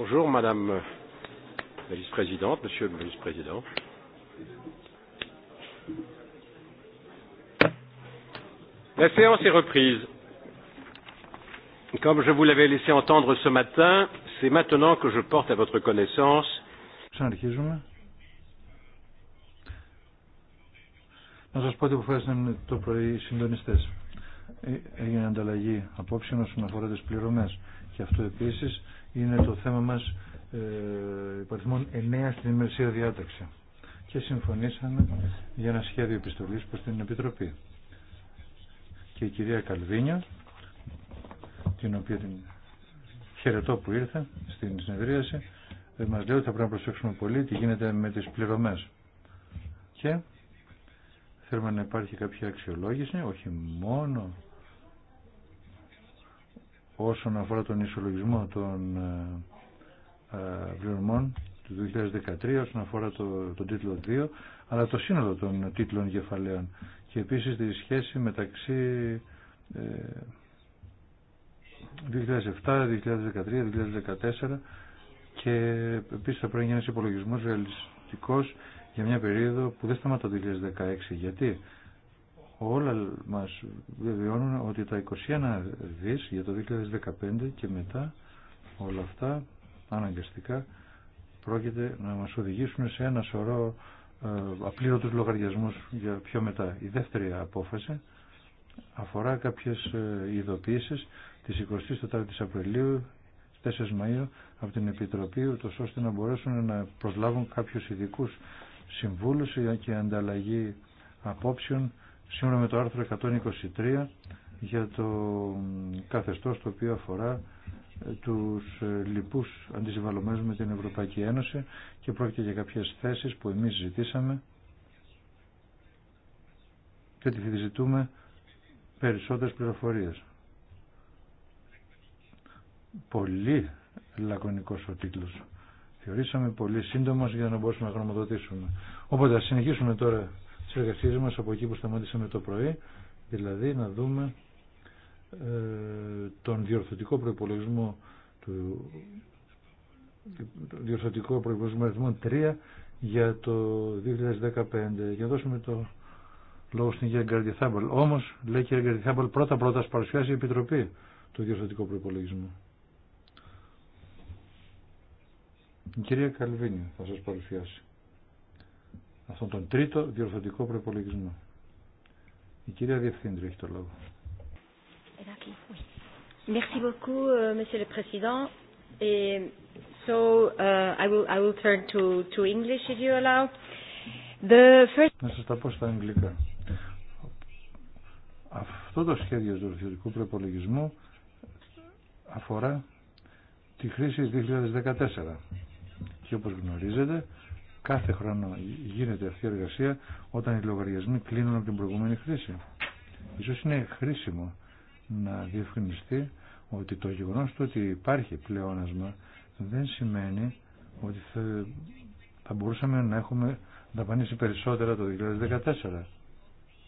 Bonjour, Madame la Vice-Présidente, Monsieur le Vice-Président. La séance est reprise. Comme je vous l'avais laissé entendre ce matin, c'est maintenant que je porte à votre connaissance Να σας πω ότι αποφάσισαν το πρωί οι συντονιστές. Έγινε ανταλλαγή απόψε όσον αφορά τις πληρωμές. Και αυτό επίσης είναι το θέμα μας ε, υπαριθμών 9 στην ημερησία διάταξη. Και συμφωνήσαμε για ένα σχέδιο επιστολής προς την Επιτροπή. Και η κυρία Καλβίνια, την οποία την χαιρετώ που ήρθε στην συνεδρίαση, ε, μας λέει ότι θα πρέπει να προσέξουμε πολύ τι γίνεται με τις πληρωμές. Και θέλουμε να υπάρχει κάποια αξιολόγηση, όχι μόνο όσον αφορά τον ισολογισμό των ε, ε, πληρωμών του 2013 όσον αφορά το, τον τίτλο 2 αλλά το σύνολο των τίτλων κεφαλαίων και επίσης τη σχέση μεταξύ 2007, 2013, 2014 και επίσης θα πρέπει να γίνει ένας ρεαλιστικός για μια περίοδο που δεν σταματά το 2016. Γιατί? όλα μας βεβαιώνουν ότι τα 21 δις για το 2015 και μετά όλα αυτά αναγκαστικά πρόκειται να μας οδηγήσουν σε ένα σωρό ε, απλήρωτους λογαριασμούς για πιο μετά. Η δεύτερη απόφαση αφορά κάποιες ε, ειδοποίησεις της 24ης Απριλίου 4 Μαΐου από την Επιτροπή ούτως ώστε να μπορέσουν να προσλάβουν κάποιους ειδικούς συμβούλους και ανταλλαγή απόψεων σύμφωνα με το άρθρο 123 για το καθεστώς το οποίο αφορά ε, τους ε, λοιπούς αντισυμβαλωμένους με την Ευρωπαϊκή Ένωση και πρόκειται για κάποιες θέσεις που εμείς ζητήσαμε και ότι ζητούμε περισσότερες πληροφορίες. Πολύ λακωνικός ο τίτλος. Θεωρήσαμε πολύ σύντομος για να μπορούμε να γνωμοδοτήσουμε. Οπότε ας συνεχίσουμε τώρα τις εργασίες μας από εκεί που σταμάτησαμε το πρωί, δηλαδή να δούμε ε, τον διορθωτικό προϋπολογισμό του διορθωτικό προϋπολογισμό αριθμών 3 για το 2015 για να δώσουμε το λόγο στην κυρία Γκαρδιθάμπολ. Όμως, λέει η κυρία Γκαρδιθάμπολ, πρώτα πρώτα παρουσιάσει η Επιτροπή το διορθωτικό προϋπολογισμό. Η κυρία Καλβίνη θα σας παρουσιάσει αυτόν τον τρίτο διορθωτικό προπολογισμό. Η κυρία Διευθύντρια έχει το λόγο. Merci beaucoup, euh, Monsieur le Président. Et so uh, I will I will turn to to English if you allow. The first. Να σας τα πω στα αγγλικά. Αυτό το σχέδιο του διορθωτικού προπολογισμού αφορά τη χρήση 2014 και όπως γνωρίζετε Κάθε χρόνο γίνεται αυτή η εργασία όταν οι λογαριασμοί κλείνουν από την προηγούμενη χρήση. Ίσως είναι χρήσιμο να διευκρινιστεί ότι το γεγονός του ότι υπάρχει πλεόνασμα δεν σημαίνει ότι θα, μπορούσαμε να έχουμε δαπανίσει περισσότερα το 2014.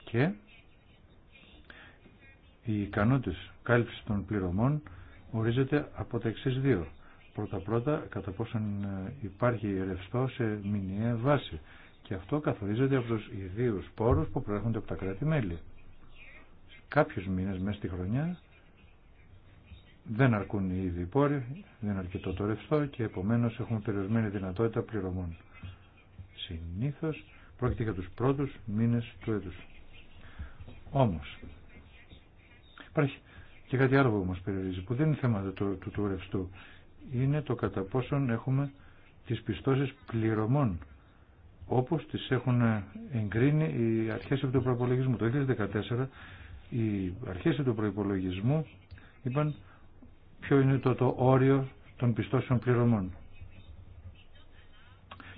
Και οι ικανότητες κάλυψης των πληρωμών ορίζεται από τα εξής δύο πρώτα-πρώτα κατά πόσον ε, υπάρχει ρευστό σε μηνιαία βάση. Και αυτό καθορίζεται από τους ιδίους πόρους που προέρχονται από τα κράτη-μέλη. Κάποιους μήνες μέσα στη χρονιά δεν αρκούν οι ίδιοι πόροι, δεν αρκετό το ρευστό και επομένως έχουμε περιορισμένη δυνατότητα πληρωμών. Συνήθως πρόκειται για τους πρώτους μήνες του έτους. Όμως, υπάρχει και κάτι άλλο που μας περιορίζει, που δεν είναι θέμα του ρευστού είναι το κατά πόσον έχουμε τις πιστώσεις πληρωμών όπως τις έχουν εγκρίνει οι αρχές του προϋπολογισμού. Το 2014 οι αρχές του προϋπολογισμού είπαν ποιο είναι το, όριο των πιστώσεων πληρωμών.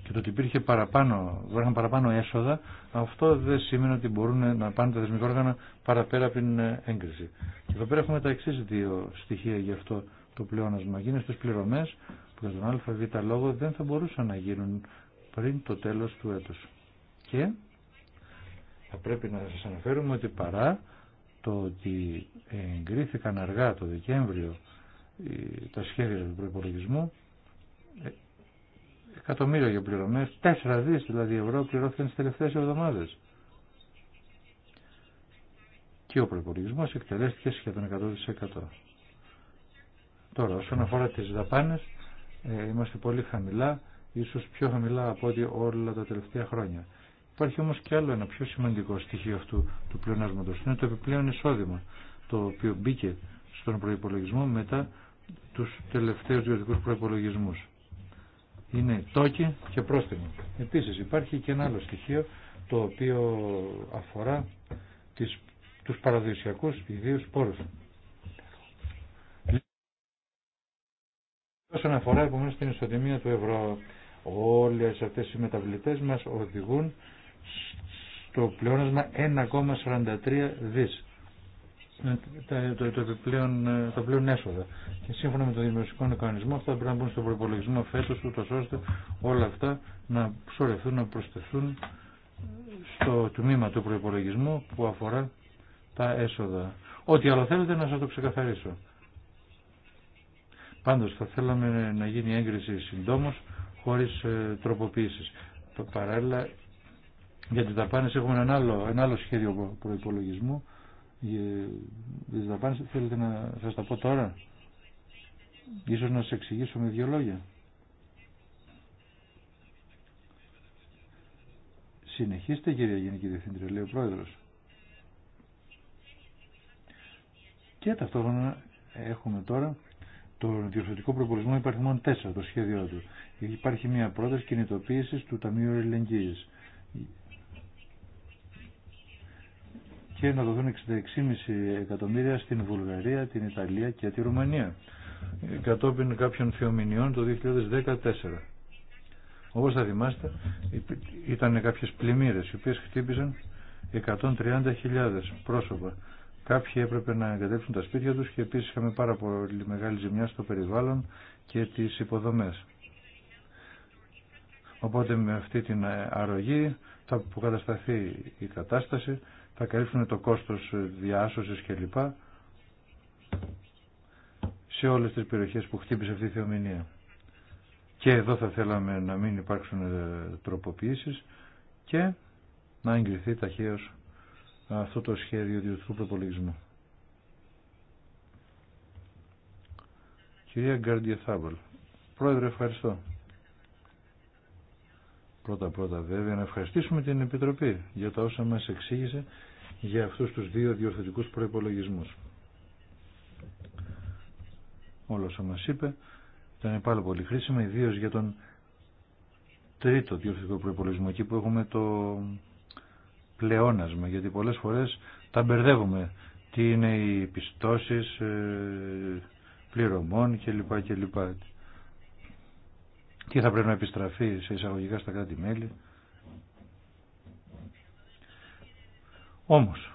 Και το ότι υπήρχε παραπάνω, παραπάνω έσοδα, αυτό δεν σημαίνει ότι μπορούν να πάνε τα θεσμικά όργανα παραπέρα από την έγκριση. Και εδώ πέρα έχουμε τα εξή δύο στοιχεία γι' αυτό το πλεόνασμα Γίνεται στις πληρωμές που για τον ΑΒ λόγο δεν θα μπορούσαν να γίνουν πριν το τέλος του έτους. Και θα πρέπει να σας αναφέρουμε ότι παρά το ότι εγκρίθηκαν αργά το Δεκέμβριο ε, τα σχέδια του προπολογισμού, ε, εκατομμύρια για πληρωμές, 4 δις δηλαδή ευρώ πληρώθηκαν τις τελευταίες εβδομάδες. Και ο προπολογισμός εκτελέστηκε σχεδόν 100%. Τώρα, όσον αφορά τις δαπάνες, ε, είμαστε πολύ χαμηλά, ίσως πιο χαμηλά από ό,τι όλα τα τελευταία χρόνια. Υπάρχει όμως και άλλο ένα πιο σημαντικό στοιχείο αυτού του πλεονάσματος. Είναι το επιπλέον εισόδημα, το οποίο μπήκε στον προϋπολογισμό μετά τους τελευταίους διωτικούς προϋπολογισμούς. Είναι τόκι και πρόστιμο. Επίσης υπάρχει και ένα άλλο στοιχείο το οποίο αφορά τις, τους παραδοσιακούς ιδίους πόρους. Όσον αφορά επομένως την ισοτιμία του ευρώ, όλες αυτές οι μεταβλητές μας οδηγούν στο πλεόνασμα 1,43 δις. Ε, το, το, πλεόν ε, τα πλέον έσοδα. Και σύμφωνα με τον δημιουργικό οικονομισμό αυτά πρέπει να μπουν στον προπολογισμό φέτος ούτως ώστε όλα αυτά να ψωρευτούν, να προσθεθούν στο τμήμα του προπολογισμού που αφορά τα έσοδα. Ό,τι άλλο θέλετε να σας το ξεκαθαρίσω. Πάντως θα θέλαμε να γίνει έγκριση συντόμως χωρίς ε, τροποποίησης. Παράλληλα για τις δαπάνες έχουμε ένα άλλο, ένα άλλο σχέδιο προϋπολογισμού. Για τις θέλετε να σας τα πω τώρα. Ίσως να σας εξηγήσω με δύο λόγια. Συνεχίστε κυρία Γενική Διευθύντρια, λέει ο Πρόεδρος. Και ταυτόχρονα έχουμε τώρα το διορθωτικό προπολισμό μόνο τέσσερα το σχέδιό του. Υπάρχει μια πρόταση κινητοποίηση του Ταμείου Ελληνική. Και να δοθούν 66,5 εκατομμύρια στην Βουλγαρία, την Ιταλία και τη Ρουμανία. Κατόπιν κάποιων θεομηνιών το 2014. Όπω θα θυμάστε, ήταν κάποιε πλημμύρε οι οποίε χτύπησαν 130.000 πρόσωπα Κάποιοι έπρεπε να εγκατέψουν τα σπίτια τους και επίσης είχαμε πάρα πολύ μεγάλη ζημιά στο περιβάλλον και τις υποδομές. Οπότε με αυτή την αρρωγή θα αποκατασταθεί η κατάσταση, θα καλύψουν το κόστος διάσωσης κλπ. σε όλες τις περιοχές που χτύπησε αυτή η θεομηνία. Και εδώ θα θέλαμε να μην υπάρξουν ε, τροποποιήσεις και να εγκριθεί ταχαίως αυτό το σχέδιο ιδιωτικού προπολογισμού. Κυρία Γκάρντια Γκάρντιε Πρόεδρε ευχαριστώ. Πρώτα πρώτα βέβαια να ευχαριστήσουμε την Επιτροπή για τα όσα μας εξήγησε για αυτούς τους δύο διορθωτικούς προϋπολογισμούς. Όλα όσα μας είπε ήταν πάρα πολύ χρήσιμα, ιδίω για τον τρίτο διορθωτικό προϋπολογισμό, εκεί που έχουμε το πλεόνασμα, γιατί πολλές φορές τα μπερδεύουμε. Τι είναι οι πιστώσεις ε, πληρωμών κλπ. λοιπά Τι θα πρέπει να επιστραφεί σε εισαγωγικά στα κράτη-μέλη. Όμως,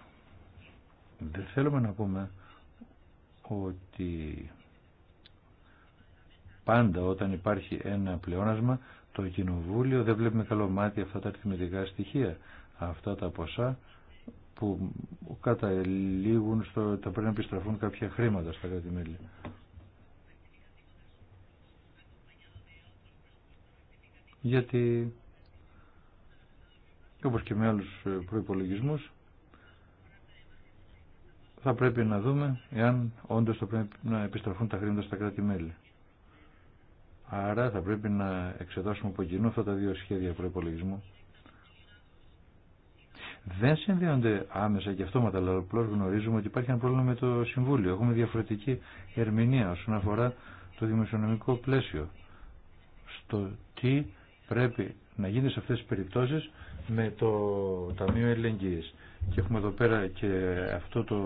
δεν θέλουμε να πούμε ότι πάντα όταν υπάρχει ένα πλεόνασμα το κοινοβούλιο δεν βλέπει με καλό μάτι αυτά τα αριθμητικά στοιχεία αυτά τα ποσά που καταλήγουν στο τα πρέπει να επιστραφούν κάποια χρήματα στα κράτη-μέλη. Γιατί όπως και με άλλους προϋπολογισμούς θα πρέπει να δούμε εάν όντως θα πρέπει να επιστραφούν τα χρήματα στα κράτη-μέλη. Άρα θα πρέπει να εξετάσουμε από κοινού αυτά τα δύο σχέδια προϋπολογισμού δεν συνδέονται άμεσα και αυτόματα, αλλά απλώ γνωρίζουμε ότι υπάρχει ένα πρόβλημα με το Συμβούλιο. Έχουμε διαφορετική ερμηνεία όσον αφορά το δημοσιονομικό πλαίσιο. Στο τι πρέπει να γίνει σε αυτές τις περιπτώσεις με το Ταμείο ελληνική. Και έχουμε εδώ πέρα και αυτό το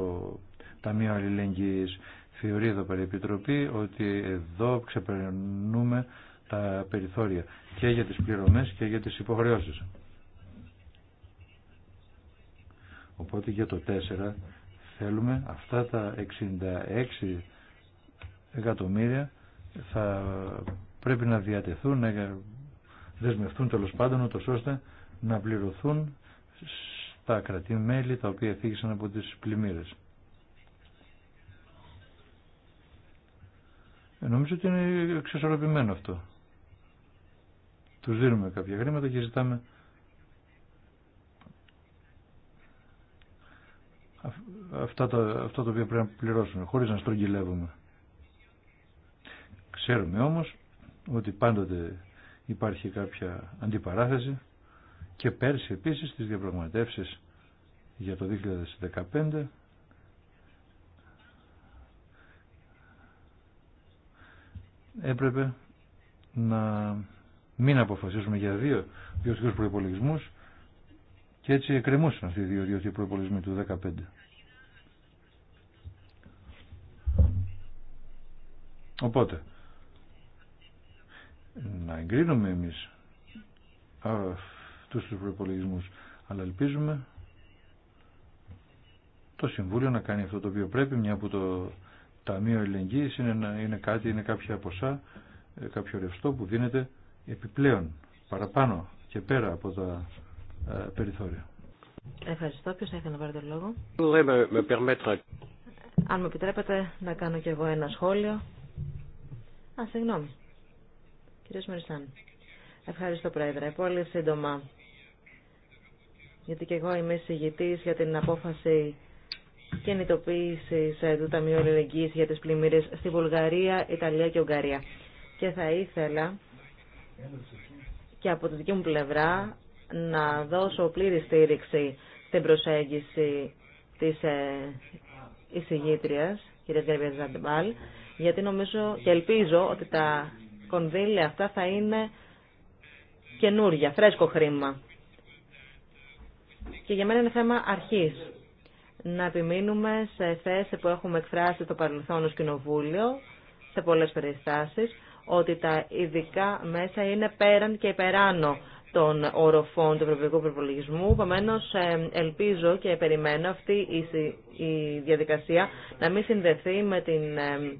Ταμείο ελληνική θεωρεί εδώ πέρα η Επιτροπή ότι εδώ ξεπερνούμε τα περιθώρια και για τις πληρωμές και για τις υποχρεώσεις. Οπότε για το 4 θέλουμε αυτά τα 66 εκατομμύρια θα πρέπει να διατεθούν, να δεσμευτούν τέλο πάντων, ούτως ώστε να πληρωθούν στα κρατή-μέλη τα οποία θίγησαν από τις πλημμύρες. Νομίζω ότι είναι εξισορροπημένο αυτό. Τους δίνουμε κάποια χρήματα και ζητάμε αυτά τα, αυτά τα οποία πρέπει να πληρώσουμε χωρίς να στρογγυλεύουμε. Ξέρουμε όμως ότι πάντοτε υπάρχει κάποια αντιπαράθεση και πέρσι επίσης στις διαπραγματεύσεις για το 2015 έπρεπε να μην αποφασίσουμε για δύο διοικητικούς προϋπολογισμούς και έτσι εκκρεμούσαν αυτοί οι δύο διότι οι του 2015. Οπότε, να εγκρίνουμε εμείς αυτούς τους προπολογισμούς, αλλά ελπίζουμε το Συμβούλιο να κάνει αυτό το οποίο πρέπει, μια που το Ταμείο Ελεγγύης είναι, είναι κάτι, είναι κάποια ποσά, ε, κάποιο ρευστό που δίνεται επιπλέον, παραπάνω και πέρα από τα ε, περιθώριο. Ευχαριστώ. Ποιος θα ήθελε να πάρει τον λόγο. Αν μου επιτρέπετε να κάνω κι εγώ ένα σχόλιο. Α, συγγνώμη. Κύριος Μεριστάν. Ευχαριστώ, Πρόεδρε. Πολύ σύντομα. Γιατί και εγώ είμαι συγγητής για την απόφαση κινητοποίηση ε, του Ταμείου Ελληνική για τι πλημμύρε στη Βουλγαρία, Ιταλία και Ουγγαρία. Και θα ήθελα και από τη δική μου πλευρά να δώσω πλήρη στήριξη στην προσέγγιση της ε, εισηγήτριας, κυρία Γκαρβίας Ζαντεμπάλ, γιατί νομίζω και ελπίζω ότι τα κονδύλια αυτά θα είναι καινούργια, φρέσκο χρήμα. Και για μένα είναι θέμα αρχής. Να επιμείνουμε σε θέση που έχουμε εκφράσει το παρελθόν ως κοινοβούλιο, σε πολλές περιστάσεις, ότι τα ειδικά μέσα είναι πέραν και υπεράνω των οροφών του ευρωπαϊκού προπολογισμού. Επομένω, ε, ελπίζω και περιμένω αυτή η διαδικασία να μην συνδεθεί με την ε,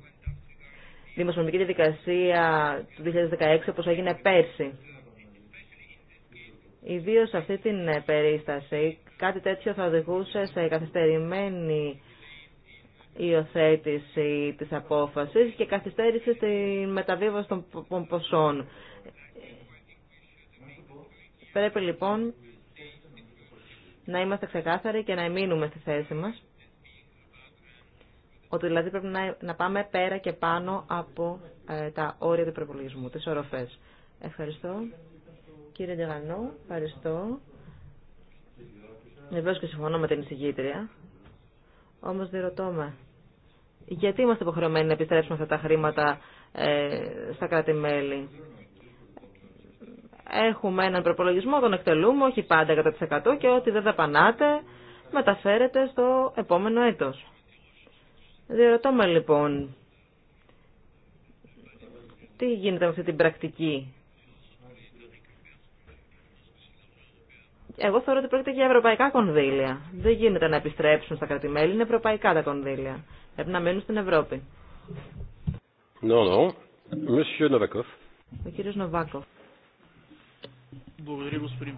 δημοσιονομική διαδικασία του 2016 όπως έγινε πέρσι. Ιδίω σε αυτή την ε, περίσταση, κάτι τέτοιο θα οδηγούσε σε καθυστερημένη υιοθέτηση της απόφασης και καθυστέρηση τη μεταβίβαση των ποσών. Πρέπει λοιπόν να είμαστε ξεκάθαροι και να εμείνουμε στη θέση μας. Ότι δηλαδή πρέπει να, πάμε πέρα και πάνω από ε, τα όρια του προπολογισμού, τις οροφές. Ευχαριστώ. Κύριε Ντεγανό, ευχαριστώ. Βεβαίω και συμφωνώ με την εισηγήτρια. Όμως διερωτώ με, γιατί είμαστε υποχρεωμένοι να επιστρέψουμε αυτά τα χρήματα ε, στα κράτη-μέλη. Έχουμε έναν προπολογισμό, τον εκτελούμε, όχι πάντα 100% και ό,τι δεν δαπανάτε μεταφέρεται στο επόμενο έτος. Διερωτώ λοιπόν, τι γίνεται με αυτή την πρακτική. Εγώ θεωρώ ότι πρόκειται για ευρωπαϊκά κονδύλια. Δεν γίνεται να επιστρέψουν στα κρατημέλη, είναι ευρωπαϊκά τα κονδύλια. Πρέπει να μείνουν στην Ευρώπη. Ο κύριος Νοβάκοφ. Благодаря, господин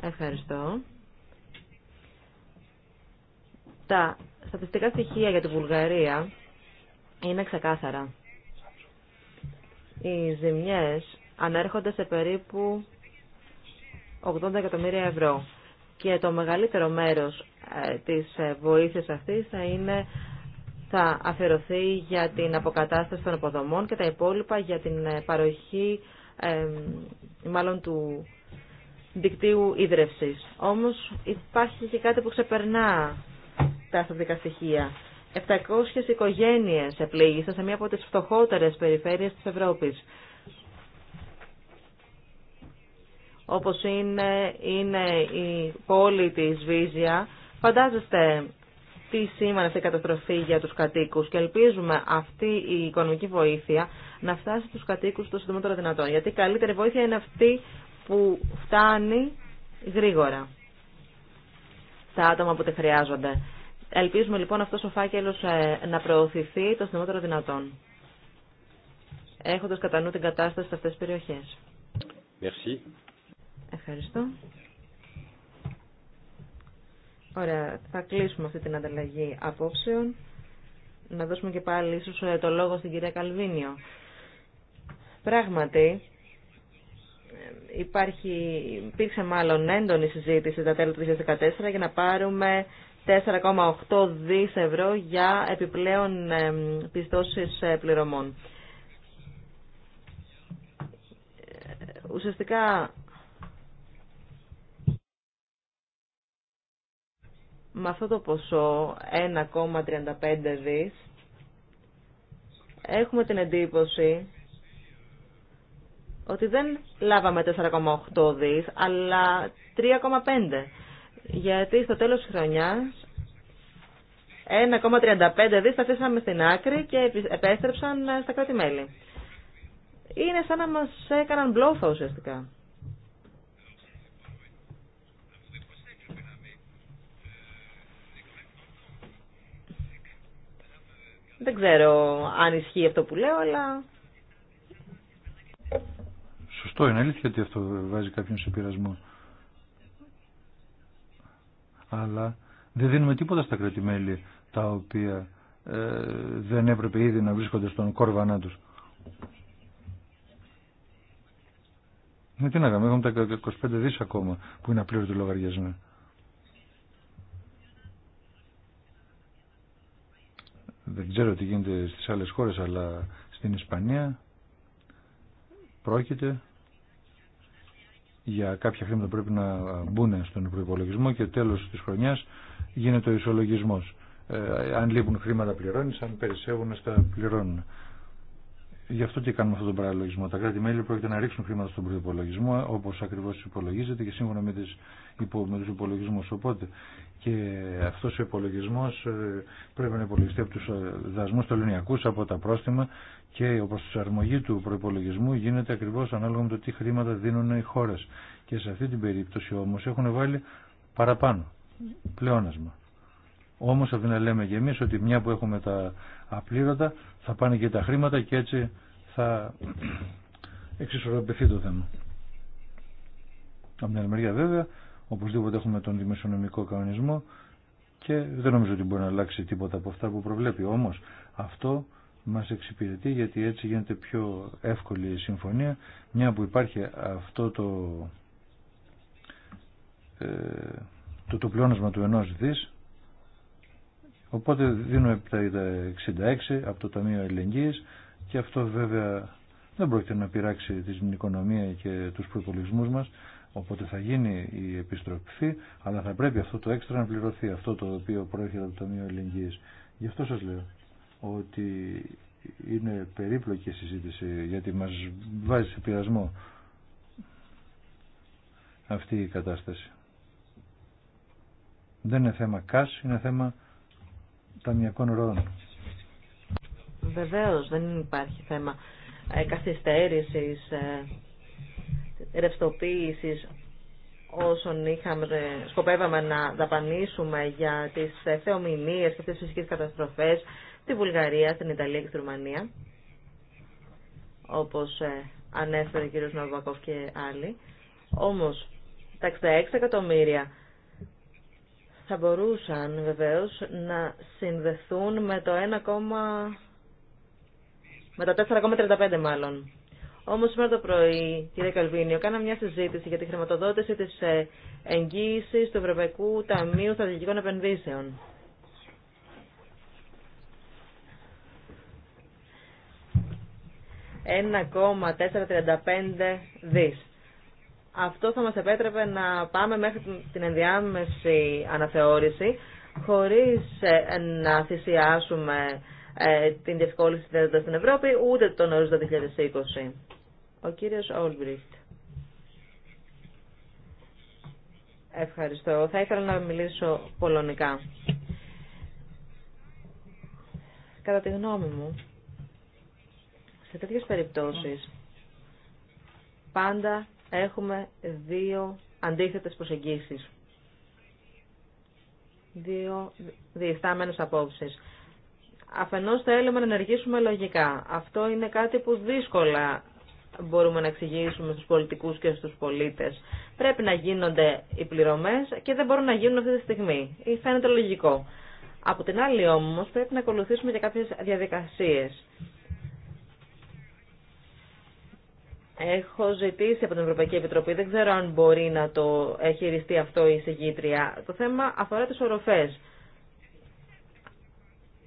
Ευχαριστώ. Τα στατιστικά στοιχεία για τη Βουλγαρία είναι ξεκάθαρα. Οι ζημιές ανέρχονται σε περίπου 80 εκατομμύρια ευρώ και το μεγαλύτερο μέρος ε, της ε, βοήθειας αυτής θα είναι θα αφιερωθεί για την αποκατάσταση των υποδομών και τα υπόλοιπα για την ε, παροχή μάλλον του δικτύου ίδρευσης. Όμως υπάρχει και κάτι που ξεπερνά τα αστατικά στοιχεία. 700 οικογένειες επλήγησαν σε μία από τις φτωχότερες περιφέρειες της Ευρώπης. Όπως είναι, είναι η πόλη της Βίζια. Φαντάζεστε τι σήμανε αυτή η καταστροφή για τους κατοίκους και ελπίζουμε αυτή η οικονομική βοήθεια να φτάσει στους κατοίκους το συντομότερο δυνατόν. Γιατί η καλύτερη βοήθεια είναι αυτή που φτάνει γρήγορα τα άτομα που τη χρειάζονται. Ελπίζουμε λοιπόν αυτός ο φάκελος ε, να προωθηθεί το συντομότερο δυνατόν. Έχοντας κατά νου την κατάσταση σε αυτές τις περιοχές. Ευχαριστώ. Ωραία, θα κλείσουμε αυτή την ανταλλαγή απόψεων. Να δώσουμε και πάλι ίσως ε, το λόγο στην κυρία Καλβίνιο. Πράγματι, ε, υπάρχει, υπήρξε μάλλον έντονη συζήτηση τα τέλη του 2014 για να πάρουμε 4,8 δις ευρώ για επιπλέον ε, πιστώσεις πληρωμών. Ουσιαστικά με αυτό το ποσό 1,35 δις έχουμε την εντύπωση ότι δεν λάβαμε 4,8 δις αλλά 3,5 γιατί στο τέλος της χρονιάς 1,35 δις τα αφήσαμε στην άκρη και επέστρεψαν ε, στα κράτη-μέλη. Είναι σαν να μας έκαναν μπλόφα ουσιαστικά. Δεν ξέρω αν ισχύει αυτό που λέω, αλλά... Σωστό, είναι αλήθεια ότι αυτό βάζει κάποιον σε πειρασμό. Αλλά δεν δίνουμε τίποτα στα κρατημέλη τα οποία ε, δεν έπρεπε ήδη να βρίσκονται στον κόρβανά τους. Με τι να κάνουμε, έχουμε τα 25 δις ακόμα που είναι απλήρωτοι λογαριασμοί. δεν ξέρω τι γίνεται στις άλλες χώρες αλλά στην Ισπανία πρόκειται για κάποια χρήματα που πρέπει να μπουν στον προπολογισμό και τέλος της χρονιάς γίνεται ο ισολογισμός. Ε, αν λείπουν χρήματα πληρώνεις, αν περισσεύουν στα πληρώνουν. Γι' αυτό και κάνουμε αυτόν τον παραλογισμό. Τα κράτη-μέλη πρόκειται να ρίξουν χρήματα στον προπολογισμό, όπω ακριβώ υπολογίζεται και σύμφωνα με, υπο, με του υπολογισμού. Οπότε και αυτό ο υπολογισμό ε, πρέπει να υπολογιστεί από του ε, δασμού τελωνιακού, από τα πρόστιμα και η προσαρμογή του προπολογισμού γίνεται ακριβώ ανάλογα με το τι χρήματα δίνουν οι χώρε. Και σε αυτή την περίπτωση όμω έχουν βάλει παραπάνω πλεόνασμα. Όμως από να λέμε και εμείς ότι μια που έχουμε τα απλήρωτα θα πάνε και τα χρήματα και έτσι θα εξισορροπηθεί το θέμα. Από την άλλη μεριά βέβαια, οπωσδήποτε έχουμε τον δημοσιονομικό κανονισμό και δεν νομίζω ότι μπορεί να αλλάξει τίποτα από αυτά που προβλέπει. Όμως αυτό μας εξυπηρετεί γιατί έτσι γίνεται πιο εύκολη η συμφωνία μια που υπάρχει αυτό το, ε, το, το του ενός δις Οπότε δίνουμε τα 66 από το Ταμείο Ελληνικής και αυτό βέβαια δεν πρόκειται να πειράξει την οικονομία και τους προπολογισμούς μας, οπότε θα γίνει η επιστροφή, αλλά θα πρέπει αυτό το έξτρα να πληρωθεί, αυτό το οποίο προέρχεται από το Ταμείο Ελληνικής. Γι' αυτό σας λέω ότι είναι περίπλοκη συζήτηση, γιατί μας βάζει σε πειρασμό αυτή η κατάσταση. Δεν είναι θέμα cash, είναι θέμα ταμιακών ροών. Βεβαίως, δεν υπάρχει θέμα ε, καθυστέρησης, ε, όσων είχαμε, σκοπεύαμε να δαπανίσουμε για τις ε, θεομηνίες και τις φυσικές καταστροφές στη Βουλγαρία, στην Ιταλία και στη Ρουμανία, όπως ε, ανέφερε ο κ. Νορβακόφ και άλλοι. Όμω, τα 66 εκατομμύρια θα μπορούσαν βεβαίως να συνδεθούν με το 1, με τα 4,35 μάλλον. Όμως σήμερα το πρωί, κύριε Καλβίνιο, κάναμε μια συζήτηση για τη χρηματοδότηση της ε, εγγύησης του Ευρωπαϊκού Ταμείου Στρατηγικών Επενδύσεων. ...1,435 δις αυτό θα μας επέτρεπε να πάμε μέχρι την ενδιάμεση αναθεώρηση χωρίς ε, να θυσιάσουμε ε, την διευκόλυνση της στην Ευρώπη ούτε τον ορίζοντα 2020. Ο κύριος Όλμπριχτ. Ευχαριστώ. Θα ήθελα να μιλήσω πολωνικά. Κατά τη γνώμη μου, σε τέτοιες περιπτώσεις πάντα έχουμε δύο αντίθετες προσεγγίσεις. Δύο διεφθάμενες απόψεις. Αφενός θέλουμε να ενεργήσουμε λογικά. Αυτό είναι κάτι που δύσκολα μπορούμε να εξηγήσουμε στους πολιτικούς και στους πολίτες. Πρέπει να γίνονται οι πληρωμές και δεν μπορούν να γίνουν αυτή τη στιγμή. Ή φαίνεται λογικό. Από την άλλη όμως πρέπει να ακολουθήσουμε και κάποιες διαδικασίες Έχω ζητήσει από την Ευρωπαϊκή Επιτροπή, δεν ξέρω αν μπορεί να το ριστεί αυτό η συγκήτρια. Το θέμα αφορά τις οροφές.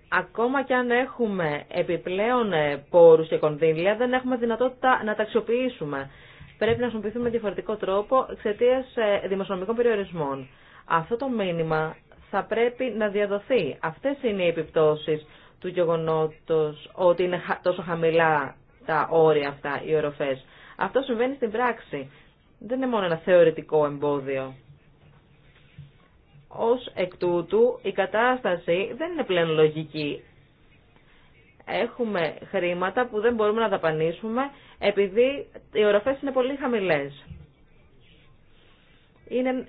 Ακόμα και αν έχουμε επιπλέον ε, πόρους και κονδύλια, δεν έχουμε δυνατότητα να τα αξιοποιήσουμε. Πρέπει να χρησιμοποιηθούμε με διαφορετικό τρόπο εξαιτία ε, δημοσιονομικών περιορισμών. Αυτό το μήνυμα θα πρέπει να διαδοθεί. Αυτές είναι οι επιπτώσεις του γεγονότος ότι είναι τόσο χαμηλά τα όρια αυτά, οι οροφές. Αυτό συμβαίνει στην πράξη. Δεν είναι μόνο ένα θεωρητικό εμπόδιο. Ως εκ τούτου η κατάσταση δεν είναι πλέον λογική. Έχουμε χρήματα που δεν μπορούμε να δαπανίσουμε επειδή οι οροφές είναι πολύ χαμηλές. Είναι,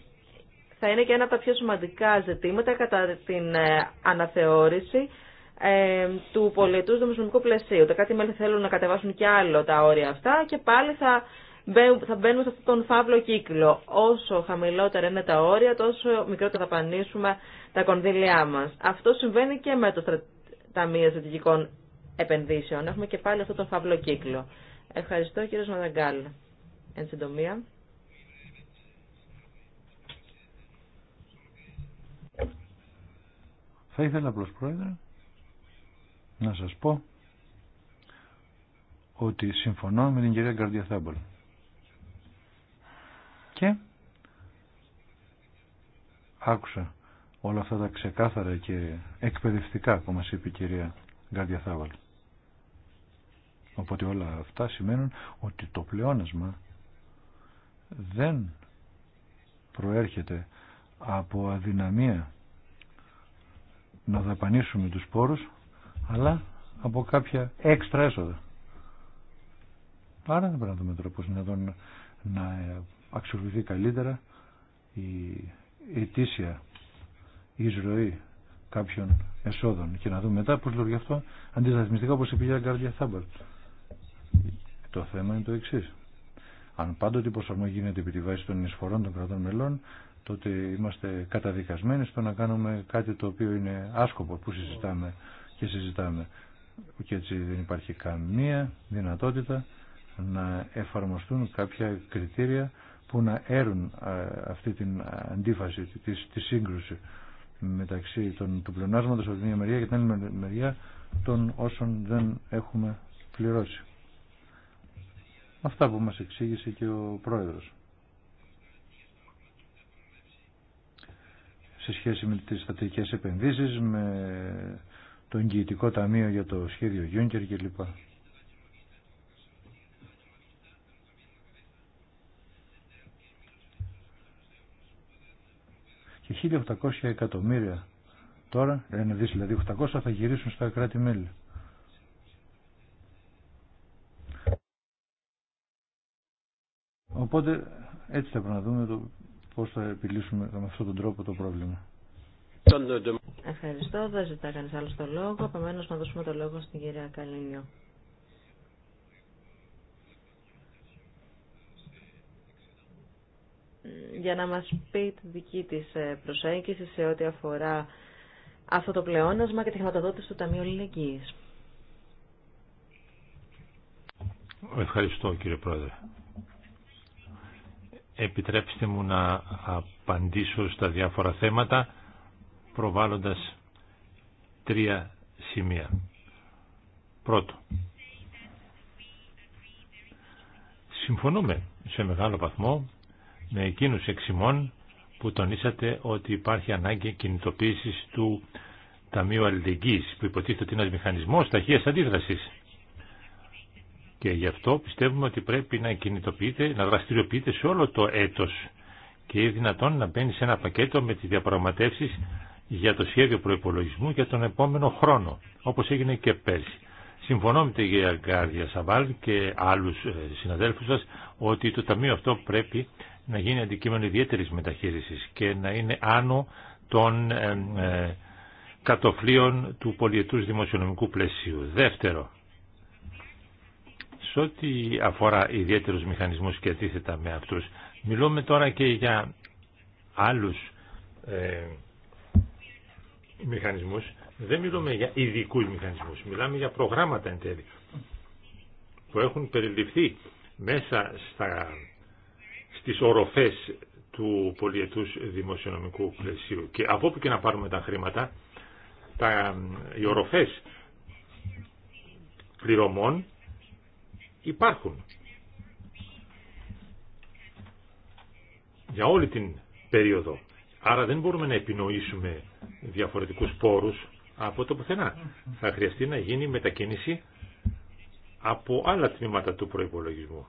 θα είναι και ένα από τα πιο σημαντικά ζητήματα κατά την ε, αναθεώρηση ε, του πολιτού δημοσιονομικού πλαισίου. Τα κάτι μέλη θέλουν να κατεβάσουν και άλλο τα όρια αυτά και πάλι θα, θα μπαίνουμε σε αυτόν τον φαύλο κύκλο. Όσο χαμηλότερα είναι τα όρια, τόσο μικρότερα θα πανίσουμε τα κονδύλια μα. Αυτό συμβαίνει και με το Ταμείο Στρατηγικών Επενδύσεων. Έχουμε και πάλι αυτόν τον φαύλο κύκλο. Ευχαριστώ κύριε Μαδαγκάλ. Εν συντομία. Θα ήθελα απλώς πρόεδρε να σας πω ότι συμφωνώ με την κυρία Γκαρδία Και άκουσα όλα αυτά τα ξεκάθαρα και εκπαιδευτικά που μας είπε η κυρία Γκαρδία Οπότε όλα αυτά σημαίνουν ότι το πλεόνασμα δεν προέρχεται από αδυναμία να δαπανίσουμε τους πόρους αλλά από κάποια έξτρα έσοδα. Άρα δεν πρέπει να δούμε τρόπο να, να ε, αξιοποιηθεί καλύτερα η ετήσια εισρωή κάποιων εσόδων και να δούμε μετά πώς λέω γι' αυτό αντισταθμιστικά όπως είπε η αγκαρδια Θάμπερτ. Το θέμα είναι το εξή. Αν πάντοτε η προσαρμογή γίνεται επί τη βάση των εισφορών των κρατών μελών, τότε είμαστε καταδικασμένοι στο να κάνουμε κάτι το οποίο είναι άσκοπο που συζητάμε και συζητάμε. Και έτσι δεν υπάρχει καμία δυνατότητα να εφαρμοστούν κάποια κριτήρια που να έρουν ε, αυτή την αντίφαση, τη, τη σύγκρουση μεταξύ των, του πλεονάσματος από την μία μεριά και την άλλη μεριά των όσων δεν έχουμε πληρώσει. Αυτά που μας εξήγησε και ο Πρόεδρος. Σε σχέση με τις στατικές επενδύσεις, με το εγγυητικό ταμείο για το σχέδιο Γιούνκερ κλπ. Και 1.800 εκατομμύρια τώρα, ένα δις δηλαδή 800 θα γυρίσουν στα κράτη-μέλη. Οπότε έτσι θα πρέπει να δούμε το πώς θα επιλύσουμε με αυτόν τον τρόπο το πρόβλημα. Ευχαριστώ. Δεν ζητά κανεί άλλο το λόγο. Επομένω, να δώσουμε το λόγο στην κυρία Καλίνιο. για να μας πει τη δική της ε, προσέγγιση σε ό,τι αφορά αυτό το πλεόνασμα και τη χρηματοδότηση του Ταμείου Αλληλεγγύης. Ευχαριστώ κύριε Πρόεδρε. Επιτρέψτε μου να απαντήσω στα διάφορα θέματα προβάλλοντας τρία σημεία. Πρώτο, συμφωνούμε σε μεγάλο βαθμό με εκείνους εξημών που τονίσατε ότι υπάρχει ανάγκη κινητοποίησης του Ταμείου Αλληλεγγύης, που υποτίθεται ότι είναι ένας μηχανισμός ταχείας αντίδρασης. Και γι' αυτό πιστεύουμε ότι πρέπει να κινητοποιείται, να δραστηριοποιείται σε όλο το έτος και είναι δυνατόν να μπαίνει σε ένα πακέτο με τις διαπραγματεύσεις για το σχέδιο προϋπολογισμού για τον επόμενο χρόνο, όπως έγινε και πέρσι. Συμφωνώ με την κυρία Γκάρδια Σαβάλ και άλλους ε, συναδέλφους σας ότι το Ταμείο αυτό πρέπει να γίνει αντικείμενο ιδιαίτερης μεταχείρισης και να είναι άνω των ε, κατοφλίων του πολιετούς δημοσιονομικού πλαισίου. Δεύτερο, σε ό,τι αφορά ιδιαίτερους μηχανισμούς και αντίθετα με αυτούς, μιλούμε τώρα και για άλλους ε, μηχανισμούς, δεν μιλούμε για ειδικού μηχανισμούς, μιλάμε για προγράμματα εν τέλει, που έχουν περιληφθεί μέσα στα, στις οροφές του πολιετούς δημοσιονομικού πλαισίου. Και από όπου και να πάρουμε τα χρήματα, τα, οι οροφές πληρωμών υπάρχουν. Για όλη την περίοδο. Άρα δεν μπορούμε να επινοήσουμε διαφορετικούς πόρους από το πουθενά. Θα χρειαστεί να γίνει μετακίνηση από άλλα τμήματα του προϋπολογισμού.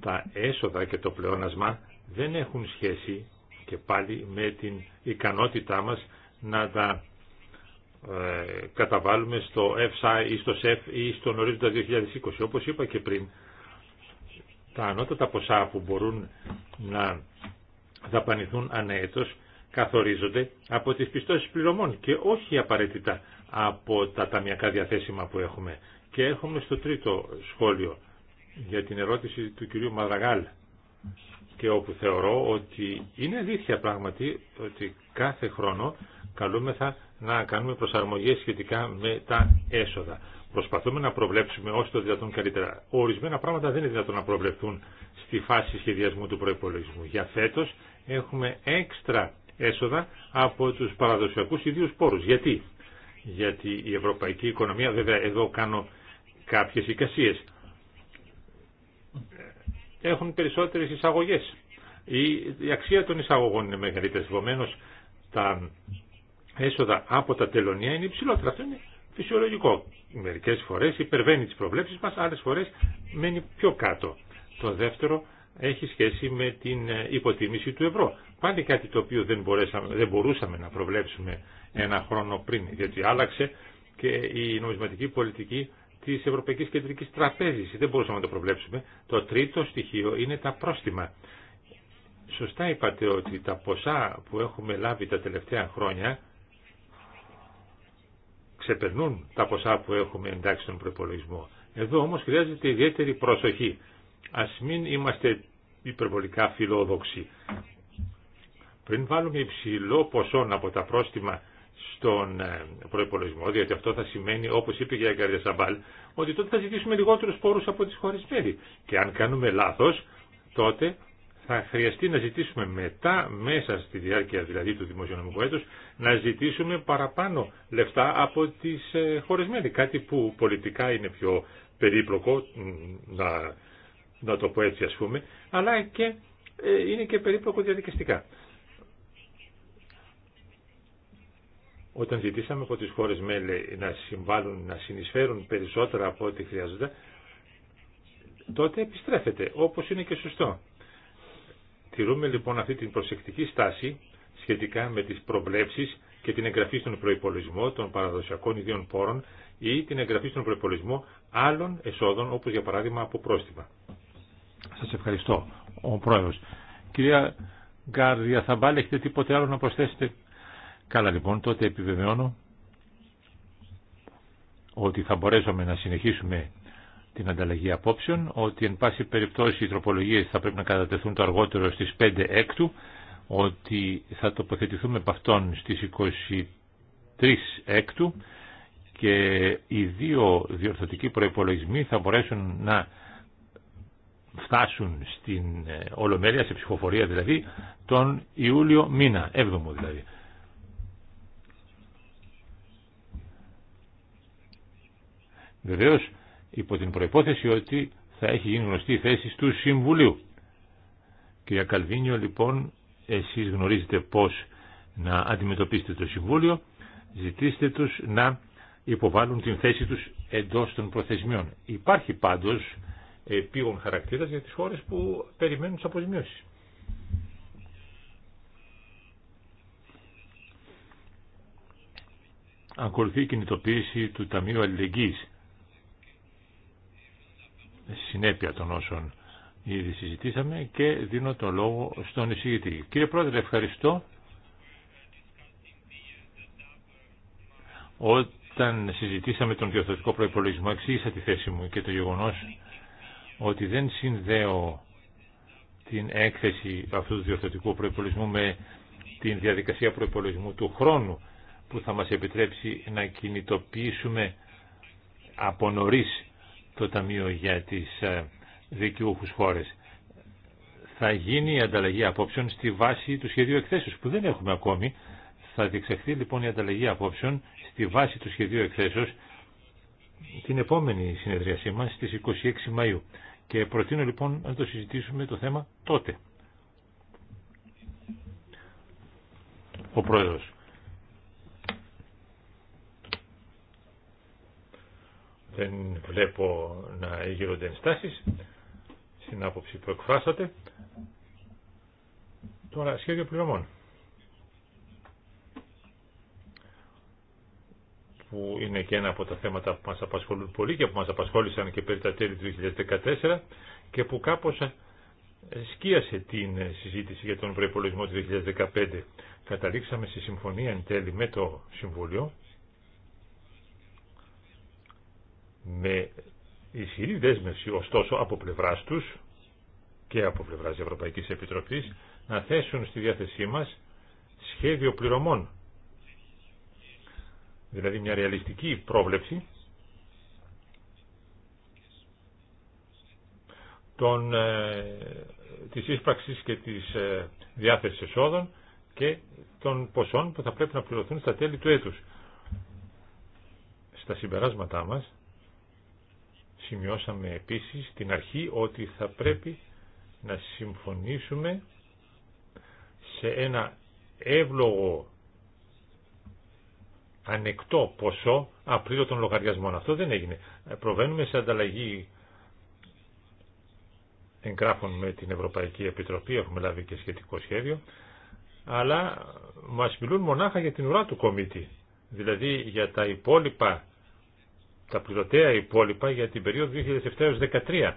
Τα έσοδα και το πλεόνασμα δεν έχουν σχέση και πάλι με την ικανότητά μας να τα ε, καταβάλουμε στο ΕΦΣΑ ή στο ΣΕΦ e ή στον ορίζοντα 2020. Όπως είπα και πριν, τα ανώτατα ποσά που μπορούν να δαπανηθούν ανέτος καθορίζονται από τις πιστώσεις πληρωμών και όχι απαραίτητα από τα ταμιακά διαθέσιμα που έχουμε. Και έρχομαι στο τρίτο σχόλιο για την ερώτηση του κυρίου Μαδραγάλ και όπου θεωρώ ότι είναι αλήθεια πράγματι ότι κάθε χρόνο καλούμεθα να κάνουμε προσαρμογές σχετικά με τα έσοδα. Προσπαθούμε να προβλέψουμε όσο το δυνατόν καλύτερα. Ορισμένα πράγματα δεν είναι δυνατόν να προβλεφθούν στη φάση σχεδιασμού του προπολογισμού. Για φέτος έχουμε έξτρα έσοδα από τους παραδοσιακούς ιδίους πόρους. Γιατί? Γιατί η ευρωπαϊκή οικονομία, βέβαια εδώ κάνω κάποιες εικασίες, έχουν περισσότερες εισαγωγές. Η αξία των εισαγωγών είναι μεγαλύτερη. Επομένω, τα έσοδα από τα τελωνία είναι υψηλότερα. Αυτό είναι φυσιολογικό. Μερικές φορές υπερβαίνει τι προβλέψει μα, άλλε φορέ μένει πιο κάτω. Το δεύτερο έχει σχέση με την ε, υποτίμηση του ευρώ. Πάλι κάτι το οποίο δεν, μπορέσαμε, δεν μπορούσαμε να προβλέψουμε ένα χρόνο πριν, γιατί άλλαξε και η νομισματική πολιτική τη Ευρωπαϊκή Κεντρική Τραπέζη. Δεν μπορούσαμε να το προβλέψουμε. Το τρίτο στοιχείο είναι τα πρόστιμα. Σωστά είπατε ότι τα ποσά που έχουμε λάβει τα τελευταία χρόνια ξεπερνούν τα ποσά που έχουμε εντάξει στον προπολογισμό. Εδώ όμως χρειάζεται ιδιαίτερη προσοχή. Ας μην είμαστε υπερβολικά φιλόδοξοι. Πριν βάλουμε υψηλό ποσό από τα πρόστιμα στον ε, προπολογισμό, διότι αυτό θα σημαίνει, όπως είπε και η Αγκαρία Σαμπάλ, ότι τότε θα ζητήσουμε λιγότερους πόρους από τις χώρες Και αν κάνουμε λάθος, τότε θα χρειαστεί να ζητήσουμε μετά, μέσα στη διάρκεια δηλαδή του δημοσιονομικού έτους, να ζητήσουμε παραπάνω λεφτά από τις ε, χώρες μέλη. Κάτι που πολιτικά είναι πιο περίπλοκο να να το πω έτσι ας πούμε, αλλά και ε, είναι και περίπλοκο διαδικαστικά. Όταν ζητήσαμε από τις χώρες μέλη να συμβάλλουν, να συνεισφέρουν περισσότερα από ό,τι χρειάζονται, τότε επιστρέφεται, όπως είναι και σωστό. Τηρούμε λοιπόν αυτή την προσεκτική στάση σχετικά με τις προβλέψεις και την εγγραφή στον προϋπολογισμό των παραδοσιακών ιδίων πόρων ή την εγγραφή στον προϋπολογισμό άλλων εσόδων, όπως για παράδειγμα από πρόστιμα. Σας ευχαριστώ, ο Πρόεδρος. Κυρία Γκάρδια Θαμπάλ, έχετε τίποτε άλλο να προσθέσετε. Καλά λοιπόν, τότε επιβεβαιώνω ότι θα μπορέσουμε να συνεχίσουμε την ανταλλαγή απόψεων, ότι εν πάση περιπτώσει οι τροπολογίες θα πρέπει να κατατεθούν το αργότερο στις 5 έκτου, ότι θα τοποθετηθούμε από αυτόν στις 23 έκτου και οι δύο διορθωτικοί προϋπολογισμοί θα μπορέσουν να φτάσουν στην ε, Ολομέλεια, σε ψηφοφορία δηλαδή, τον Ιούλιο μήνα, 7ο δηλαδή. Βεβαίω υπό την προπόθεση ότι θα έχει γίνει γνωστή η θέση του Συμβουλίου. Κυρία Καλβίνιο, λοιπόν, εσείς γνωρίζετε πώς να αντιμετωπίσετε το Συμβούλιο, ζητήστε τους να υποβάλουν την θέση τους εντός των προθεσμιών. Υπάρχει πάντως επίγον χαρακτήρα για τις χώρες που περιμένουν τις αποζημιώσεις. Ακολουθεί η κινητοποίηση του Ταμείου Αλληλεγγύης συνέπεια των όσων ήδη συζητήσαμε και δίνω το λόγο στον εισηγητή. Κύριε Πρόεδρε, ευχαριστώ. Όταν συζητήσαμε τον διορθωτικό προϋπολογισμό, εξήγησα τη θέση μου και το γεγονός ότι δεν συνδέω την έκθεση αυτού του διορθωτικού προϋπολογισμού με την διαδικασία προϋπολογισμού του χρόνου που θα μας επιτρέψει να κινητοποιήσουμε από νωρίς το Ταμείο για τις ε, δικαιούχους χώρες. Θα γίνει η ανταλλαγή απόψεων στη βάση του σχεδίου εκθέσεως που δεν έχουμε ακόμη. Θα διεξαχθεί λοιπόν η ανταλλαγή απόψεων στη βάση του σχεδίου εκθέσεως την επόμενη συνεδρίασή μας στις 26 Μαΐου. Και προτείνω λοιπόν να το συζητήσουμε το θέμα τότε. Ο Πρόεδρος. Δεν βλέπω να γίνονται ενστάσεις στην άποψη που εκφράσατε. Τώρα σχέδιο πληρωμών. που είναι και ένα από τα θέματα που μας απασχολούν πολύ και που μας απασχόλησαν και περί τα τέλη του 2014 και που κάπως ε, σκίασε την ε, συζήτηση για τον προϋπολογισμό του 2015. Καταλήξαμε στη συμφωνία εν τέλει με το Συμβούλιο με ισχυρή δέσμευση ωστόσο από πλευράς τους και από πλευράς Ευρωπαϊκής Επιτροπής να θέσουν στη διάθεσή μας σχέδιο πληρωμών δηλαδή μια ρεαλιστική πρόβλεψη των, ε, της ίσπραξης και της ε, διάθεσης εσόδων και των ποσών που θα πρέπει να πληρωθούν στα τέλη του έτους. Στα συμπεράσματά μας σημειώσαμε επίσης την αρχή ότι θα πρέπει να συμφωνήσουμε σε ένα εύλογο ανεκτό ποσό απλήρω των λογαριασμών. Αυτό δεν έγινε. Ε, προβαίνουμε σε ανταλλαγή εγγράφων με την Ευρωπαϊκή Επιτροπή, έχουμε λάβει και σχετικό σχέδιο, αλλά μας μιλούν μονάχα για την ουρά του κομίτη, δηλαδή για τα υπόλοιπα, τα πληρωτέα υπόλοιπα για την περίοδο 2007-2013.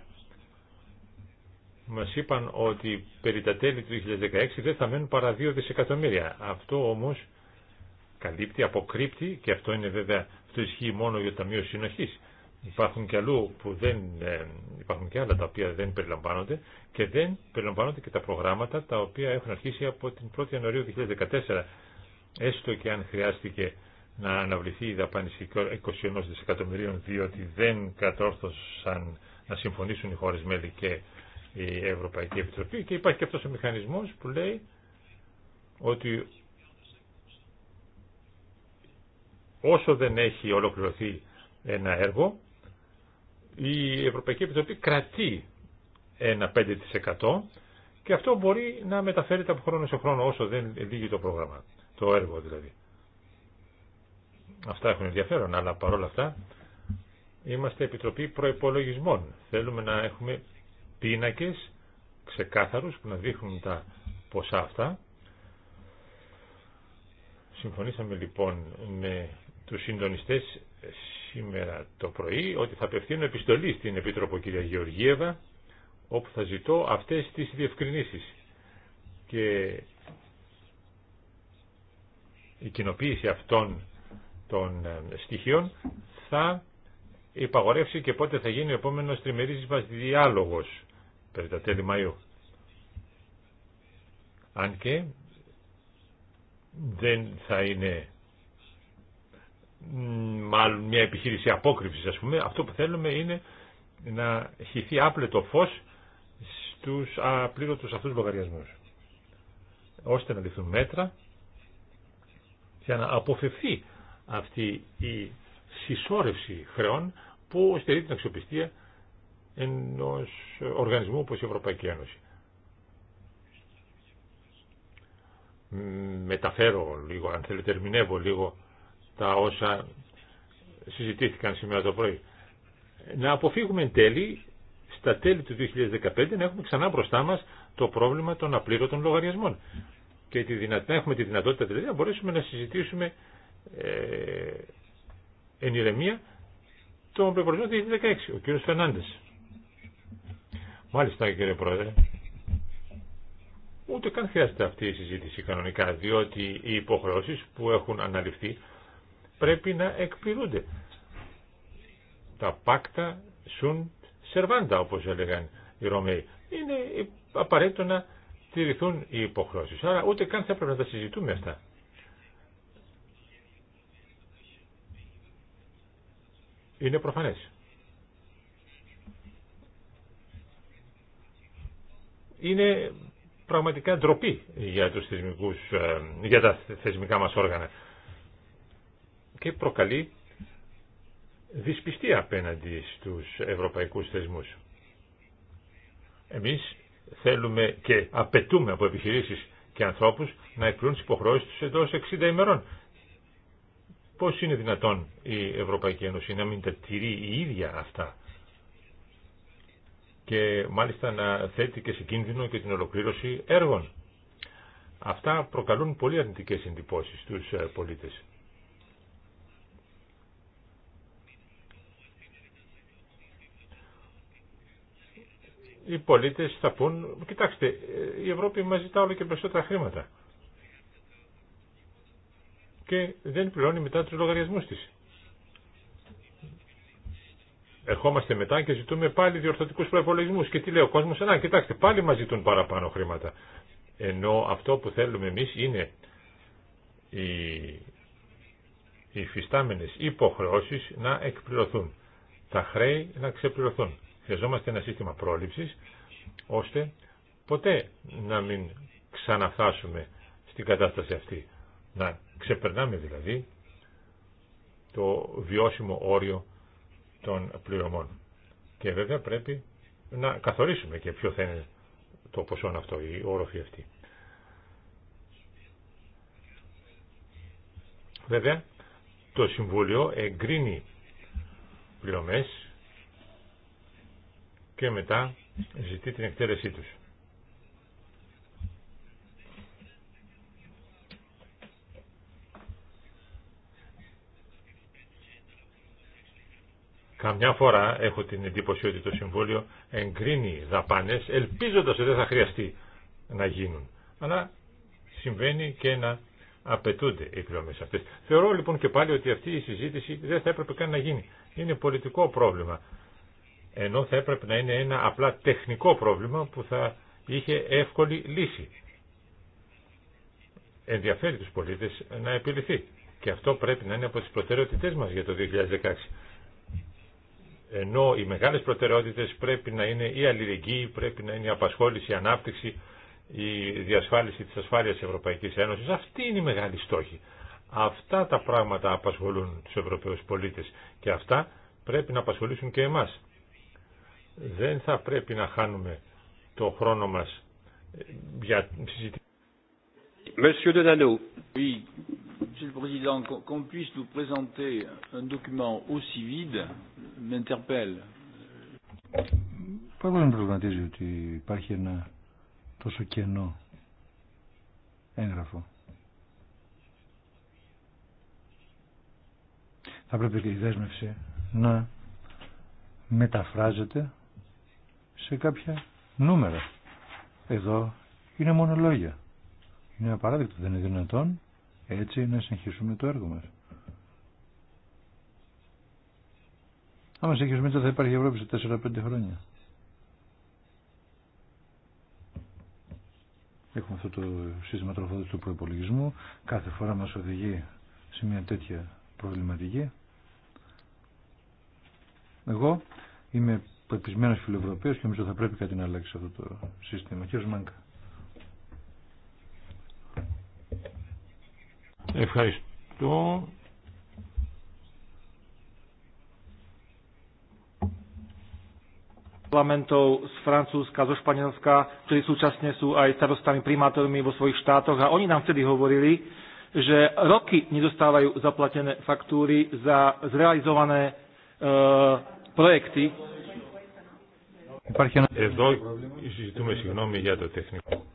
Μας είπαν ότι περί τα τέλη του 2016 δεν θα μένουν παρά 2 δισεκατομμύρια. Αυτό όμως καλύπτει, αποκρύπτει και αυτό είναι βέβαια, αυτό ισχύει μόνο για το Ταμείο συνοχή. Υπάρχουν και αλλού που δεν, ε, υπάρχουν και άλλα τα οποία δεν περιλαμβάνονται και δεν περιλαμβάνονται και τα προγράμματα τα οποία έχουν αρχίσει από την 1η Ιανουαρίου 2014 έστω και αν χρειάστηκε να αναβληθεί η δαπάνηση 21 δισεκατομμυρίων διότι δεν κατόρθωσαν να συμφωνήσουν οι χώρες μέλη και η Ευρωπαϊκή Επιτροπή και υπάρχει και αυτό ο μηχανισμό που λέει ότι όσο δεν έχει ολοκληρωθεί ένα έργο, η Ευρωπαϊκή Επιτροπή κρατεί ένα 5% και αυτό μπορεί να μεταφέρεται από χρόνο σε χρόνο όσο δεν λύγει το πρόγραμμα, το έργο δηλαδή. Αυτά έχουν ενδιαφέρον, αλλά παρόλα αυτά είμαστε Επιτροπή Προϋπολογισμών. Θέλουμε να έχουμε πίνακες ξεκάθαρους που να δείχνουν τα ποσά αυτά. Συμφωνήσαμε λοιπόν με τους συντονιστές σήμερα το πρωί ότι θα απευθύνω επιστολή στην Επίτροπο κυρία Γεωργίευα όπου θα ζητώ αυτές τις διευκρινήσεις και η κοινοποίηση αυτών των ε, στοιχείων θα υπαγορεύσει και πότε θα γίνει ο επόμενος τριμερίζης μας διάλογος περί τα τέλη Μαΐου. Αν και δεν θα είναι μάλλον μια επιχείρηση απόκρυψης ας πούμε, αυτό που θέλουμε είναι να χυθεί άπλετο φως στους απλήρωτους αυτούς λογαριασμούς ώστε να ληφθούν μέτρα για να αποφευθεί αυτή η συσσόρευση χρεών που στερεί την αξιοπιστία ενός οργανισμού όπως η Ευρωπαϊκή Ένωση. Μεταφέρω λίγο, αν θέλετε, ερμηνεύω λίγο τα όσα συζητήθηκαν σήμερα το πρωί. Να αποφύγουμε εν τέλει στα τέλη του 2015 να έχουμε ξανά μπροστά μας το πρόβλημα των απλήρωτων λογαριασμών. Και τη να έχουμε τη δυνατότητα δηλαδή να μπορέσουμε να συζητήσουμε ε, εν ηρεμία τον προπολογισμό του 2016, ο κ. Φερνάντες. Μάλιστα κύριε Πρόεδρε, ούτε καν χρειάζεται αυτή η συζήτηση κανονικά, διότι οι υποχρεώσεις που έχουν αναλυφθεί πρέπει να εκπληρούνται. Τα πάκτα σουν σερβάντα όπως έλεγαν οι Ρωμαίοι. Είναι απαραίτητο να τηρηθούν οι υποχρώσεις. Άρα ούτε καν θα έπρεπε να τα συζητούμε αυτά. Είναι προφανές. Είναι πραγματικά ντροπή για, τους θεσμικούς, ε, για τα θεσμικά μας όργανα και προκαλεί δυσπιστία απέναντι στους ευρωπαϊκούς θεσμούς. Εμείς θέλουμε και απαιτούμε από επιχειρήσεις και ανθρώπους να εκπλούν τις υποχρεώσεις τους εντός 60 ημερών. Πώς είναι δυνατόν η Ευρωπαϊκή Ένωση να μην τα τηρεί η ίδια αυτά και μάλιστα να θέτει και σε κίνδυνο και την ολοκλήρωση έργων. Αυτά προκαλούν πολύ αρνητικές εντυπώσεις στους πολίτες. οι πολίτες θα πούν, κοιτάξτε, η Ευρώπη μας ζητά όλο και περισσότερα χρήματα και δεν πληρώνει μετά τους λογαριασμούς της. Ερχόμαστε μετά και ζητούμε πάλι διορθωτικούς προπολογισμού. Και τι λέει ο κόσμος, να κοιτάξτε πάλι μας ζητούν παραπάνω χρήματα. Ενώ αυτό που θέλουμε εμείς είναι οι οι φυστάμενες υποχρεώσεις να εκπληρωθούν, τα χρέη να ξεπληρωθούν. Χρειαζόμαστε ένα σύστημα πρόληψης, ώστε ποτέ να μην ξαναφτάσουμε στην κατάσταση αυτή. Να ξεπερνάμε δηλαδή το βιώσιμο όριο των πληρωμών. Και βέβαια πρέπει να καθορίσουμε και ποιο θα είναι το ποσό αυτό, η όροφη αυτή. Βέβαια, το Συμβούλιο εγκρίνει πληρωμές και μετά ζητεί την εκτέλεσή τους. Καμιά φορά έχω την εντύπωση ότι το Συμβούλιο εγκρίνει δαπάνες ελπίζοντας ότι δεν θα χρειαστεί να γίνουν. Αλλά συμβαίνει και να απαιτούνται οι πληρωμές αυτές. Θεωρώ λοιπόν και πάλι ότι αυτή η συζήτηση δεν θα έπρεπε καν να γίνει. Είναι πολιτικό πρόβλημα ενώ θα έπρεπε να είναι ένα απλά τεχνικό πρόβλημα που θα είχε εύκολη λύση. Ενδιαφέρει τους πολίτες να επιληθεί. Και αυτό πρέπει να είναι από τις προτεραιότητές μας για το 2016. Ενώ οι μεγάλες προτεραιότητες πρέπει να είναι η αλληλεγγύη, πρέπει να είναι η απασχόληση, η ανάπτυξη, η διασφάλιση της ασφάλειας της Ευρωπαϊκής Ένωσης. Αυτή είναι η μεγάλη στόχη. Αυτά τα πράγματα απασχολούν τους Ευρωπαίους πολίτες και αυτά πρέπει να απασχολήσουν και εμάς δεν θα πρέπει να χάνουμε το χρόνο μας για συζητήσεις. Monsieur un document aussi vide m'interpelle. Πάμε να προβληματίζει ότι υπάρχει ένα τόσο κενό έγγραφο. Θα πρέπει και η δέσμευση να μεταφράζεται σε κάποια νούμερα. Εδώ είναι μόνο λόγια. Είναι απαράδεκτο, δεν είναι δυνατόν έτσι να συνεχίσουμε το έργο μας. Άμα συνεχίσουμε έτσι θα υπάρχει Ευρώπη σε 4-5 χρόνια. Έχουμε αυτό το σύστημα τροφοδότηση του προπολογισμού. Κάθε φορά μας οδηγεί σε μια τέτοια προβληματική. Εγώ είμαι πεπισμένο φιλοευρωπαίο και νομίζω θα πρέπει κάτι να αλλάξει αυτό το σύστημα. Κύριος Μάνκα. Ευχαριστώ. parlamentov z Francúzska, zo Španielska, ktorí súčasne sú aj starostami, primátormi vo svojich štátoch a oni nám vtedy hovorili, že roky nedostávajú zaplatené faktúry za zrealizované projekty Υπάρχει ένα... Εδώ συζητούμε συγγνώμη για το τεχνικό.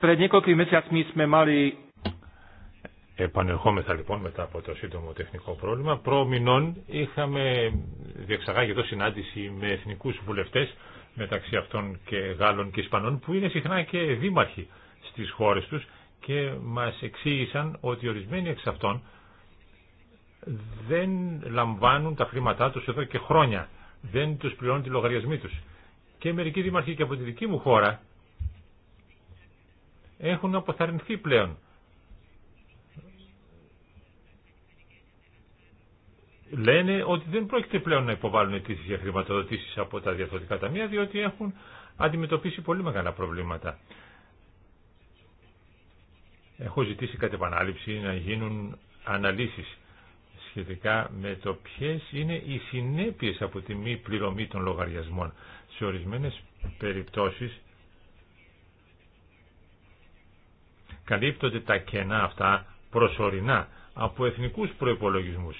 πρόβλημα. Ε, Επανερχόμεθα λοιπόν μετά από το σύντομο τεχνικό πρόβλημα. Προμηνών είχαμε διεξαγάγει εδώ συνάντηση με εθνικούς βουλευτές μεταξύ αυτών και Γάλλων και Ισπανών που είναι συχνά και δήμαρχοι στις χώρες τους και μας εξήγησαν ότι ορισμένοι εξ αυτών δεν λαμβάνουν τα χρήματά τους εδώ και χρόνια. Δεν τους πληρώνουν τη λογαριασμή τους. Και μερικοί δήμαρχοι και από τη δική μου χώρα έχουν αποθαρρυνθεί πλέον. Λένε ότι δεν πρόκειται πλέον να υποβάλουν αιτήσει για χρηματοδοτήσεις από τα διαφορετικά ταμεία διότι έχουν αντιμετωπίσει πολύ μεγάλα προβλήματα. Έχω ζητήσει κατ' επανάληψη να γίνουν αναλύσεις σχετικά με το ποιες είναι οι συνέπειες από τη μη πληρωμή των λογαριασμών. Σε ορισμένες περιπτώσεις καλύπτονται τα κενά αυτά προσωρινά από εθνικούς προϋπολογισμούς.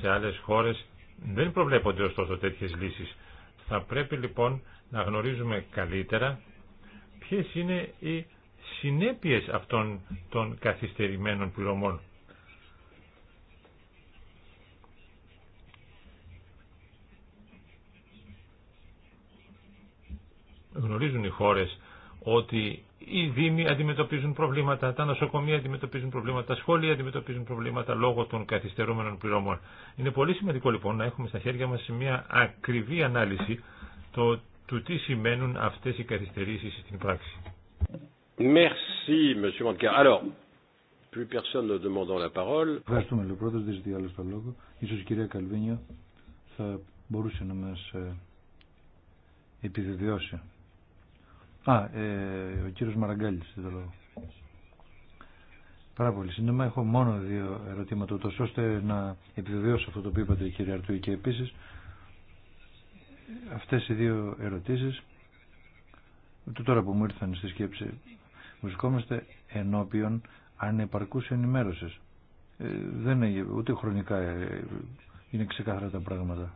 Σε άλλες χώρες δεν προβλέπονται ωστόσο τέτοιες λύσεις. Θα πρέπει λοιπόν να γνωρίζουμε καλύτερα ποιες είναι οι συνέπειες αυτών των καθυστερημένων πληρωμών. Γνωρίζουν οι χώρες ότι οι δήμοι αντιμετωπίζουν προβλήματα, τα νοσοκομεία αντιμετωπίζουν προβλήματα, τα σχόλια αντιμετωπίζουν προβλήματα λόγω των καθυστερούμενων πληρωμών. Είναι πολύ σημαντικό λοιπόν να έχουμε στα χέρια μας μια ακριβή ανάλυση του τι σημαίνουν αυτές οι καθυστερήσεις στην πράξη. Merci, Monsieur Manka. Alors, plus personne ne demandant la parole. Ευχαριστούμε. Ο πρώτος δεν ζητεί άλλο το λόγο. Ίσως η κυρία Καλβίνιο θα μπορούσε να μα ε, επιβεβαιώσει. Α, ε, ο κύριος Μαραγκάλης το λόγο. Πάρα πολύ σύντομα. Έχω μόνο δύο ερωτήματα, ούτως ώστε να επιβεβαιώσω αυτό το οποίο είπατε κύριε Αρτούη και επίση αυτέ οι δύο ερωτήσει. το τώρα που μου ήρθαν στη σκέψη βρισκόμαστε ενώπιον ανεπαρκούς ενημέρωσης. Ε, δεν είναι ούτε χρονικά ε, είναι ξεκάθαρα τα πράγματα.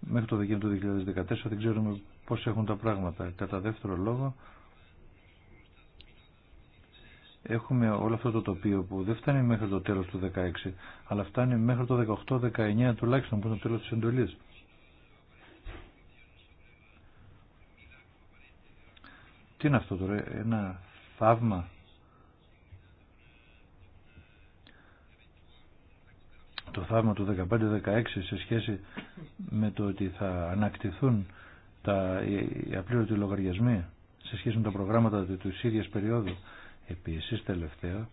Μέχρι το Δεκέμβριο του 2014 δεν ξέρουμε πώς έχουν τα πράγματα. Κατά δεύτερο λόγο έχουμε όλο αυτό το τοπίο που δεν φτάνει μέχρι το τέλος του 2016 αλλά φτάνει μέχρι το 18-19 τουλάχιστον που είναι το τέλος της εντολής. Τι είναι αυτό τώρα, ένα θαύμα. Το θαύμα του 15-16 σε σχέση με το ότι θα ανακτηθούν τα, οι απλήρωτοι λογαριασμοί σε σχέση με τα προγράμματα του ίδιας περίοδου. Επίσης τελευταίο,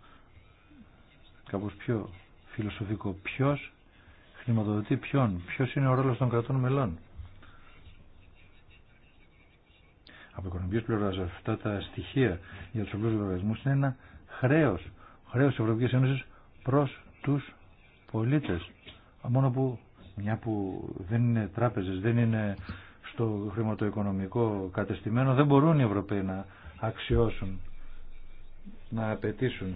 κάπως πιο φιλοσοφικό, ποιος χρηματοδοτεί ποιον, ποιος είναι ο ρόλος των κρατών μελών. από οικονομική πλευρά αυτά τα στοιχεία για του απλού λογαριασμού είναι ένα χρέο. Χρέο τη Ευρωπαϊκή Ένωση προ του πολίτε. Μόνο που μια που δεν είναι τράπεζε, δεν είναι στο χρηματοοικονομικό κατεστημένο, δεν μπορούν οι Ευρωπαίοι να αξιώσουν, να απαιτήσουν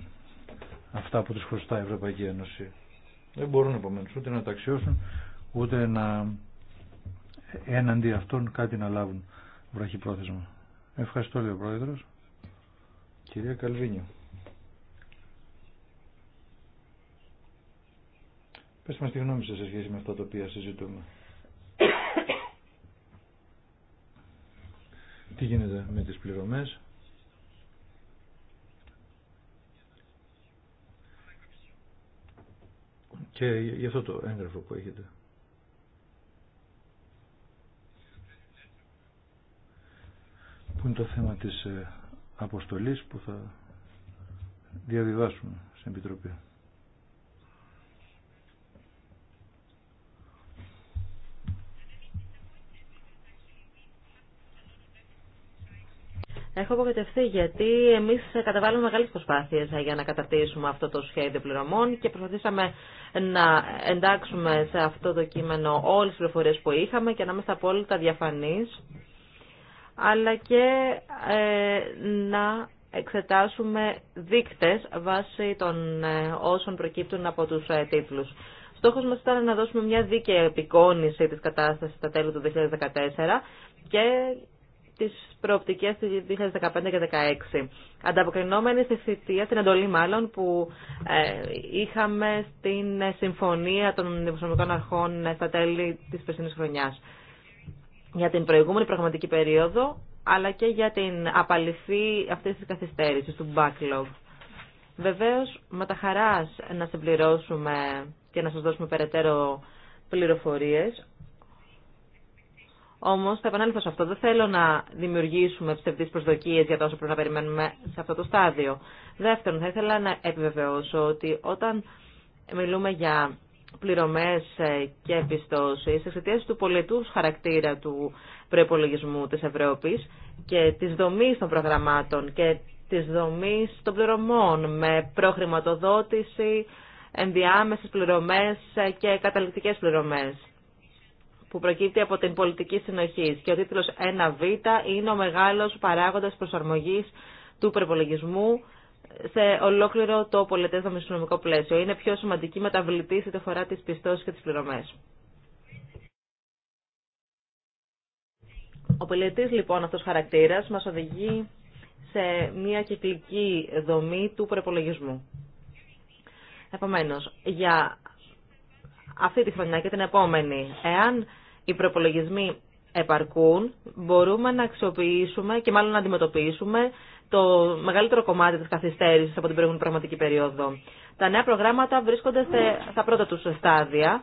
αυτά που τους χρωστά η Ευρωπαϊκή Ένωση. Δεν μπορούν επομένως ούτε να τα αξιώσουν, ούτε να έναντι αυτών κάτι να λάβουν βραχυπρόθεσμα. Ευχαριστώ, λέει ο Πρόεδρος. Κυρία Καλβίνιο. Πες μας τη γνώμη σας σε σχέση με αυτό το οποία συζητούμε. Τι γίνεται με τις πληρωμές. Και για αυτό το έγγραφο που έχετε. που είναι το θέμα της ε, αποστολής που θα διαβιβάσουμε στην Επιτροπή. Έχω απογοητευτεί γιατί εμεί καταβάλουμε μεγάλε προσπάθειε ε, για να καταρτήσουμε αυτό το σχέδιο πληρωμών και προσπαθήσαμε να εντάξουμε σε αυτό το κείμενο όλε τι πληροφορίε που είχαμε και να είμαστε απόλυτα διαφανεί αλλά και ε, να εξετάσουμε δείκτες βάσει των ε, όσων προκύπτουν από τους ε, τίτλους. Στόχος μας ήταν να δώσουμε μια δίκαιη επικόνηση της κατάστασης στα τέλη του 2014 και τις προοπτικές του 2015 και 2016. Ανταποκρινόμενη στη θητεία, την εντολή μάλλον, που είχαμε στην Συμφωνία των Δημοσιονομικών Αρχών στα τέλη της περσινής χρονιάς για την προηγούμενη πραγματική περίοδο, αλλά και για την απαλυφή αυτής της καθυστέρησης, του backlog. Βεβαίως, με τα χαράς να συμπληρώσουμε και να σας δώσουμε περαιτέρω πληροφορίες. Όμως, θα επανέλθω σε αυτό. Δεν θέλω να δημιουργήσουμε ψευδείς προσδοκίες για το όσο πρέπει να περιμένουμε σε αυτό το στάδιο. Δεύτερον, θα ήθελα να επιβεβαιώσω ότι όταν μιλούμε για πληρωμές ε, και επιστώσει εξαιτία του πολιτού χαρακτήρα του προπολογισμού της Ευρώπης και της δομής των προγραμμάτων και της δομής των πληρωμών με προχρηματοδότηση, ενδιάμεσες πληρωμές ε, και καταληκτικές πληρωμές που προκύπτει από την πολιτική συνοχή. Και ο τίτλο 1 1β είναι ο μεγάλος παράγοντας προσαρμογή του προπολογισμού σε ολόκληρο το πολετές νομικό πλαίσιο. Είναι πιο σημαντική μεταβλητή σε τη φορά της και τις πληρωμές. Ο πολιτή λοιπόν αυτός χαρακτήρας μας οδηγεί σε μια κυκλική δομή του προπολογισμού. Επομένως, για αυτή τη χρονιά και την επόμενη, εάν οι προπολογισμοί επαρκούν, μπορούμε να αξιοποιήσουμε και μάλλον να αντιμετωπίσουμε το μεγαλύτερο κομμάτι της καθυστέρηση από την προηγούμενη πραγματική περίοδο. Τα νέα προγράμματα βρίσκονται στα πρώτα του στάδια.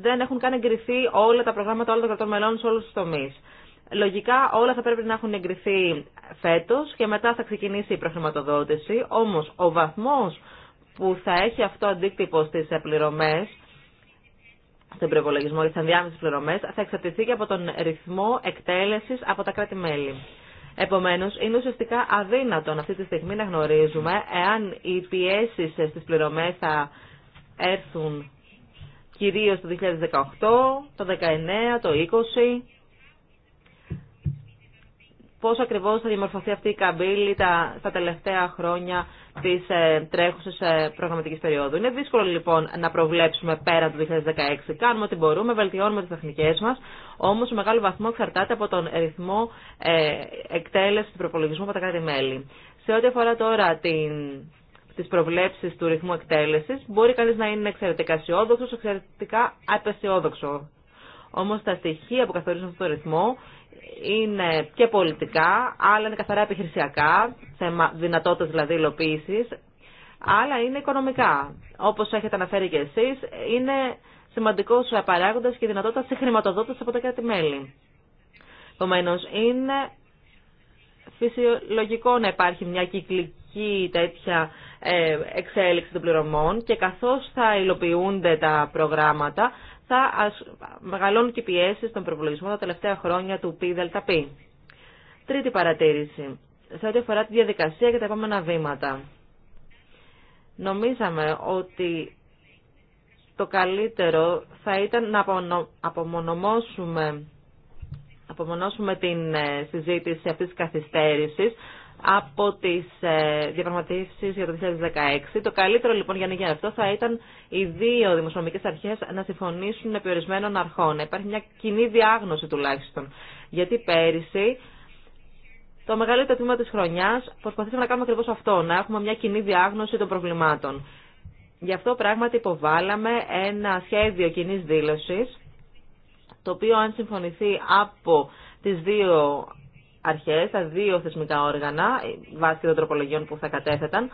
Δεν έχουν καν εγκριθεί όλα τα προγράμματα όλων των κρατών μελών σε όλου του τομεί. Λογικά όλα θα πρέπει να έχουν εγκριθεί φέτος και μετά θα ξεκινήσει η προχρηματοδότηση. Όμω ο βαθμό που θα έχει αυτό αντίκτυπο στι πληρωμέ στον προπολογισμό για τι ενδιάμεσε πληρωμέ θα εξαρτηθεί και από τον ρυθμό εκτέλεση από τα κράτη-μέλη. Επομένω, είναι ουσιαστικά αδύνατον αυτή τη στιγμή να γνωρίζουμε εάν οι πιέσει στι πληρωμέ θα έρθουν κυρίω το 2018, το 2019, το 2020. Πώς ακριβώς θα διαμορφωθεί αυτή η καμπύλη τα, τα τελευταία χρόνια τρέχουσα ε, ε προγραμματική περίοδου. Είναι δύσκολο λοιπόν να προβλέψουμε πέρα του 2016. Κάνουμε ό,τι μπορούμε, βελτιώνουμε τι τεχνικέ μα, όμω σε μεγάλο βαθμό εξαρτάται από τον ρυθμό ε, εκτέλεση του προπολογισμού από τα κράτη-μέλη. Σε ό,τι αφορά τώρα την τι προβλέψει του ρυθμού εκτέλεση, μπορεί κανεί να είναι εξαιρετικά αισιόδοξο, εξαιρετικά απεσιόδοξο. Όμω τα στοιχεία που καθορίζουν αυτό το ρυθμό είναι και πολιτικά, άλλα είναι καθαρά επιχειρησιακά, δυνατότητες δηλαδή υλοποίηση, άλλα είναι οικονομικά. Όπως έχετε αναφέρει και εσεί, είναι σημαντικός παράγοντας και δυνατότητα σε χρηματοδότηση από τα κράτη-μέλη. Επομένω, είναι φυσιολογικό να υπάρχει μια κυκλική τέτοια ε, εξέλιξη των πληρωμών και καθώς θα υλοποιούνται τα προγράμματα θα μεγαλώνουν και οι πιέσει στον προπολογισμό τα τελευταία χρόνια του ΠΔΠ. Τρίτη παρατήρηση. Σε ό,τι αφορά τη διαδικασία και τα επόμενα βήματα. Νομίζαμε ότι το καλύτερο θα ήταν να απομονώσουμε, την ε, συζήτηση αυτής της καθυστέρησης από τις ε, διαπραγματεύσεις για το 2016. Το καλύτερο λοιπόν για να γίνει αυτό θα ήταν οι δύο δημοσιονομικέ αρχές να συμφωνήσουν επί ορισμένων αρχών. Υπάρχει μια κοινή διάγνωση τουλάχιστον. Γιατί πέρυσι το μεγαλύτερο τμήμα της χρονιάς προσπαθήσαμε να κάνουμε ακριβώ αυτό, να έχουμε μια κοινή διάγνωση των προβλημάτων. Γι' αυτό πράγματι υποβάλαμε ένα σχέδιο κοινή δήλωση, το οποίο αν συμφωνηθεί από τις δύο αρχές, τα δύο θεσμικά όργανα, βάσει των τροπολογιών που θα κατέθεταν,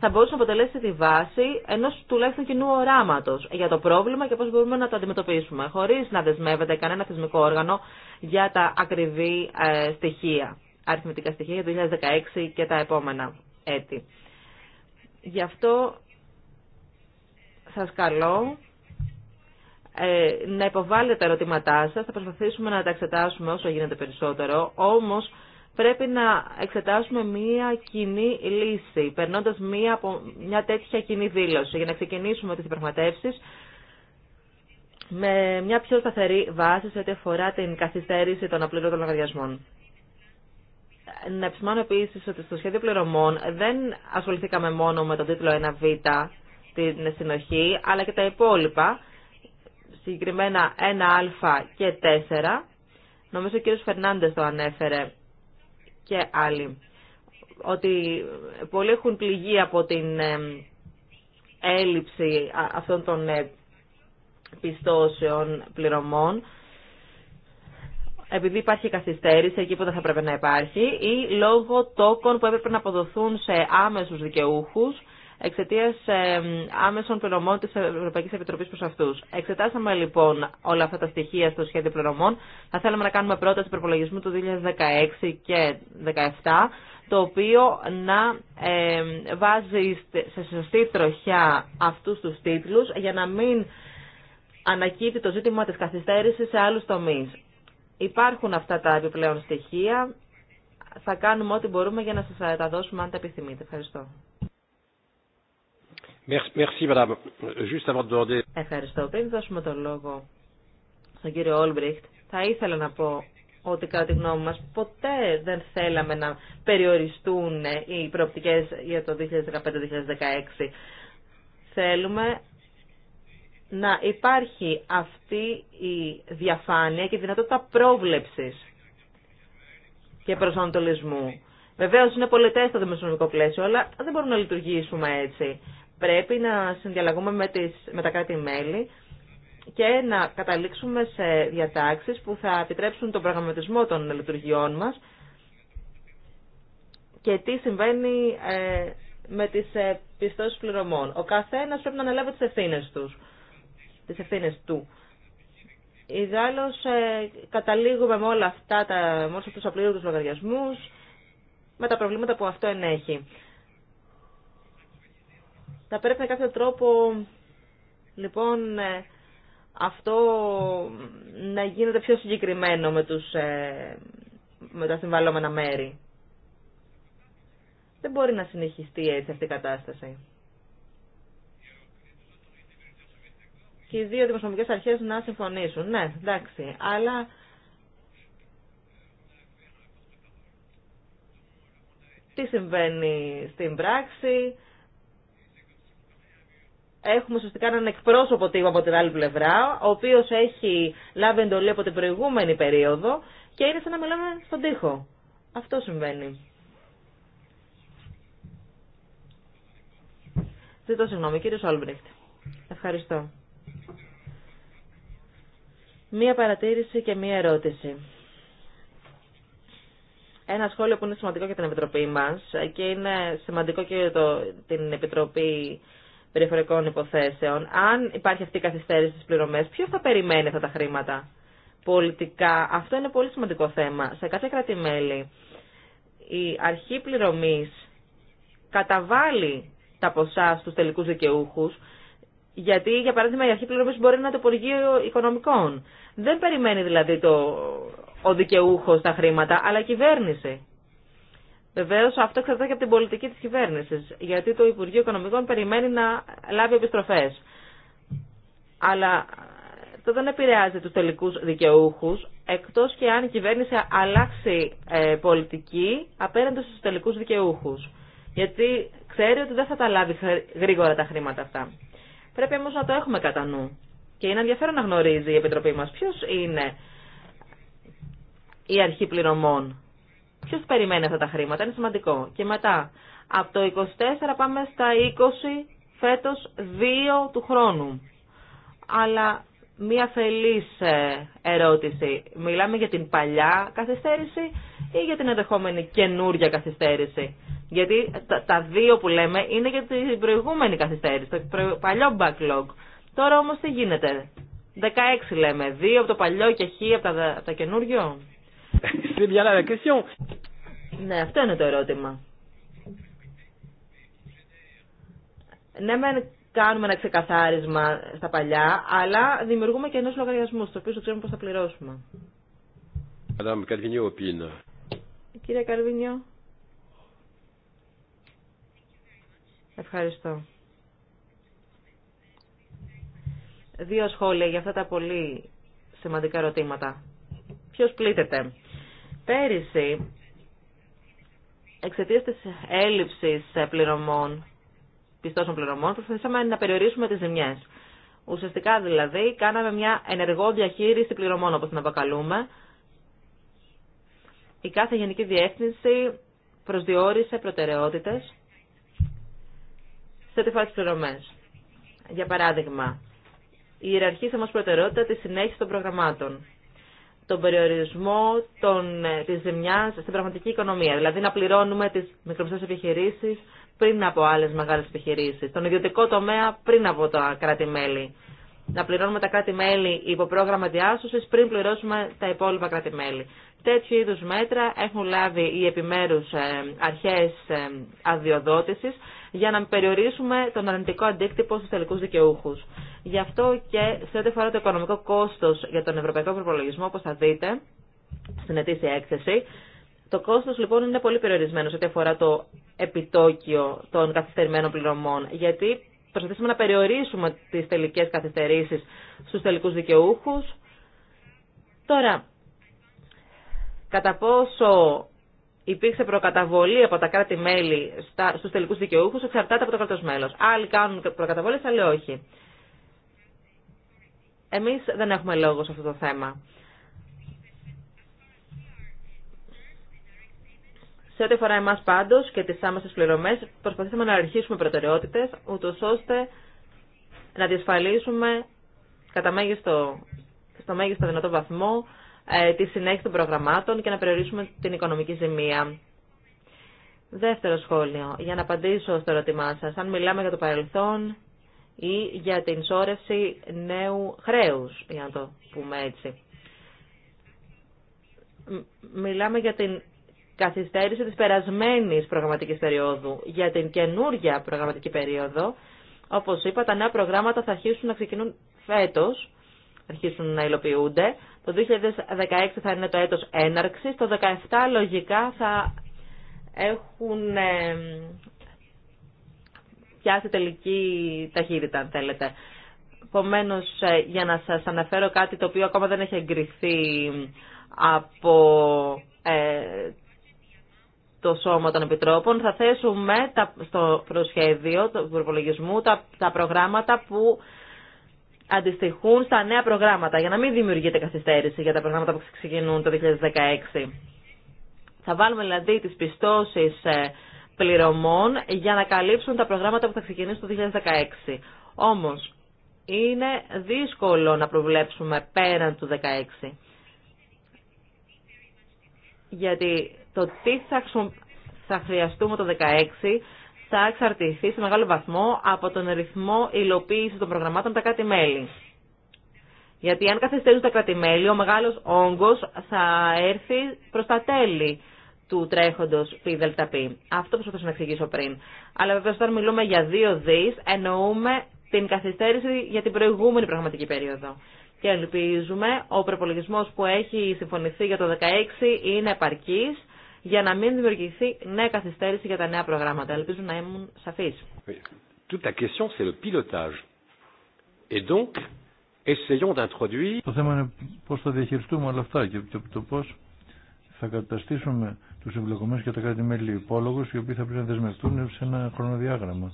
θα μπορούσε να αποτελέσει τη βάση ενό τουλάχιστον κοινού οράματο για το πρόβλημα και πώ μπορούμε να το αντιμετωπίσουμε, χωρί να δεσμεύεται κανένα θεσμικό όργανο για τα ακριβή ε, στοιχεία, αριθμητικά στοιχεία για το 2016 και τα επόμενα έτη. Γι' αυτό σας καλώ ε, να υποβάλλετε τα ερωτήματά σας. Θα προσπαθήσουμε να τα εξετάσουμε όσο γίνεται περισσότερο. Όμως πρέπει να εξετάσουμε μία κοινή λύση, περνώντας μία, από μια τέτοια κοινή δήλωση για να ξεκινήσουμε τις διαπραγματεύσεις με μια πιο σταθερή βάση σε ό,τι αφορά την καθυστέρηση των απλήρωτων λογαριασμών. Να επισημάνω επίση ότι στο σχέδιο πληρωμών δεν ασχοληθήκαμε μόνο με τον τίτλο 1β, την συνοχή, αλλά και τα υπόλοιπα συγκεκριμένα 1α και 4. Νομίζω ο κύριος Φερνάντες το ανέφερε και άλλοι. Ότι πολλοί έχουν πληγεί από την ε, έλλειψη αυτών των ε, πιστώσεων πληρωμών επειδή υπάρχει καθυστέρηση εκεί που δεν θα πρέπει να υπάρχει ή λόγω τόκων που έπρεπε να αποδοθούν σε άμεσους δικαιούχους εξαιτία άμεσων πληρωμών τη Ευρωπαϊκή Επιτροπή προ αυτού. Εξετάσαμε λοιπόν όλα αυτά τα στοιχεία στο σχέδιο πληρωμών. Θα θέλαμε να κάνουμε πρόταση προπολογισμού του 2016 και 2017, το οποίο να βάζει σε σωστή τροχιά αυτού του τίτλου για να μην ανακύπτει το ζήτημα της καθυστέρησης σε άλλους τομείς. Υπάρχουν αυτά τα επιπλέον στοιχεία. Θα κάνουμε ό,τι μπορούμε για να σας τα δώσουμε αν τα επιθυμείτε. Ευχαριστώ. Ευχαριστώ. Πριν δώσουμε το λόγο στον κύριο Όλμπριχτ, θα ήθελα να πω ότι κατά τη γνώμη μας ποτέ δεν θέλαμε να περιοριστούν οι προοπτικές για το 2015-2016. Θέλουμε να υπάρχει αυτή η διαφάνεια και η δυνατότητα πρόβλεψης και προσανατολισμού. Βεβαίως είναι πολιτέ το δημοσιονομικό πλαίσιο, αλλά δεν μπορούμε να λειτουργήσουμε έτσι πρέπει να συνδιαλλαγούμε με, τις, με τα κράτη-μέλη και να καταλήξουμε σε διατάξεις που θα επιτρέψουν τον προγραμματισμό των λειτουργιών μας και τι συμβαίνει ε, με τις ε, πιστώσεις πληρωμών. Ο καθένας πρέπει να αναλάβει τις ευθύνες, τους, τις ευθύνες του. Ιδάλλως ε, καταλήγουμε με όλα αυτά, τα, με όλους τους λογαριασμούς, με τα προβλήματα που αυτό ενέχει. Θα πρέπει με κάποιο τρόπο λοιπόν ε, αυτό να γίνεται πιο συγκεκριμένο με, τους, ε, με τα συμβαλόμενα μέρη. Δεν μπορεί να συνεχιστεί έτσι αυτή η κατάσταση. Και οι δύο δημοσιονομικές αρχές να συμφωνήσουν. Ναι, εντάξει, αλλά... Τι συμβαίνει στην πράξη, έχουμε σωστικά έναν εκπρόσωπο τύπου από την άλλη πλευρά, ο οποίο έχει λάβει εντολή από την προηγούμενη περίοδο και είναι σαν να μιλάμε στον τοίχο. Αυτό συμβαίνει. Ζητώ συγγνώμη, κύριο Σόλμπριχτ. Ευχαριστώ. Μία παρατήρηση και μία ερώτηση. Ένα σχόλιο που είναι σημαντικό για την Επιτροπή μας και είναι σημαντικό και για το, την Επιτροπή περιφορικών υποθέσεων. Αν υπάρχει αυτή η καθυστέρηση στις πληρωμές, ποιο θα περιμένει αυτά τα χρήματα πολιτικά. Αυτό είναι πολύ σημαντικό θέμα. Σε κρατή μέλη, η αρχή πληρωμή καταβάλει τα ποσά στους τελικούς δικαιούχους, γιατί, για παράδειγμα, η αρχή πληρωμή μπορεί να είναι το Υπουργείο Οικονομικών. Δεν περιμένει δηλαδή το, ο δικαιούχο τα χρήματα, αλλά η κυβέρνηση. Βεβαίω αυτό εξαρτάται και από την πολιτική τη κυβέρνηση, γιατί το Υπουργείο Οικονομικών περιμένει να λάβει επιστροφέ. Αλλά αυτό δεν επηρεάζει του τελικού δικαιούχου, εκτό και αν η κυβέρνηση αλλάξει ε, πολιτική απέναντι στου τελικού δικαιούχου. Γιατί ξέρει ότι δεν θα τα λάβει γρήγορα τα χρήματα αυτά. Πρέπει όμω να το έχουμε κατά νου. Και είναι ενδιαφέρον να γνωρίζει η Επιτροπή μα ποιο είναι η αρχή πληρωμών Ποιο περιμένει αυτά τα χρήματα, είναι σημαντικό. Και μετά, από το 24 πάμε στα 20 φέτος 2 του χρόνου. Αλλά μία θελής ε, ερώτηση. Μιλάμε για την παλιά καθυστέρηση ή για την ενδεχόμενη καινούργια καθυστέρηση. Γιατί τα, δύο που λέμε είναι για την προηγούμενη καθυστέρηση, το παλιό backlog. Τώρα όμως τι γίνεται. 16 λέμε, 2 από το παλιό και χ από, τα, καινούργιο. Ναι, αυτό είναι το ερώτημα. Ναι, μεν κάνουμε ένα ξεκαθάρισμα στα παλιά, αλλά δημιουργούμε και ενό λογαριασμού, στο οποίο ξέρουμε πώ θα πληρώσουμε. Κύριε Καρβινιό. Ευχαριστώ. Δύο σχόλια για αυτά τα πολύ σημαντικά ερωτήματα. Ποιος πλήττεται. Πέρυσι, εξαιτία τη έλλειψη πληρωμών, πιστώσεων πληρωμών, προσπαθήσαμε να περιορίσουμε τι ζημιέ. Ουσιαστικά δηλαδή κάναμε μια ενεργό διαχείριση πληρωμών όπω την αποκαλούμε. Η κάθε γενική διεύθυνση προσδιορίσε προτεραιότητε σε ό,τι φάση πληρωμέ. Για παράδειγμα, η ιεραρχήσαμε μας προτεραιότητα τη συνέχιση των προγραμμάτων τον περιορισμό των, ε, της ζημιάς στην πραγματική οικονομία. Δηλαδή να πληρώνουμε τις μικρομεσαίες επιχειρήσεις πριν από άλλες μεγάλες επιχειρήσεις. Τον ιδιωτικό τομέα πριν από τα κράτη-μέλη. Να πληρώνουμε τα κράτη-μέλη υπό πρόγραμμα διάσωσης πριν πληρώσουμε τα υπόλοιπα κράτη-μέλη. Τέτοιου είδους μέτρα έχουν λάβει οι επιμέρους ε, αρχές ε, αδειοδότησης για να περιορίσουμε τον αρνητικό αντίκτυπο στους τελικούς δικαιούχους. Γι' αυτό και σε ό,τι αφορά το οικονομικό κόστος για τον ευρωπαϊκό προπολογισμό, όπως θα δείτε στην ετήσια έκθεση, το κόστος λοιπόν είναι πολύ περιορισμένο σε ό,τι αφορά το επιτόκιο των καθυστερημένων πληρωμών, γιατί προσπαθήσαμε να περιορίσουμε τις τελικές καθυστερήσεις στους τελικούς δικαιούχους. Τώρα, κατά πόσο υπήρξε προκαταβολή από τα κράτη-μέλη στους τελικούς δικαιούχους εξαρτάται από το κράτος μέλος. Άλλοι κάνουν προκαταβολές, άλλοι όχι. Εμείς δεν έχουμε λόγο σε αυτό το θέμα. Σε ό,τι αφορά εμά πάντω και τι άμεσε πληρωμέ, προσπαθήσαμε να αρχίσουμε προτεραιότητε, ούτω ώστε να διασφαλίσουμε κατά μέγιστο, στο μέγιστο δυνατό βαθμό ε, τη συνέχεια των προγραμμάτων και να περιορίσουμε την οικονομική ζημία. Δεύτερο σχόλιο, για να απαντήσω στο ερώτημά σας, αν μιλάμε για το παρελθόν ή για την σώρευση νέου χρέους, για να το πούμε έτσι. Μιλάμε για την καθυστέρηση της περασμένης προγραμματικής περίοδου. Για την καινούργια προγραμματική περίοδο, όπως είπα, τα νέα προγράμματα θα αρχίσουν να ξεκινούν φέτος, αρχίσουν να υλοποιούνται, το 2016 θα είναι το έτος έναρξης, το 2017 λογικά θα έχουν ε, πιάσει τελική ταχύτητα, αν θέλετε. Επομένω, ε, για να σας αναφέρω κάτι το οποίο ακόμα δεν έχει εγκριθεί από ε, το Σώμα των Επιτρόπων, θα θέσουμε στο προσχέδιο του προπολογισμού τα, προγράμματα που αντιστοιχούν στα νέα προγράμματα, για να μην δημιουργείται καθυστέρηση για τα προγράμματα που ξεκινούν το 2016. Θα βάλουμε δηλαδή τι πιστώσει ε, πληρωμών για να καλύψουν τα προγράμματα που θα ξεκινήσουν το 2016. Όμως, είναι δύσκολο να προβλέψουμε πέραν του 2016. Γιατί το τι θα χρειαστούμε το 2016 θα εξαρτηθεί σε μεγάλο βαθμό από τον ρυθμό υλοποίηση των προγραμμάτων τα κράτη-μέλη. Γιατί αν καθυστερούν τα κράτη-μέλη, ο μεγάλο όγκο θα έρθει προ τα τέλη του τρέχοντο ΠΔΠ. Αυτό προσπαθούσα να εξηγήσω πριν. Αλλά βεβαίω, όταν μιλούμε για δύο δι, εννοούμε την καθυστέρηση για την προηγούμενη πραγματική περίοδο. Και ελπίζουμε ο προπολογισμό που έχει συμφωνηθεί για το 2016 είναι επαρκή για να μην δημιουργηθεί νέα καθυστέρηση για τα νέα προγράμματα. Ελπίζω να ήμουν σαφής. Το θέμα είναι πώ θα διαχειριστούμε όλα αυτά και το πώ θα καταστήσουμε του εμπλεκομένου και τα κράτη-μέλη υπόλογου, οι οποίοι θα πρέπει να δεσμευτούν σε ένα χρονοδιάγραμμα.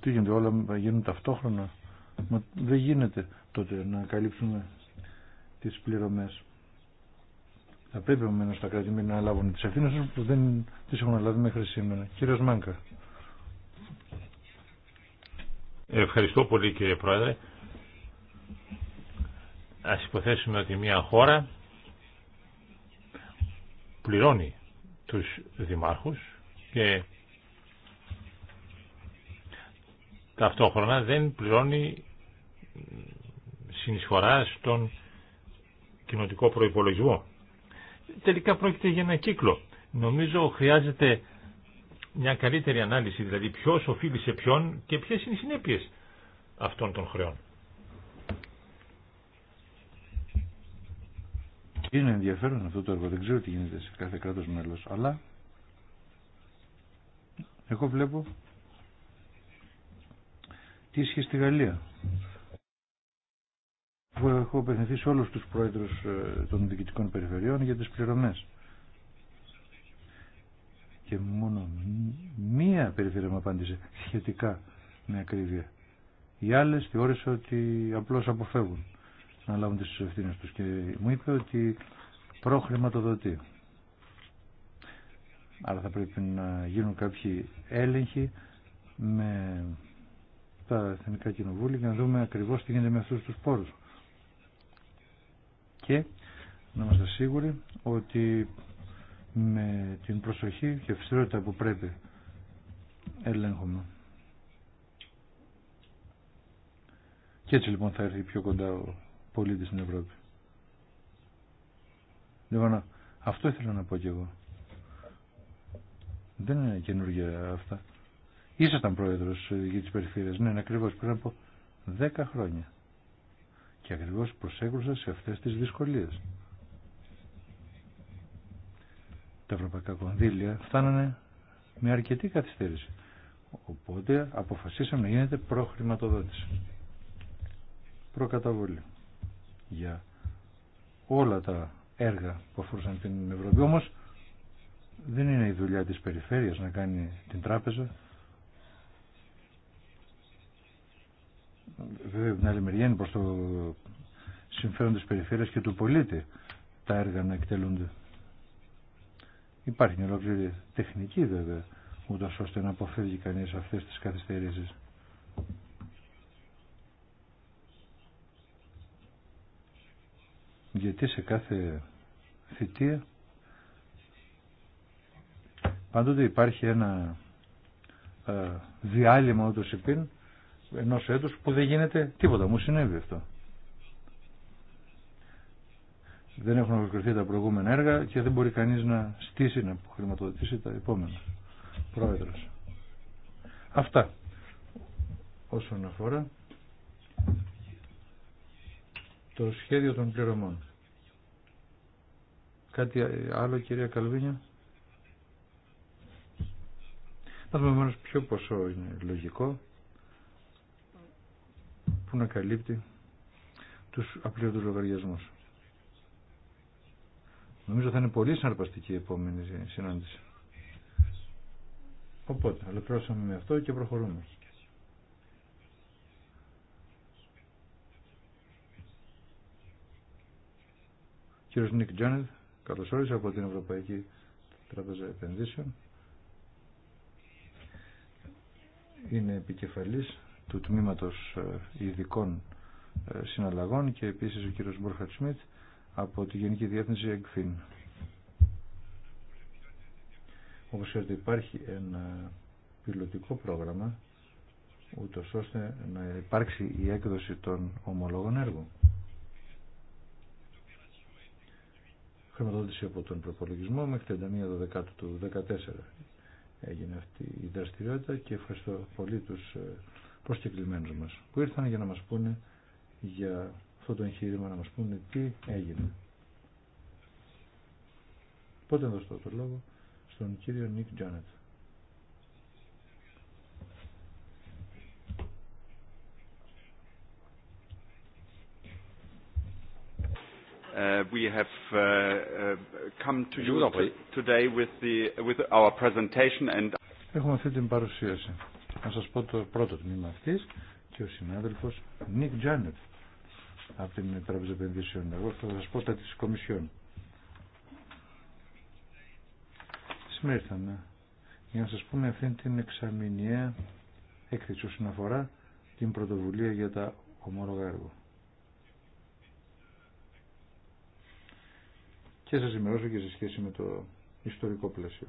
Τι γίνεται, όλα γίνουν ταυτόχρονα. Μα δεν γίνεται τότε να καλύψουμε τις πληρωμές. Θα πρέπει ομένω τα κράτη να λάβουν τι ευθύνε του που δεν τι έχουν λάβει μέχρι σήμερα. Κύριο Μάνκα. Ευχαριστώ πολύ κύριε Πρόεδρε. Α υποθέσουμε ότι μια χώρα πληρώνει τους δημάρχους και ταυτόχρονα δεν πληρώνει συνεισφορά στον κοινοτικό προϋπολογισμό τελικά πρόκειται για ένα κύκλο. Νομίζω χρειάζεται μια καλύτερη ανάλυση, δηλαδή ποιο οφείλει σε ποιον και ποιε είναι οι συνέπειε αυτών των χρεών. Είναι ενδιαφέρον αυτό το έργο. Δεν ξέρω τι γίνεται σε κάθε κράτο μέλο, αλλά εγώ βλέπω τι ισχύει στη Γαλλία που έχω απευθυνθεί σε όλους τους πρόεδρους ε, των διοικητικών περιφερειών για τις πληρωμές. Και μόνο μία περιφέρεια μου απάντησε σχετικά με ακρίβεια. Οι άλλες θεώρησαν ότι απλώς αποφεύγουν να λάβουν τις ευθύνε τους και μου είπε ότι προχρηματοδοτεί. Άρα θα πρέπει να γίνουν κάποιοι έλεγχοι με τα εθνικά κοινοβούλια για να δούμε ακριβώς τι γίνεται με αυτούς τους πόρους και να είμαστε σίγουροι ότι με την προσοχή και ευστηρότητα που πρέπει ελέγχουμε. Και έτσι λοιπόν θα έρθει πιο κοντά ο πολίτης στην Ευρώπη. Λοιπόν, αυτό ήθελα να πω και εγώ. Δεν είναι καινούργια αυτά. Ήσασταν πρόεδρος ε, για τις περιφέρειες. Ναι, ακριβώς πριν από δέκα χρόνια και ακριβώς προσέγγουσαν σε αυτές τις δυσκολίες. Τα ευρωπαϊκά κονδύλια φτάνανε με αρκετή καθυστέρηση. Οπότε αποφασίσαμε να γίνεται προχρηματοδότηση. Προκαταβολή για όλα τα έργα που αφορούσαν την Ευρώπη. Όμως δεν είναι η δουλειά της περιφέρειας να κάνει την τράπεζα βέβαια την άλλη μεριά είναι προς το συμφέρον της περιφέρειας και του πολίτη τα έργα να εκτελούνται. Υπάρχει μια ολόκληρη τεχνική βέβαια, ούτω ώστε να αποφεύγει κανείς αυτές τις καθυστερήσεις. Γιατί σε κάθε θητεία πάντοτε υπάρχει ένα ε, διάλειμμα ούτως υπήν Ενό έτου που δεν γίνεται τίποτα. Μου συνέβη αυτό. Δεν έχουν ολοκληρωθεί τα προηγούμενα έργα και δεν μπορεί κανεί να στήσει, να χρηματοδοτήσει τα επόμενα. πρόεδρο. Αυτά όσον αφορά το σχέδιο των πληρωμών. Κάτι άλλο κυρία Καλβίνια. Να δούμε μόνο ποιο ποσό είναι λογικό που να καλύπτει τους απλήρωτους λογαριασμούς. Νομίζω θα είναι πολύ συναρπαστική η επόμενη συνάντηση. Οπότε, αλεπτρώσαμε με αυτό και προχωρούμε. Κύριος Νίκ Τζάνετ, καλώς από την Ευρωπαϊκή Τράπεζα Επενδύσεων. Είναι επικεφαλής του Τμήματος ε, Ειδικών ε, Συναλλαγών και επίσης ο κύριος Μπόρχαρτ Σμιτ από τη Γενική Διεύθυνση ΕΚΦΙΝ. Όπως ξέρετε υπάρχει ένα πιλωτικό πρόγραμμα ούτω ώστε να υπάρξει η έκδοση των ομολόγων έργων. Χρηματοδότηση από τον προπολογισμό μέχρι 31 του 2014 έγινε αυτή η δραστηριότητα και ευχαριστώ πολύ τους ε, προσκεκλημένους μας που ήρθαν για να μας πούνε για αυτό το εγχείρημα, να μας πούνε τι έγινε. Πότε δώσω το λόγο στον κύριο Νίκ Τζάνετ. Ε, we have ε, ε, come to you today with the with our presentation and Έχουμε αυτή την παρουσίαση να σας πω το πρώτο τμήμα αυτής και ο συνάδελφος Νίκ Τζάνετ από την Τράπεζα Επενδύσεων. Εγώ θα σας πω τα της Κομισιόν. Σήμερα για να σας πούμε αυτήν την εξαμηνιαία έκθεση όσον αφορά την πρωτοβουλία για τα ομόλογα έργο. Και σας ενημερώσω και σε σχέση με το ιστορικό πλαίσιο.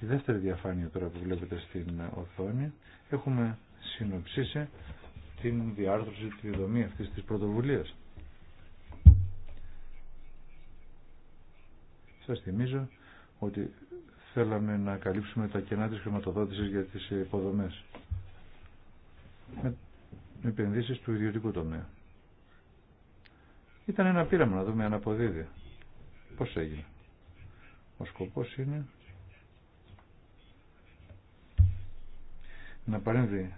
Στη δεύτερη διαφάνεια τώρα που βλέπετε στην οθόνη έχουμε συνοψίσει την διάρθρωση, τη δομή αυτής της πρωτοβουλίας. Σας θυμίζω ότι θέλαμε να καλύψουμε τα κενά της χρηματοδότησης για τις υποδομές με επενδύσεις του ιδιωτικού τομέα. Ήταν ένα πείραμα να δούμε αν αποδίδει. Πώς έγινε. Ο σκοπός είναι να παρέμβει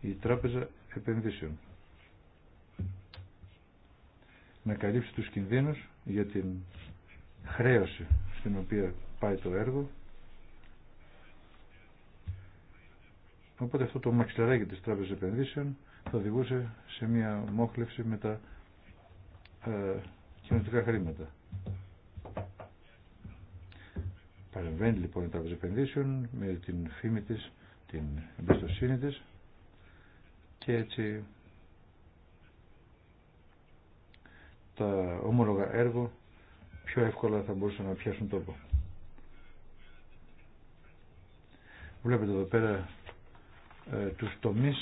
η Τράπεζα Επενδύσεων. Να καλύψει τους κινδύνους για την χρέωση στην οποία πάει το έργο. Οπότε αυτό το μαξιλαράκι της Τράπεζας Επενδύσεων θα οδηγούσε σε μια μόχλευση με τα ε, κοινωνικά χρήματα. Παρεμβαίνει λοιπόν η Τράπεζα Επενδύσεων με την φήμη της την εμπιστοσύνη της και έτσι τα ομόλογα έργο πιο εύκολα θα μπορούσαν να πιάσουν τόπο. Βλέπετε εδώ πέρα ε, τους τομείς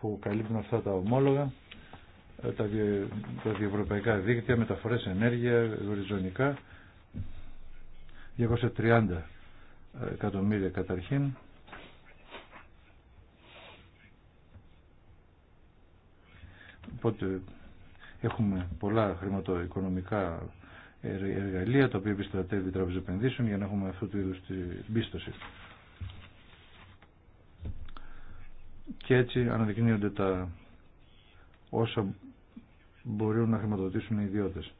που καλύπτουν αυτά τα ομόλογα, ε, τα, τα διευρωπαϊκά δίκτυα, μεταφορές ενέργεια, οριζονικά, 230 ε, εκατομμύρια καταρχήν Οπότε έχουμε πολλά χρηματοοικονομικά εργαλεία τα οποία επιστρατεύει η Τράπεζα Επενδύσεων για να έχουμε αυτού του είδους την πίστοση. Και έτσι αναδεικνύονται τα όσα μπορούν να χρηματοδοτήσουν οι ιδιώτες.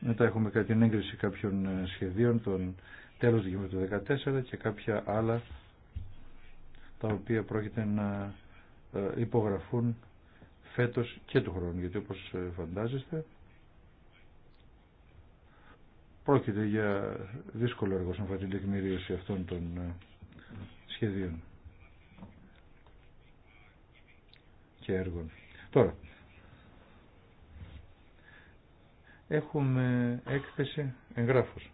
Μετά έχουμε την έγκριση κάποιων ε, σχεδίων, τον τέλος του 2014 και κάποια άλλα τα οποία πρόκειται να ε, υπογραφούν φέτος και του χρόνου, γιατί όπως ε, φαντάζεστε πρόκειται για δύσκολο έργο σαν την τεκμηρίωση αυτών των ε, σχεδίων και έργων. Τώρα, έχουμε έκθεση εγγράφους.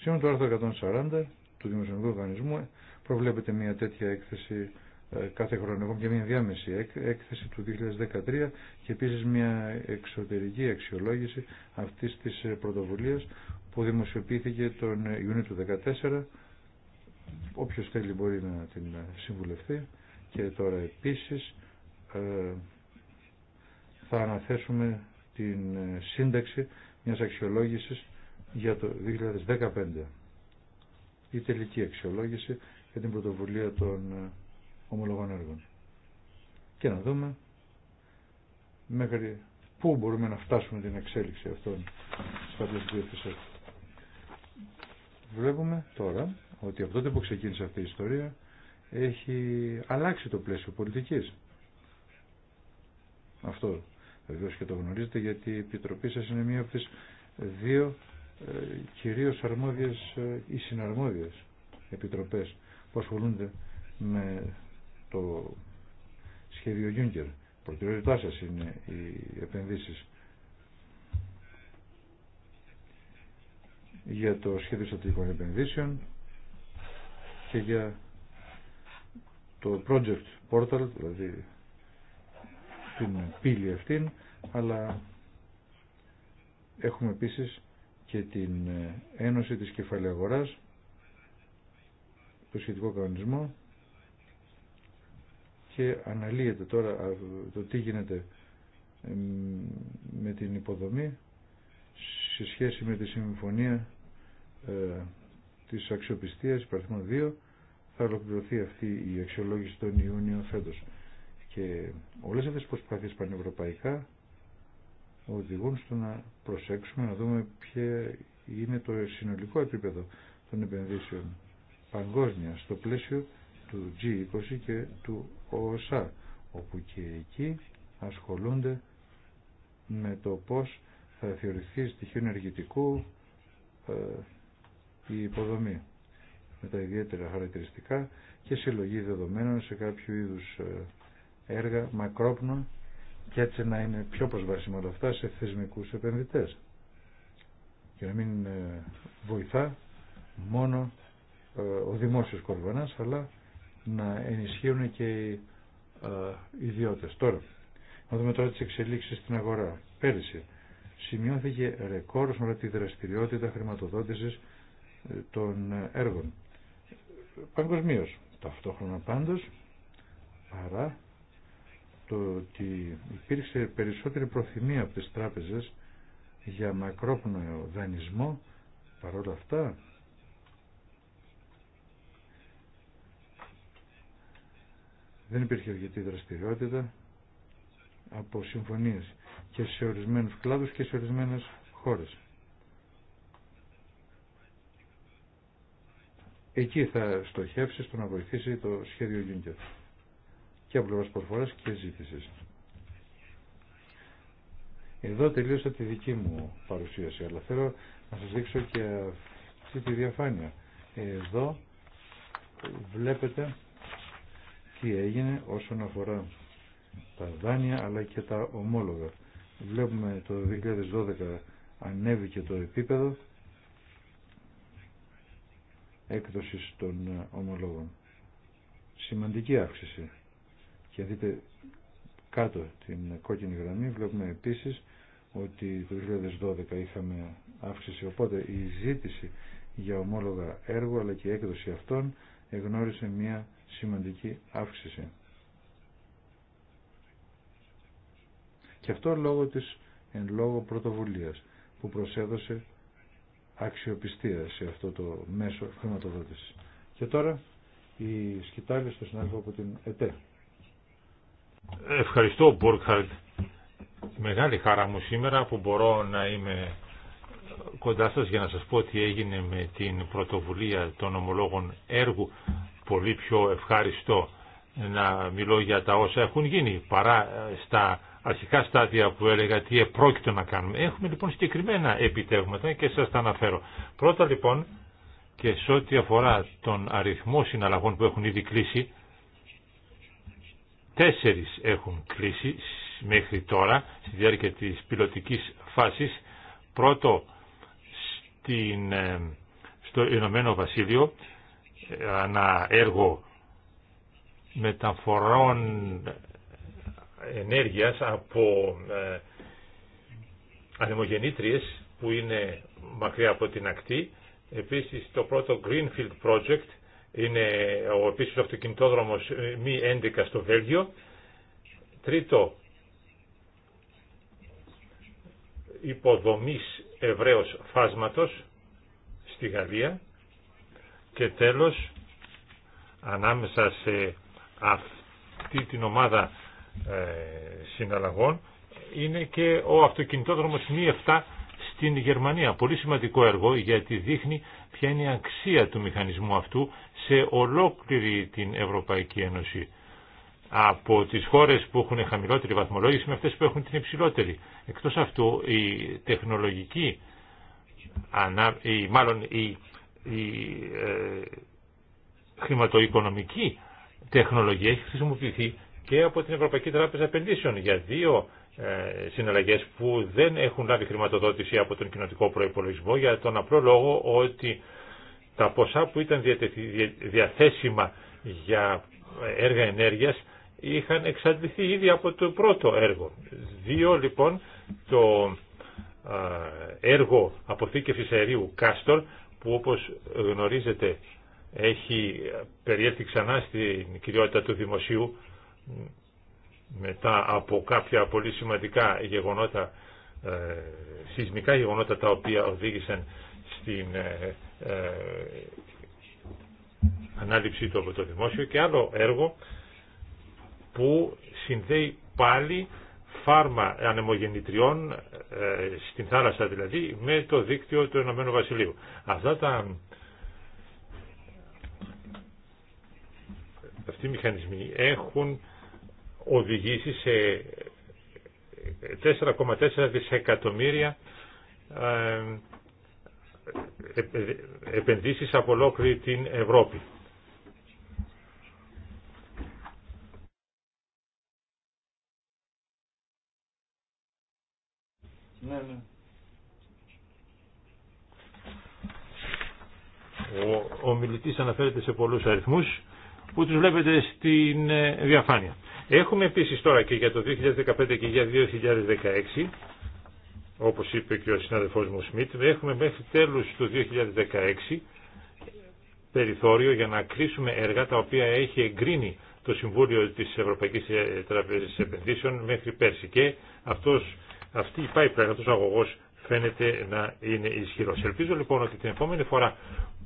Σύμφωνα το άρθρο 140 του Δημοσιονομικού Οργανισμού προβλέπεται μια τέτοια έκθεση ε, κάθε χρόνο. Έχουμε και μια διάμεση έκθεση του 2013 και επίσης μια εξωτερική αξιολόγηση αυτής της ε, πρωτοβουλίας που δημοσιοποιήθηκε τον Ιούνιο του 2014. Όποιος θέλει μπορεί να την ε, συμβουλευτεί και τώρα επίσης θα αναθέσουμε την σύνταξη μιας αξιολόγησης για το 2015. Η τελική αξιολόγηση για την πρωτοβουλία των ομολογών έργων. Και να δούμε μέχρι πού μπορούμε να φτάσουμε την εξέλιξη αυτών στα πλαίσια του Βλέπουμε τώρα ότι από τότε που μπορουμε να φτασουμε την εξελιξη αυτων της πλαισια του αυτή η ιστορία έχει αλλάξει το πλαίσιο πολιτικής. Αυτό βεβαίω και το γνωρίζετε γιατί η Επιτροπή σας είναι μία από τις δύο ε, κυρίως αρμόδιες ε, ή συναρμόδιες επιτροπές που ασχολούνται με το σχέδιο Juncker. Προτεραιότητά σας είναι οι επενδύσεις. Για το σχέδιο στρατηγικών επενδύσεων και για το project portal, δηλαδή την πύλη αυτήν, αλλά έχουμε επίσης και την Ένωση της Κεφαλαίου Αγοράς, το σχετικό κανονισμό και αναλύεται τώρα το τι γίνεται με την υποδομή σε σχέση με τη συμφωνία ε, της αξιοπιστίας υπαριθμών 2 θα ολοκληρωθεί αυτή η αξιολόγηση τον Ιούνιο φέτος και όλες αυτές τις προσπάθειες πανευρωπαϊκά οδηγούν στο να προσέξουμε να δούμε ποιο είναι το συνολικό επίπεδο των επενδύσεων παγκόσμια στο πλαίσιο του G20 και του ΟΣΑ όπου και εκεί ασχολούνται με το πώς θα θεωρηθεί στοιχείο ενεργητικού ε, η υποδομή με τα ιδιαίτερα χαρακτηριστικά και συλλογή δεδομένων σε κάποιο είδους ε, έργα μακρόπνο και έτσι να είναι πιο προσβάσιμα όλα αυτά σε θεσμικούς επενδυτές και να μην ε, βοηθά μόνο ο δημόσιος κορβανάς αλλά να ενισχύουν και ε, οι ιδιώτες. Τώρα, να δούμε τώρα τις εξελίξεις στην αγορά. Πέρυσι σημειώθηκε ρεκόρ όσον τη δραστηριότητα χρηματοδότησης ε, των έργων. Παγκοσμίω. Ταυτόχρονα πάντως, παρά το ότι υπήρξε περισσότερη προθυμία από τις τράπεζες για μακρόπνοιο δανεισμό, παρόλα αυτά Δεν υπήρχε αρκετή δραστηριότητα από συμφωνίες και σε ορισμένους κλάδους και σε ορισμένες χώρες. Εκεί θα στοχεύσει στο να βοηθήσει το σχέδιο Γιούνκερ και από πλευρά και ζήτησης. Εδώ τελείωσα τη δική μου παρουσίαση, αλλά θέλω να σας δείξω και αυτή τη διαφάνεια. Εδώ βλέπετε τι έγινε όσον αφορά τα δάνεια αλλά και τα ομόλογα. Βλέπουμε το 2012 ανέβηκε το επίπεδο έκδοσης των ομολόγων. Σημαντική αύξηση. Και δείτε κάτω την κόκκινη γραμμή βλέπουμε επίσης ότι το 2012 είχαμε αύξηση. Οπότε η ζήτηση για ομόλογα έργου αλλά και η έκδοση αυτών εγνώρισε μια σημαντική αύξηση. Και αυτό λόγω της εν λόγω πρωτοβουλίας που προσέδωσε αξιοπιστία σε αυτό το μέσο χρηματοδότησης. Και τώρα η σκητάλη στο συνάδελφο από την ΕΤΕ. Ευχαριστώ Μπορκχαρτ. Μεγάλη χαρά μου σήμερα που μπορώ να είμαι κοντά σας για να σας πω τι έγινε με την πρωτοβουλία των ομολόγων έργου πολύ πιο ευχάριστο να μιλώ για τα όσα έχουν γίνει παρά ε, στα αρχικά στάδια που έλεγα τι επρόκειτο να κάνουμε. Έχουμε λοιπόν συγκεκριμένα επιτεύγματα και σας τα αναφέρω. Πρώτα λοιπόν και σε ό,τι αφορά τον αριθμό συναλλαγών που έχουν ήδη κλείσει, τέσσερις έχουν κλείσει μέχρι τώρα στη διάρκεια της πιλωτικής φάσης. Πρώτο στην, ε, στο Ηνωμένο Βασίλειο ένα έργο μεταφορών ενέργειας από ε, ανεμογεννήτριες που είναι μακριά από την ακτή. Επίσης το πρώτο Greenfield Project είναι ο επίσης αυτοκινητόδρομος ε, μη 11 στο Βέλγιο. Τρίτο, υποδομής ευρέως φάσματος στη Γαλλία. Και τέλος, ανάμεσα σε αυτή την ομάδα ε, συναλλαγών είναι και ο αυτοκινητόδρομος μη 7 στην Γερμανία. Πολύ σημαντικό έργο γιατί δείχνει ποια είναι η αξία του μηχανισμού αυτού σε ολόκληρη την Ευρωπαϊκή Ένωση. Από τις χώρες που έχουν χαμηλότερη βαθμολόγηση με αυτές που έχουν την υψηλότερη. Εκτός αυτού η τεχνολογική, μάλλον η η ε, χρηματοοικονομική τεχνολογία έχει χρησιμοποιηθεί και από την Ευρωπαϊκή Τράπεζα Επενδύσεων για δύο ε, που δεν έχουν λάβει χρηματοδότηση από τον κοινοτικό προϋπολογισμό για τον απλό λόγο ότι τα ποσά που ήταν διαθέσιμα για έργα ενέργειας είχαν εξαντληθεί ήδη από το πρώτο έργο. Δύο λοιπόν το ε, έργο αποθήκευσης αερίου Κάστορ που όπως γνωρίζετε έχει περιέλθει ξανά στην κυριότητα του δημοσίου μετά από κάποια πολύ σημαντικά γεγονότα, ε, σεισμικά γεγονότα τα οποία οδήγησαν στην ε, ε, ανάληψή του από το δημόσιο και άλλο έργο που συνδέει πάλι φάρμα ανεμογεννητριών ε, στην θάλασσα δηλαδή με το δίκτυο του Ενωμένου Βασιλείου. Αυτά τα αυτοί οι μηχανισμοί έχουν οδηγήσει σε 4,4 δισεκατομμύρια ε, ε, επενδύσεις από ολόκληρη την Ευρώπη. Ναι, ναι. Ο, ο αναφέρεται σε πολλούς αριθμούς που τους βλέπετε στην ε, διαφάνεια. Έχουμε επίσης τώρα και για το 2015 και για 2016, όπως είπε και ο συνάδελφός μου Σμιτ, έχουμε μέχρι τέλους του 2016 περιθώριο για να κρίσουμε έργα τα οποία έχει εγκρίνει το Συμβούλιο της Ευρωπαϊκής Τραπεζής Επενδύσεων μέχρι πέρσι. Και αυτός αυτή η πλέον, αυτός ο αγωγός φαίνεται να είναι ισχυρός. Ελπίζω λοιπόν ότι την επόμενη φορά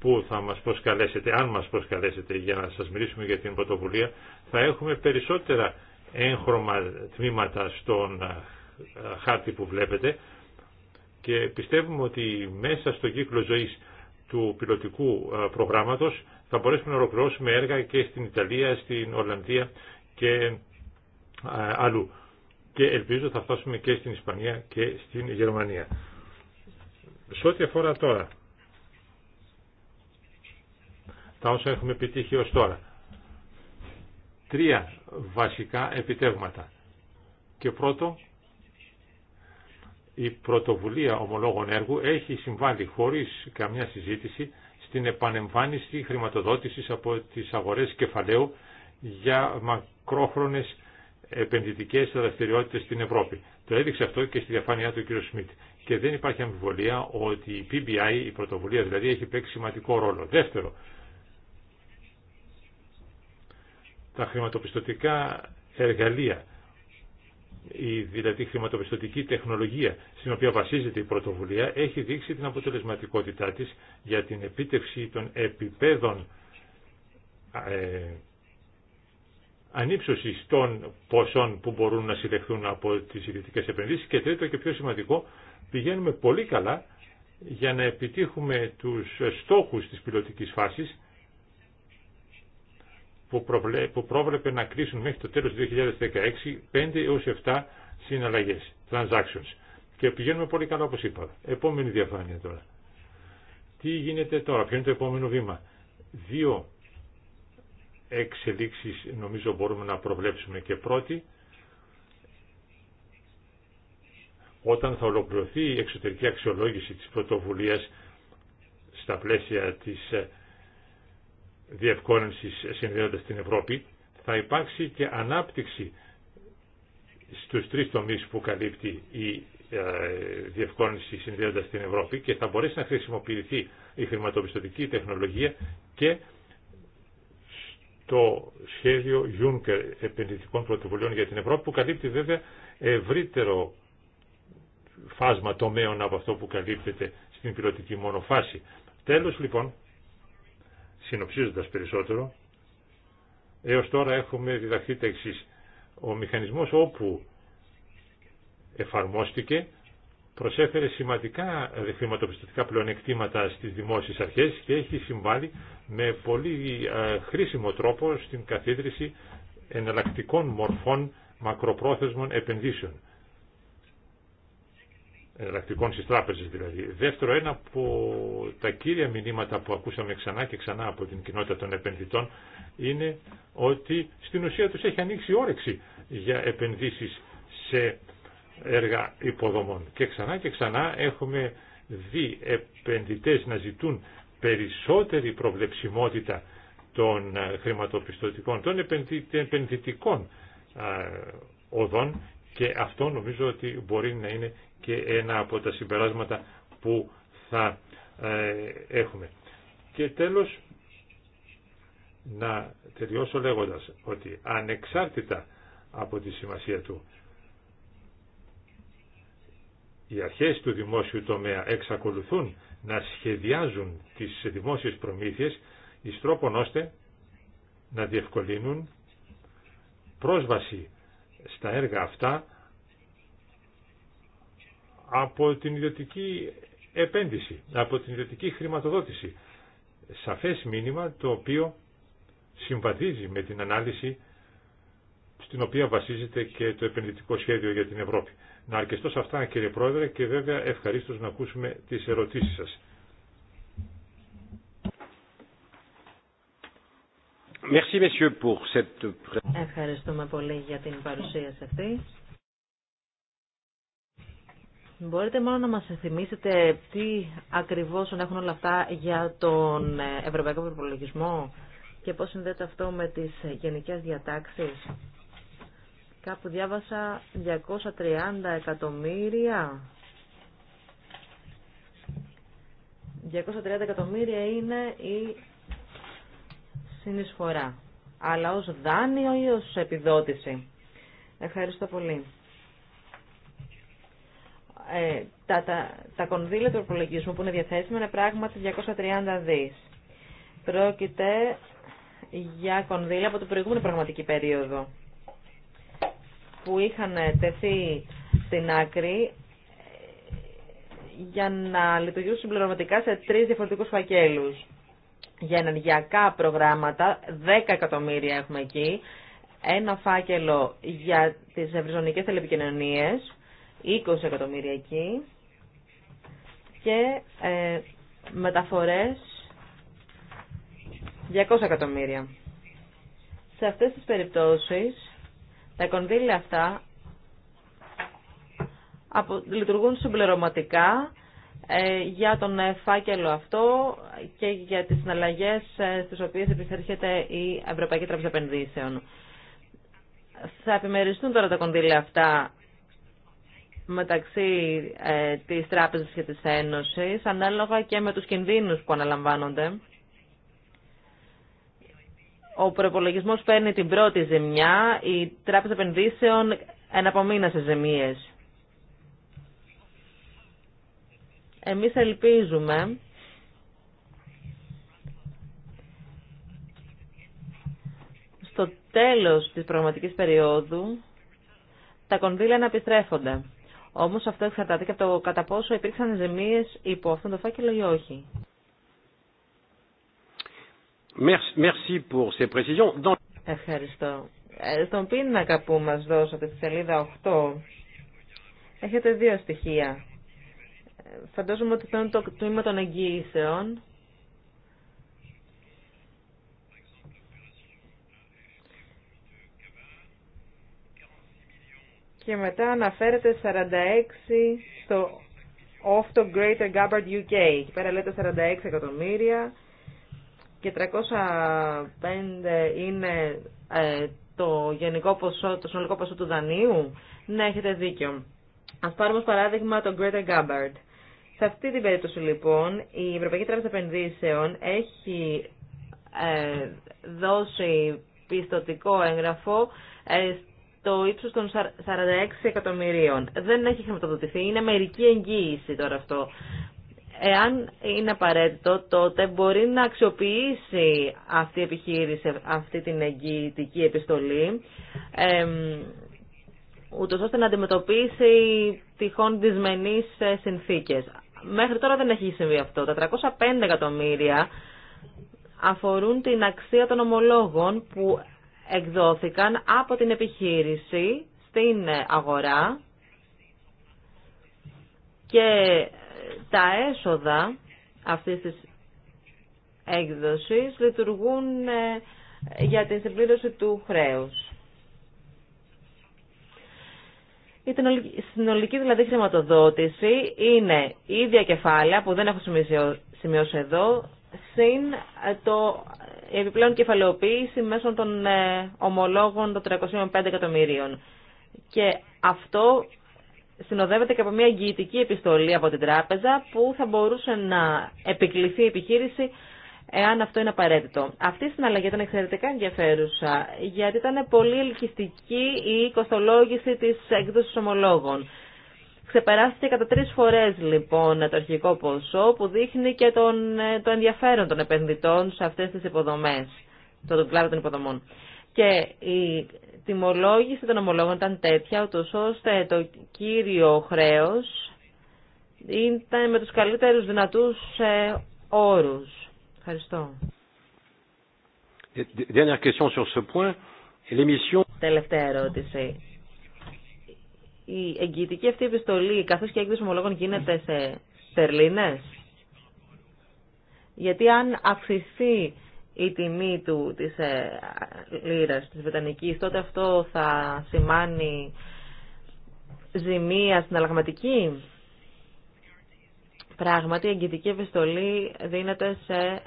που θα μας προσκαλέσετε, αν μας προσκαλέσετε για να σας μιλήσουμε για την πρωτοβουλία, θα έχουμε περισσότερα έγχρωμα τμήματα στον ε, χάρτη που βλέπετε και πιστεύουμε ότι μέσα στο κύκλο ζωής του πιλωτικού ε, προγράμματος θα μπορέσουμε να ολοκληρώσουμε έργα και στην Ιταλία, στην Ολλανδία και ε, αλλού και ελπίζω θα φτάσουμε και στην Ισπανία και στην Γερμανία. Σε ό,τι αφορά τώρα τα όσα έχουμε επιτύχει ως τώρα. Τρία βασικά επιτεύγματα. Και πρώτο, η πρωτοβουλία ομολόγων έργου έχει συμβάλει χωρίς καμιά συζήτηση στην επανεμφάνιση χρηματοδότησης από τις αγορές κεφαλαίου για μακρόχρονες επενδυτικές δραστηριότητε στην Ευρώπη. Το έδειξε αυτό και στη διαφάνειά του ο κ. Σμιτ. Και δεν υπάρχει αμφιβολία ότι η PBI, η πρωτοβουλία δηλαδή, έχει παίξει σημαντικό ρόλο. Δεύτερο, τα χρηματοπιστωτικά εργαλεία, η δηλαδή χρηματοπιστωτική τεχνολογία στην οποία βασίζεται η πρωτοβουλία έχει δείξει την αποτελεσματικότητά της για την επίτευξη των επιπέδων ε, ανύψωση των ποσών που μπορούν να συλλεχθούν από τις ιδιωτικές επενδύσεις και τρίτο και πιο σημαντικό πηγαίνουμε πολύ καλά για να επιτύχουμε τους στόχους της πιλωτικής φάσης που, προβλε... πρόβλεπε να κλείσουν μέχρι το τέλος του 2016 5 έως 7 συναλλαγές, transactions. Και πηγαίνουμε πολύ καλά όπως είπα. Επόμενη διαφάνεια τώρα. Τι γίνεται τώρα, ποιο είναι το επόμενο βήμα. Δύο εξελίξεις νομίζω μπορούμε να προβλέψουμε και πρώτη. Όταν θα ολοκληρωθεί η εξωτερική αξιολόγηση της πρωτοβουλίας στα πλαίσια της ε, διευκόλυνσης συνδέοντας την Ευρώπη, θα υπάρξει και ανάπτυξη στους τρεις τομείς που καλύπτει η ε, διευκόλυνση συνδέοντας την Ευρώπη και θα μπορέσει να χρησιμοποιηθεί η χρηματοπιστωτική τεχνολογία και το σχέδιο Juncker επενδυτικών πρωτοβουλίων για την Ευρώπη που καλύπτει βέβαια ευρύτερο φάσμα τομέων από αυτό που καλύπτεται στην πιλωτική μονοφάση. Τέλος λοιπόν, συνοψίζοντας περισσότερο, έως τώρα έχουμε διδαχθεί τα εξής. Ο μηχανισμός όπου εφαρμόστηκε προσέφερε σημαντικά χρηματοπιστωτικά πλεονεκτήματα στις δημόσιες αρχές και έχει συμβάλει με πολύ ε, χρήσιμο τρόπο στην καθίδρυση εναλλακτικών μορφών μακροπρόθεσμων επενδύσεων. Εναλλακτικών στις τράπεζες δηλαδή. Δεύτερο, ένα από τα κύρια μηνύματα που ακούσαμε ξανά και ξανά από την κοινότητα των επενδυτών είναι ότι στην ουσία τους έχει ανοίξει όρεξη για επενδύσεις σε έργα υποδομών. Και ξανά και ξανά έχουμε δει επενδυτές να ζητούν περισσότερη προβλεψιμότητα των ε, χρηματοπιστωτικών, των επενδυτικών ε, οδών και αυτό νομίζω ότι μπορεί να είναι και ένα από τα συμπεράσματα που θα ε, έχουμε. Και τέλος, να τελειώσω λέγοντας ότι ανεξάρτητα από τη σημασία του οι αρχές του δημόσιου τομέα εξακολουθούν να σχεδιάζουν τις δημόσιες προμήθειες εις τρόπον ώστε να διευκολύνουν πρόσβαση στα έργα αυτά από την ιδιωτική επένδυση, από την ιδιωτική χρηματοδότηση. Σαφές μήνυμα το οποίο συμβαδίζει με την ανάλυση στην οποία βασίζεται και το επενδυτικό σχέδιο για την Ευρώπη. Να αρκεστώ σε αυτά κύριε Πρόεδρε και βέβαια ευχαρίστως να ακούσουμε τις ερωτήσεις σας. Ευχαριστούμε πολύ για την παρουσίαση αυτή. Μπορείτε μόνο να μας θυμίσετε τι ακριβώς έχουν όλα αυτά για τον Ευρωπαϊκό Προπολογισμό και πώς συνδέεται αυτό με τις γενικές διατάξεις Κάπου διάβασα 230 εκατομμύρια. 230 εκατομμύρια είναι η συνεισφορά. Αλλά ως δάνειο ή ως επιδότηση. Ευχαριστώ πολύ. Ε, τα, τα, κονδύλια του προπολογισμού που είναι διαθέσιμα είναι πράγματι 230 δις. Πρόκειται για κονδύλια από την προηγούμενη πραγματική περίοδο που είχαν τεθεί στην άκρη ε, για να λειτουργήσουν συμπληρωματικά σε τρεις διαφορετικούς φακέλους. Για ενεργειακά προγράμματα, 10 εκατομμύρια έχουμε εκεί, ένα φάκελο για τις ευρυζωνικές τηλεπικοινωνίες, 20 εκατομμύρια εκεί, και ε, μεταφορές 200 εκατομμύρια. Σε αυτές τις περιπτώσεις τα κονδύλια αυτά λειτουργούν συμπληρωματικά ε, για τον ε, φάκελο αυτό και για τις συναλλαγές ε, στις οποίες επιστρέφεται η Ευρωπαϊκή Τράπεζα Επενδύσεων. Θα επιμεριστούν τώρα τα κονδύλια αυτά μεταξύ της Τράπεζας και της Ένωσης, ανάλογα και με τους κινδύνους που αναλαμβάνονται ο προπολογισμό παίρνει την πρώτη ζημιά, η Τράπεζα Επενδύσεων εναπομείνα σε ζημίε. Εμείς ελπίζουμε στο τέλος της πραγματικής περίοδου τα κονδύλια να επιστρέφονται. Όμως αυτό εξαρτάται και από το κατά πόσο υπήρξαν ζημίες υπό αυτόν τον φάκελο ή όχι. Ευχαριστώ. Ε, στον πίνακα που μας δώσατε στη σελίδα 8 έχετε δύο στοιχεία. Φαντάζομαι ότι ήταν το τμήμα των εγγύησεων. Και μετά αναφέρεται 46 στο Off the Greater Gabbard UK. Εκεί πέρα λέτε 46 εκατομμύρια και 305 είναι ε, το γενικό ποσό, το συνολικό ποσό του δανείου. Ναι, έχετε δίκιο. Ας πάρουμε ως παράδειγμα τον Greater Gabbard. Σε αυτή την περίπτωση λοιπόν η Ευρωπαϊκή Τράπεζα Επενδύσεων έχει ε, δώσει πιστοτικό έγγραφο ε, στο ύψος των 46 εκατομμυρίων. Δεν έχει χρηματοδοτηθεί, είναι μερική εγγύηση τώρα αυτό. Εάν είναι απαραίτητο, τότε μπορεί να αξιοποιήσει αυτή η επιχείρηση, αυτή την εγγυητική επιστολή, ούτως ώστε να αντιμετωπίσει τυχόν δυσμενείς ε, συνθήκες. Μέχρι τώρα δεν έχει συμβεί αυτό. Τα 305 εκατομμύρια αφορούν την αξία των ομολόγων που εκδόθηκαν από την επιχείρηση στην αγορά και τα έσοδα αυτής της έκδοσης λειτουργούν ε, για την συμπλήρωση του χρέους. Η συνολική δηλαδή χρηματοδότηση είναι η ίδια κεφάλαια που δεν έχω σημειώσει εδώ, συν ε, το επιπλέον κεφαλαιοποίηση μέσω των ε, ομολόγων των 305 εκατομμυρίων. Και αυτό συνοδεύεται και από μια εγγυητική επιστολή από την τράπεζα που θα μπορούσε να επικληθεί η επιχείρηση εάν αυτό είναι απαραίτητο. Αυτή η συναλλαγή ήταν εξαιρετικά ενδιαφέρουσα γιατί ήταν πολύ ελκυστική η κοστολόγηση της έκδοσης ομολόγων. Ξεπεράστηκε κατά τρεις φορές λοιπόν το αρχικό ποσό που δείχνει και τον, ε, το ενδιαφέρον των επενδυτών σε αυτές τις υποδομές, τον κλάδο των υποδομών. Και η τιμολόγηση των ομολόγων ήταν τέτοια, ούτως ώστε το κύριο χρέος ήταν με τους καλύτερους δυνατούς ε, όρους. Ευχαριστώ. Τελευταία ερώτηση. Η εγγυητική αυτή επιστολή, καθώς και η έκδοση ομολόγων γίνεται σε τερλίνες? γιατί αν αυξηθεί η τιμή του της ε, λίρας της Βετανικής, τότε αυτό θα σημάνει ζημία στην αλλαγματική. Πράγματι, η εγκυτική επιστολή δίνεται σε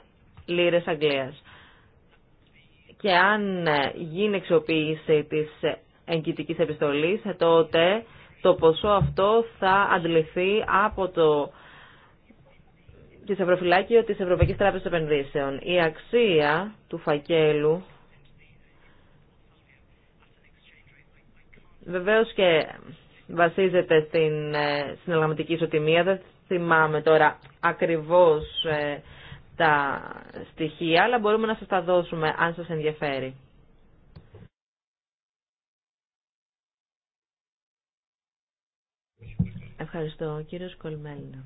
λίρες Αγγλίας. Και αν ε, γίνει εξοποίηση της εγκυτικής επιστολής, ε, τότε το ποσό αυτό θα αντληθεί από το και σε ευρωφυλάκιο της Ευρωπαϊκής Τράπεζας Επενδύσεων. Η αξία του φακέλου βεβαίως και βασίζεται στην ε, συναλλαγματική ισοτιμία. Δεν θυμάμαι τώρα ακριβώς ε, τα στοιχεία, αλλά μπορούμε να σας τα δώσουμε αν σας ενδιαφέρει. Ευχαριστώ. Κύριος Κολμέλνα.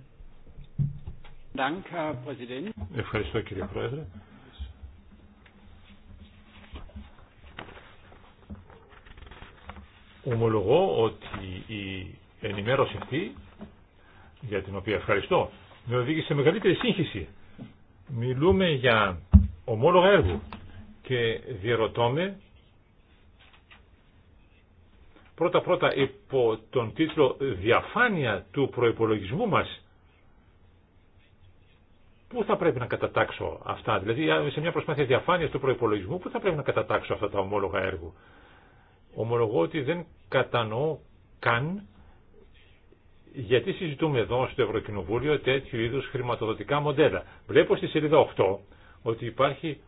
Ευχαριστώ κύριε Πρόεδρε. Ομολογώ ότι η ενημέρωση αυτή, για την οποία ευχαριστώ, με οδήγησε μεγαλύτερη σύγχυση. Μιλούμε για ομόλογα έργου και διερωτώμε πρώτα-πρώτα υπό τον τίτλο «Διαφάνεια του προϋπολογισμού μας» Πού θα πρέπει να κατατάξω αυτά, δηλαδή σε μια προσπάθεια διαφάνεια του προπολογισμού. πού θα πρέπει να κατατάξω αυτά τα ομόλογα έργου. Ομολογώ ότι δεν κατανοώ καν γιατί συζητούμε εδώ στο Ευρωκοινοβούλιο τέτοιου είδου χρηματοδοτικά μοντέλα. Βλέπω στη σελίδα 8 ότι υπάρχει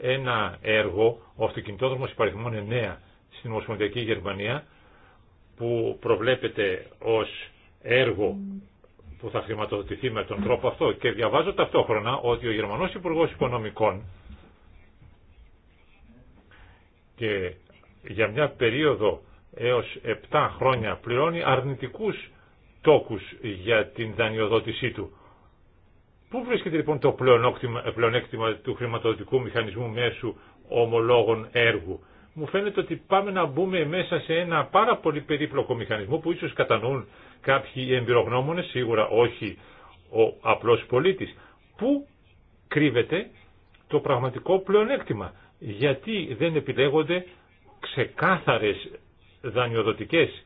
ένα έργο, ο αυτοκινητόδρομο υπαριθμών 9 στην Ομοσπονδιακή Γερμανία, που προβλέπεται ω έργο που θα χρηματοδοτηθεί με τον τρόπο αυτό. Και διαβάζω ταυτόχρονα ότι ο Γερμανός Υπουργός Οικονομικών και για μια περίοδο έως 7 χρόνια πληρώνει αρνητικούς τόκους για την δανειοδότησή του. Πού βρίσκεται λοιπόν το πλεονέκτημα του χρηματοδοτικού μηχανισμού μέσου ομολόγων έργου. Μου φαίνεται ότι πάμε να μπούμε μέσα σε ένα πάρα πολύ περίπλοκο μηχανισμό που ίσως κατανοούν κάποιοι εμπειρογνώμονες, σίγουρα όχι ο απλός πολίτης. Πού κρύβεται το πραγματικό πλεονέκτημα. Γιατί δεν επιλέγονται ξεκάθαρες δανειοδοτικές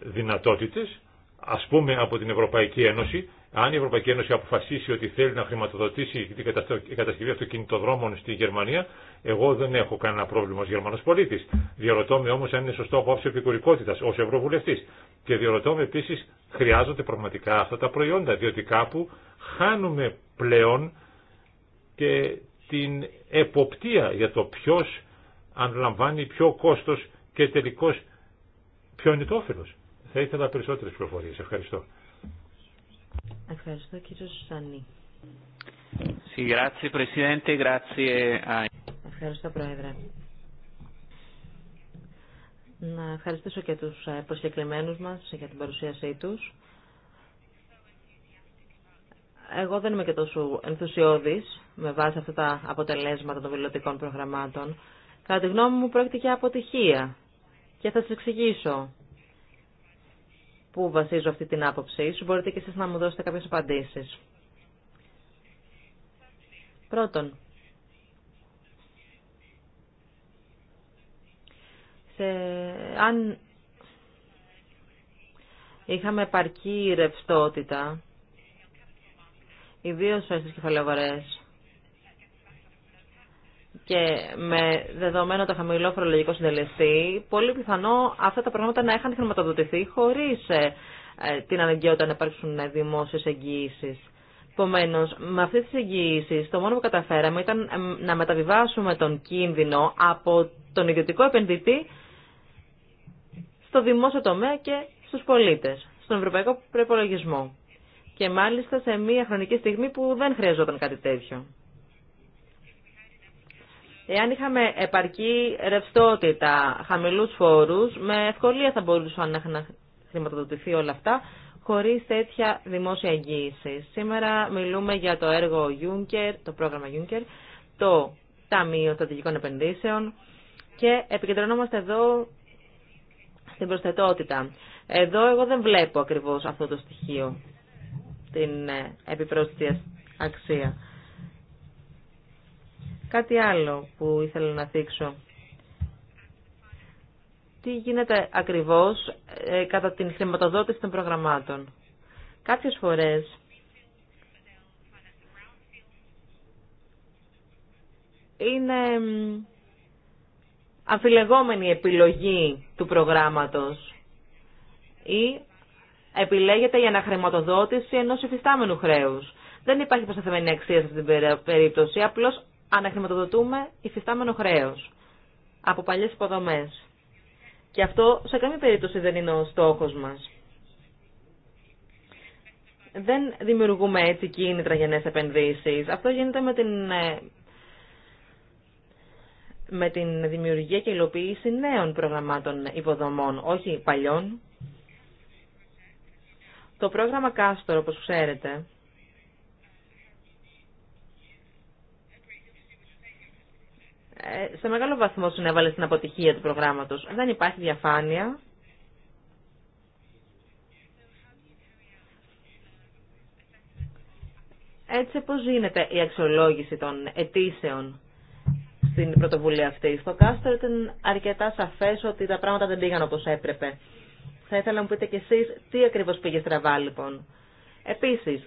δυνατότητες, ας πούμε από την Ευρωπαϊκή Ένωση, αν η Ευρωπαϊκή Ένωση αποφασίσει ότι θέλει να χρηματοδοτήσει την κατασκευή αυτοκινητοδρόμων στη Γερμανία, εγώ δεν έχω κανένα πρόβλημα ως Γερμανός πολίτης. Διαρωτώ με όμως αν είναι σωστό άψη επικουρικότητας ως Ευρωβουλευτής. Και διαρωτώ με επίσης χρειάζονται πραγματικά αυτά τα προϊόντα, διότι κάπου χάνουμε πλέον και την εποπτεία για το ποιο αναλαμβάνει ποιο κόστος και τελικώς ποιο είναι το Θα ήθελα περισσότερες πληροφορίες. Ευχαριστώ. Ευχαριστώ κύριε Σουσανή. Ευχαριστώ Πρόεδρε. Να ευχαριστήσω και τους ε, προσκεκλημένους μας για την παρουσίασή τους. Εγώ δεν είμαι και τόσο ενθουσιώδης με βάση αυτά τα αποτελέσματα των βιβλιοτικών προγραμμάτων. Κατά τη γνώμη μου πρόκειται για αποτυχία και θα σας εξηγήσω πού βασίζω αυτή την άποψη. σου μπορείτε και εσείς να μου δώσετε κάποιες απαντήσεις. Πρώτον, σε... αν είχαμε επαρκή ρευστότητα, ιδίως στις κεφαλαιογορές, και με δεδομένο το χαμηλό φορολογικό συντελεστή, πολύ πιθανό αυτά τα πράγματα να είχαν χρηματοδοτηθεί χωρίς ε, ε, την αναγκαιότητα να υπάρξουν δημόσιε εγγυησει. Επομένω, με αυτέ τι εγγύησει, το μόνο που καταφέραμε ήταν να μεταβιβάσουμε τον κίνδυνο από τον ιδιωτικό επενδυτή στο δημόσιο τομέα και στους πολίτες, στον ευρωπαϊκό προπολογισμό. Και μάλιστα σε μια χρονική στιγμή που δεν χρειαζόταν κάτι τέτοιο. Εάν είχαμε επαρκή ρευστότητα, χαμηλού φόρους, με ευκολία θα μπορούσαν να χρηματοδοτηθεί όλα αυτά, χωρίς τέτοια δημόσια εγγύηση. Σήμερα μιλούμε για το έργο Juncker, το πρόγραμμα Juncker, το Ταμείο Στρατηγικών Επενδύσεων και επικεντρωνόμαστε εδώ στην προσθετότητα. Εδώ εγώ δεν βλέπω ακριβώς αυτό το στοιχείο, την ε, επιπρόσθετη αξία. Κάτι άλλο που ήθελα να δείξω. Τι γίνεται ακριβώς ε, κατά την χρηματοδότηση των προγραμμάτων. Κάποιες φορές είναι αμφιλεγόμενη επιλογή του προγράμματος ή επιλέγεται η αναχρηματοδότηση ενός υφιστάμενου χρέους. Δεν υπάρχει προσταθεμένη αξία σε αυτή την περίπτωση, απλώς αναχρηματοδοτούμε υφιστάμενο χρέο από παλιέ υποδομέ. Και αυτό σε καμία περίπτωση δεν είναι ο στόχο μας. Δεν δημιουργούμε έτσι κίνητρα για νέες επενδύσεις. Αυτό γίνεται με την, ε, με την δημιουργία και υλοποίηση νέων προγραμμάτων υποδομών, όχι παλιών. Το πρόγραμμα Κάστορ, όπως ξέρετε, Ε, σε μεγάλο βαθμό συνέβαλε στην αποτυχία του προγράμματος. Δεν υπάρχει διαφάνεια. Έτσι πώς γίνεται η αξιολόγηση των αιτήσεων στην πρωτοβουλία αυτή. Στο Κάστρο ήταν αρκετά σαφές ότι τα πράγματα δεν πήγαν όπως έπρεπε. Θα ήθελα να μου πείτε κι εσείς τι ακριβώς πήγε στραβά λοιπόν. Επίσης,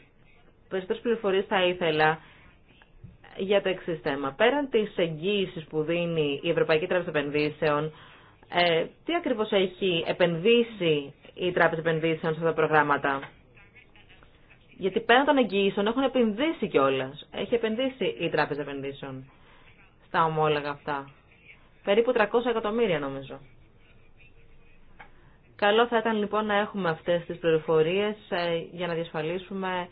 περισσότερες πληροφορίες θα ήθελα για το εξή θέμα. Πέραν τη εγγύηση που δίνει η Ευρωπαϊκή Τράπεζα Επενδύσεων, ε, τι ακριβώ έχει επενδύσει η Τράπεζα Επενδύσεων σε αυτά τα προγράμματα. Γιατί πέραν των εγγύησεων έχουν επενδύσει κιόλα. Έχει επενδύσει η Τράπεζα Επενδύσεων στα ομόλογα αυτά. Περίπου 300 εκατομμύρια νομίζω. Καλό θα ήταν λοιπόν να έχουμε αυτές τις πληροφορίες ε, για να διασφαλίσουμε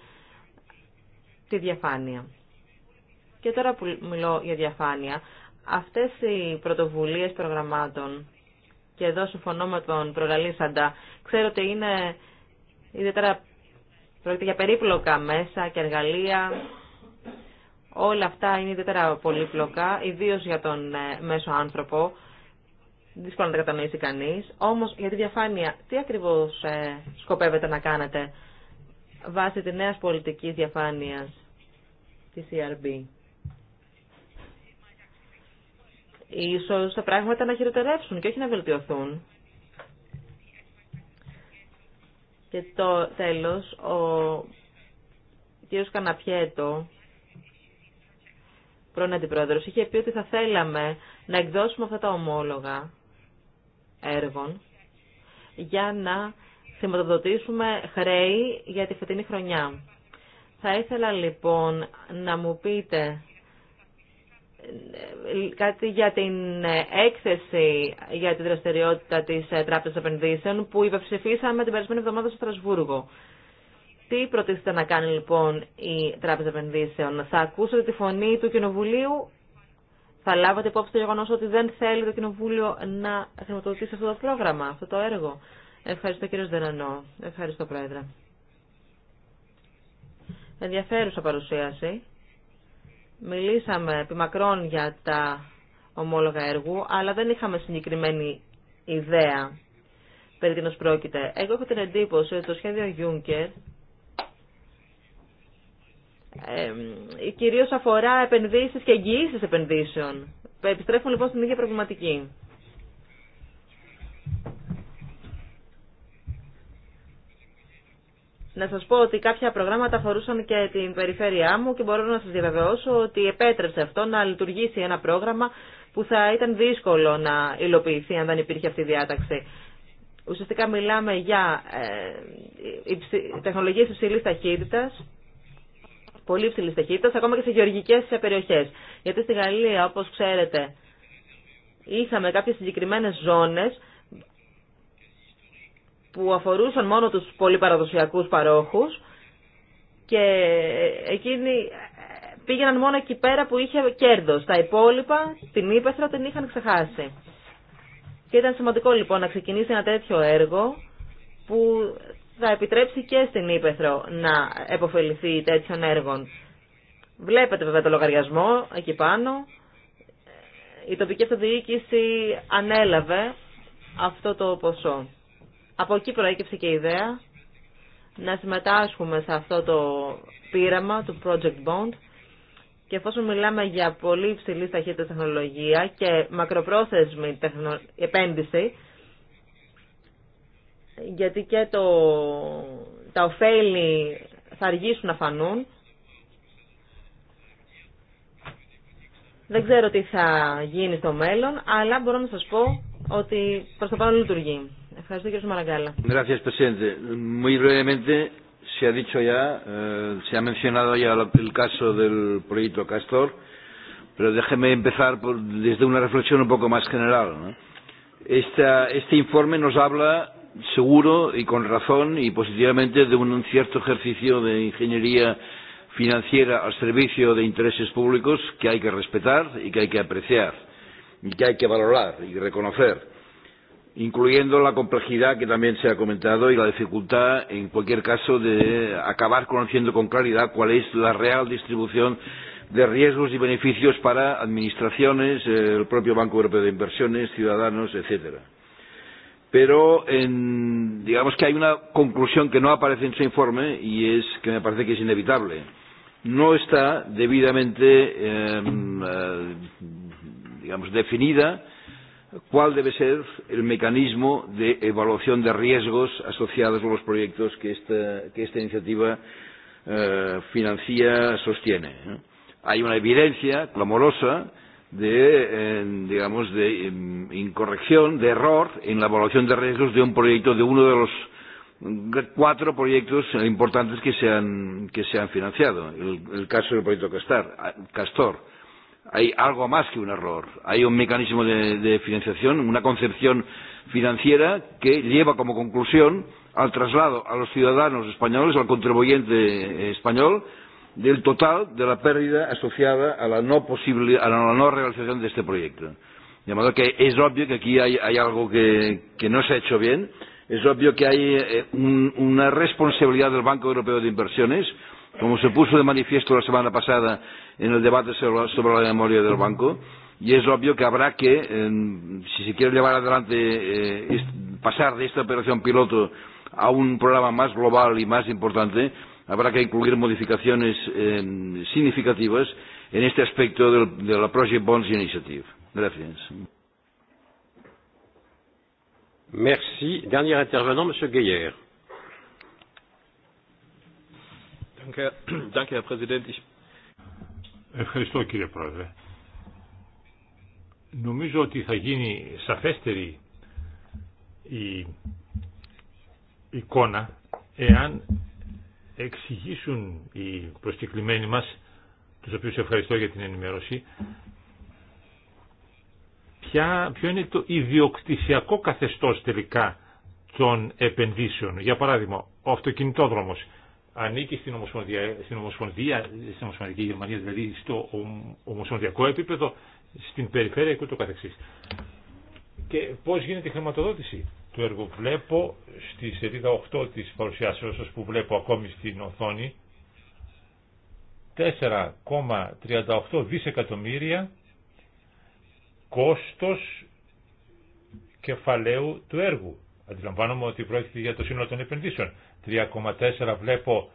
τη διαφάνεια. Και τώρα που μιλώ για διαφάνεια, αυτές οι πρωτοβουλίες προγραμμάτων, και εδώ συμφωνώ με τον προλαλήσαντα, ξέρω ότι είναι ιδιαίτερα πρόκειται για περίπλοκα μέσα και εργαλεία, όλα αυτά είναι ιδιαίτερα πολύπλοκα, ιδίω για τον ε, μέσο άνθρωπο, δύσκολο να τα κατανοήσει κανείς. Όμως για τη διαφάνεια, τι ακριβώς ε, σκοπεύετε να κάνετε βάσει τη νέα πολιτική διαφάνεια της ERB. ίσως τα πράγματα να χειροτερεύσουν και όχι να βελτιωθούν. Και το τέλος, ο κ. Καναπιέτο, πρώην αντιπρόεδρος, είχε πει ότι θα θέλαμε να εκδώσουμε αυτά τα ομόλογα έργων για να θυματοδοτήσουμε χρέη για τη φετινή χρονιά. Θα ήθελα λοιπόν να μου πείτε κάτι για την έκθεση για την δραστηριότητα της ε, Τράπεζας Επενδύσεων που υπεψηφίσαμε την περισμένη εβδομάδα στο Στρασβούργο. Τι προτίθεται να κάνει λοιπόν η Τράπεζα Επενδύσεων. Θα ακούσετε τη φωνή του Κοινοβουλίου. Θα λάβετε υπόψη το γεγονό ότι δεν θέλει το Κοινοβούλιο να χρηματοδοτήσει αυτό το πρόγραμμα, αυτό το έργο. Ευχαριστώ κύριο Δενανό. Ευχαριστώ πρόεδρε. Ενδιαφέρουσα παρουσίαση. Μιλήσαμε επιμακρών για τα ομόλογα έργου, αλλά δεν είχαμε συγκεκριμένη ιδέα περί τίνος πρόκειται. Εγώ έχω την εντύπωση ότι το σχέδιο Juncker ε, κυρίως αφορά επενδύσεις και εγγυήσεις επενδύσεων. Επιστρέφουμε λοιπόν στην ίδια προβληματική. Να σας πω ότι κάποια προγράμματα αφορούσαν και την περιφέρειά μου και μπορώ να σας διαβεβαιώσω ότι επέτρεψε αυτό να λειτουργήσει ένα πρόγραμμα που θα ήταν δύσκολο να υλοποιηθεί αν δεν υπήρχε αυτή η διάταξη. Ουσιαστικά μιλάμε για ε, τεχνολογίες υψηλής ταχύτητας, πολύ υψηλής ταχύτητας, ακόμα και σε γεωργικές περιοχές. Γιατί στη Γαλλία, όπως ξέρετε, είχαμε κάποιες συγκεκριμένες ζώνες που αφορούσαν μόνο τους πολύ παραδοσιακούς παρόχους και εκείνοι πήγαιναν μόνο εκεί πέρα που είχε κέρδος. Τα υπόλοιπα, την ύπεθρα την είχαν ξεχάσει. Και ήταν σημαντικό λοιπόν να ξεκινήσει ένα τέτοιο έργο που θα επιτρέψει και στην Ήπεθρο να επωφεληθεί τέτοιων έργων. Βλέπετε βέβαια το λογαριασμό εκεί πάνω. Η τοπική αυτοδιοίκηση ανέλαβε αυτό το ποσό. Από εκεί προέκυψε και η ιδέα να συμμετάσχουμε σε αυτό το πείραμα του Project Bond και εφόσον μιλάμε για πολύ υψηλή ταχύτητα τεχνολογία και μακροπρόθεσμη τεχνο... επένδυση, γιατί και το... τα ωφέλη θα αργήσουν να φανούν, Δεν ξέρω τι θα γίνει στο μέλλον, αλλά μπορώ να σας πω ότι προς το πάνω λειτουργεί. Ευχαριστώ Gracias, presidente. Muy brevemente, se ha dicho ya, se ha mencionado ya el caso del proyecto Castor, pero déjeme empezar por, desde una reflexión un poco más general. ¿no? este informe nos habla, seguro y con razón y positivamente, de un cierto ejercicio de ingeniería financiera al servicio de intereses públicos que hay que respetar y que hay que apreciar y que hay que valorar y reconocer incluyendo la complejidad que también se ha comentado y la dificultad, en cualquier caso, de acabar conociendo con claridad cuál es la real distribución de riesgos y beneficios para administraciones, el propio Banco Europeo de Inversiones, ciudadanos, etc. Pero digamos que hay una conclusión que no aparece en su informe y es que me parece que es inevitable. No está debidamente digamos, definida cuál debe ser el mecanismo de evaluación de riesgos asociados a los proyectos que esta, que esta iniciativa financia sostiene. Hay una evidencia clamorosa de, digamos, de incorrección, de error en la evaluación de riesgos de un proyecto, de uno de los cuatro proyectos importantes que se han, que se han financiado. El, el caso del proyecto Castor. Castor hay algo más que un error. Hay un mecanismo de, de financiación, una concepción financiera que lleva como conclusión al traslado a los ciudadanos españoles, al contribuyente español, del total de la pérdida asociada a la no, a la no realización de este proyecto. De modo que es obvio que aquí hay, hay algo que, que no se ha hecho bien, es obvio que hay un, una responsabilidad del Banco Europeo de Inversiones, como se puso de manifiesto la semana pasada en el debate sobre la memoria del banco, y es obvio que habrá que, si se quiere llevar adelante, pasar de esta operación piloto a un programa más global y más importante, habrá que incluir modificaciones significativas en este aspecto de la Project Bonds Initiative. Gracias. Merci. Dernier intervenant, Monsieur Gueyer. Ευχαριστώ κύριε Πρόεδρε. Νομίζω ότι θα γίνει σαφέστερη η εικόνα εάν εξηγήσουν οι προσκεκλημένοι μας, τους οποίους ευχαριστώ για την ενημέρωση, ποιο είναι το ιδιοκτησιακό καθεστώς τελικά των επενδύσεων. Για παράδειγμα, ο αυτοκινητόδρομος ανήκει στην, ομοσπονδια, στην, ομοσπονδία, στην Ομοσπονδιακή Γερμανία, δηλαδή στο ομοσπονδιακό επίπεδο, στην περιφέρεια και ούτω καθεξής. Και πώς γίνεται η χρηματοδότηση του έργου. Βλέπω στη σελίδα 8 της παρουσιάσεως που βλέπω ακόμη στην οθόνη 4,38 δισεκατομμύρια κόστος κεφαλαίου του έργου. Αντιλαμβάνομαι ότι πρόκειται για το σύνολο των επενδύσεων. 3,4 βλέπω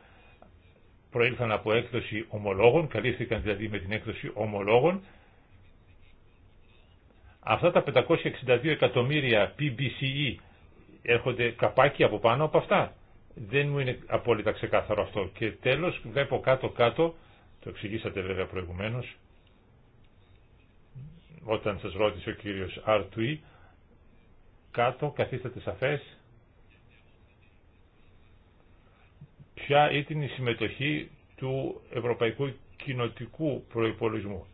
προήλθαν από έκδοση ομολόγων, καλύφθηκαν δηλαδή με την έκδοση ομολόγων. Αυτά τα 562 εκατομμύρια PBCE έρχονται καπάκι από πάνω από αυτά. Δεν μου είναι απόλυτα ξεκάθαρο αυτό. Και τέλος βλέπω κάτω-κάτω, το εξηγήσατε βέβαια προηγουμένως, όταν σας ρώτησε ο κύριος Αρτουή, κάτω καθίσταται σαφές ποια ήταν η συμμετοχή του Ευρωπαϊκού Κοινοτικού Προϋπολογισμού.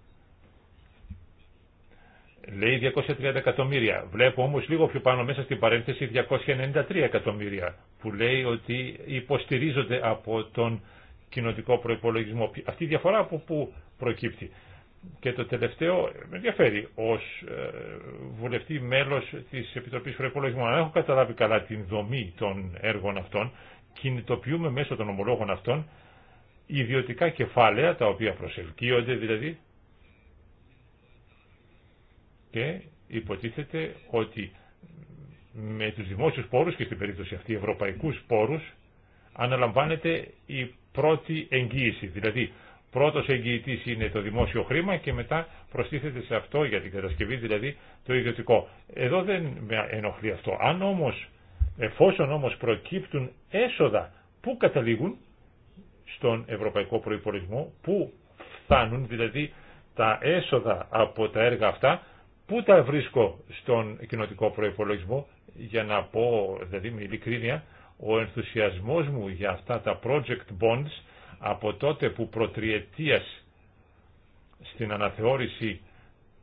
Λέει 230 εκατομμύρια. Βλέπω όμως λίγο πιο πάνω μέσα στην παρένθεση 293 εκατομμύρια που λέει ότι υποστηρίζονται από τον κοινοτικό προϋπολογισμό. Αυτή η διαφορά από πού προκύπτει. Και το τελευταίο με ενδιαφέρει ως ε, βουλευτή μέλος της Επιτροπής Προϋπολογισμού. Αν έχω καταλάβει καλά την δομή των έργων αυτών, κινητοποιούμε μέσω των ομολόγων αυτών ιδιωτικά κεφάλαια, τα οποία προσελκύονται δηλαδή, και υποτίθεται ότι με τους δημόσιους πόρους και στην περίπτωση αυτή ευρωπαϊκούς πόρους αναλαμβάνεται η πρώτη εγγύηση. Δηλαδή πρώτος εγγυητής είναι το δημόσιο χρήμα και μετά προστίθεται σε αυτό για την κατασκευή δηλαδή το ιδιωτικό. Εδώ δεν με ενοχλεί αυτό. Αν όμως Εφόσον όμως προκύπτουν έσοδα που καταλήγουν στον ευρωπαϊκό προϋπολογισμό, που φτάνουν, δηλαδή τα έσοδα από τα έργα αυτά, που τα βρίσκω στον κοινοτικό προϋπολογισμό, για να πω, δηλαδή με ειλικρίνεια, ο ενθουσιασμός μου για αυτά τα project bonds από τότε που προτριετίας στην αναθεώρηση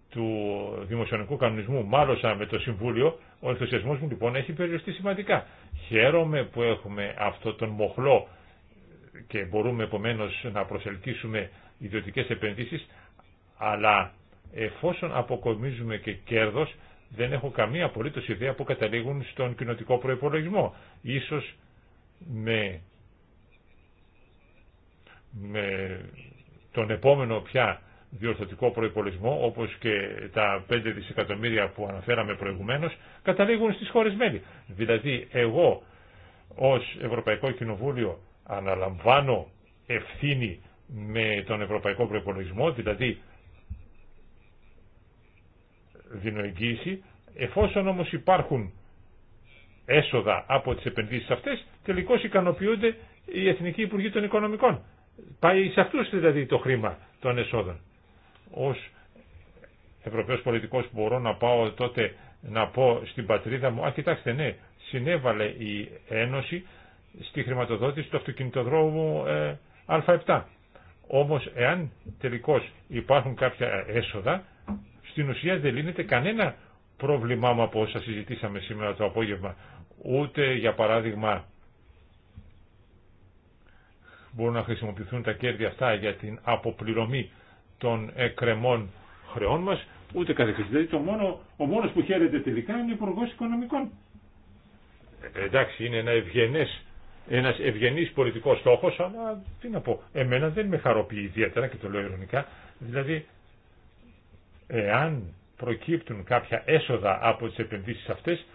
του δημοσιονομικού κανονισμού μάλωσα με το Συμβούλιο ο ενθουσιασμό μου λοιπόν έχει περιοριστεί σημαντικά. Χαίρομαι που έχουμε αυτό τον μοχλό και μπορούμε επομένω να προσελκύσουμε ιδιωτικές επενδύσεις, αλλά εφόσον αποκομίζουμε και κέρδος, δεν έχω καμία απολύτως ιδέα που καταλήγουν στον κοινοτικό προπολογισμό. Ίσως με, με τον επόμενο πια διορθωτικό προϋπολογισμό, όπως και τα 5 δισεκατομμύρια που αναφέραμε προηγουμένως, καταλήγουν στις χώρες μέλη. Δηλαδή, εγώ ως Ευρωπαϊκό Κοινοβούλιο αναλαμβάνω ευθύνη με τον Ευρωπαϊκό Προϋπολογισμό, δηλαδή δίνω εγγύηση, εφόσον όμως υπάρχουν έσοδα από τις επενδύσεις αυτές, τελικώς ικανοποιούνται οι Εθνικοί Υπουργοί των Οικονομικών. Πάει σε αυτούς δηλαδή το χρήμα των εσόδων ως Ευρωπαίος πολιτικός μπορώ να πάω τότε να πω στην πατρίδα μου, α κοιτάξτε ναι, συνέβαλε η Ένωση στη χρηματοδότηση του αυτοκινητοδρόμου ε, Α7. Όμως εάν τελικώς υπάρχουν κάποια έσοδα, στην ουσία δεν λύνεται κανένα πρόβλημά μου από όσα συζητήσαμε σήμερα το απόγευμα. Ούτε για παράδειγμα μπορούν να χρησιμοποιηθούν τα κέρδη αυτά για την αποπληρωμή των εκκρεμών χρεών μας, ούτε καθεξής. Δηλαδή το μόνο, ο μόνος που χαίρεται τελικά είναι ο υπουργό Οικονομικών. Ε, εντάξει, είναι ένα ευγενές, ένας ευγενής πολιτικός στόχος, αλλά τι να πω, εμένα δεν με χαροποιεί ιδιαίτερα και το λέω ειρωνικά. Δηλαδή, εάν προκύπτουν κάποια έσοδα από τις επενδύσεις αυτές,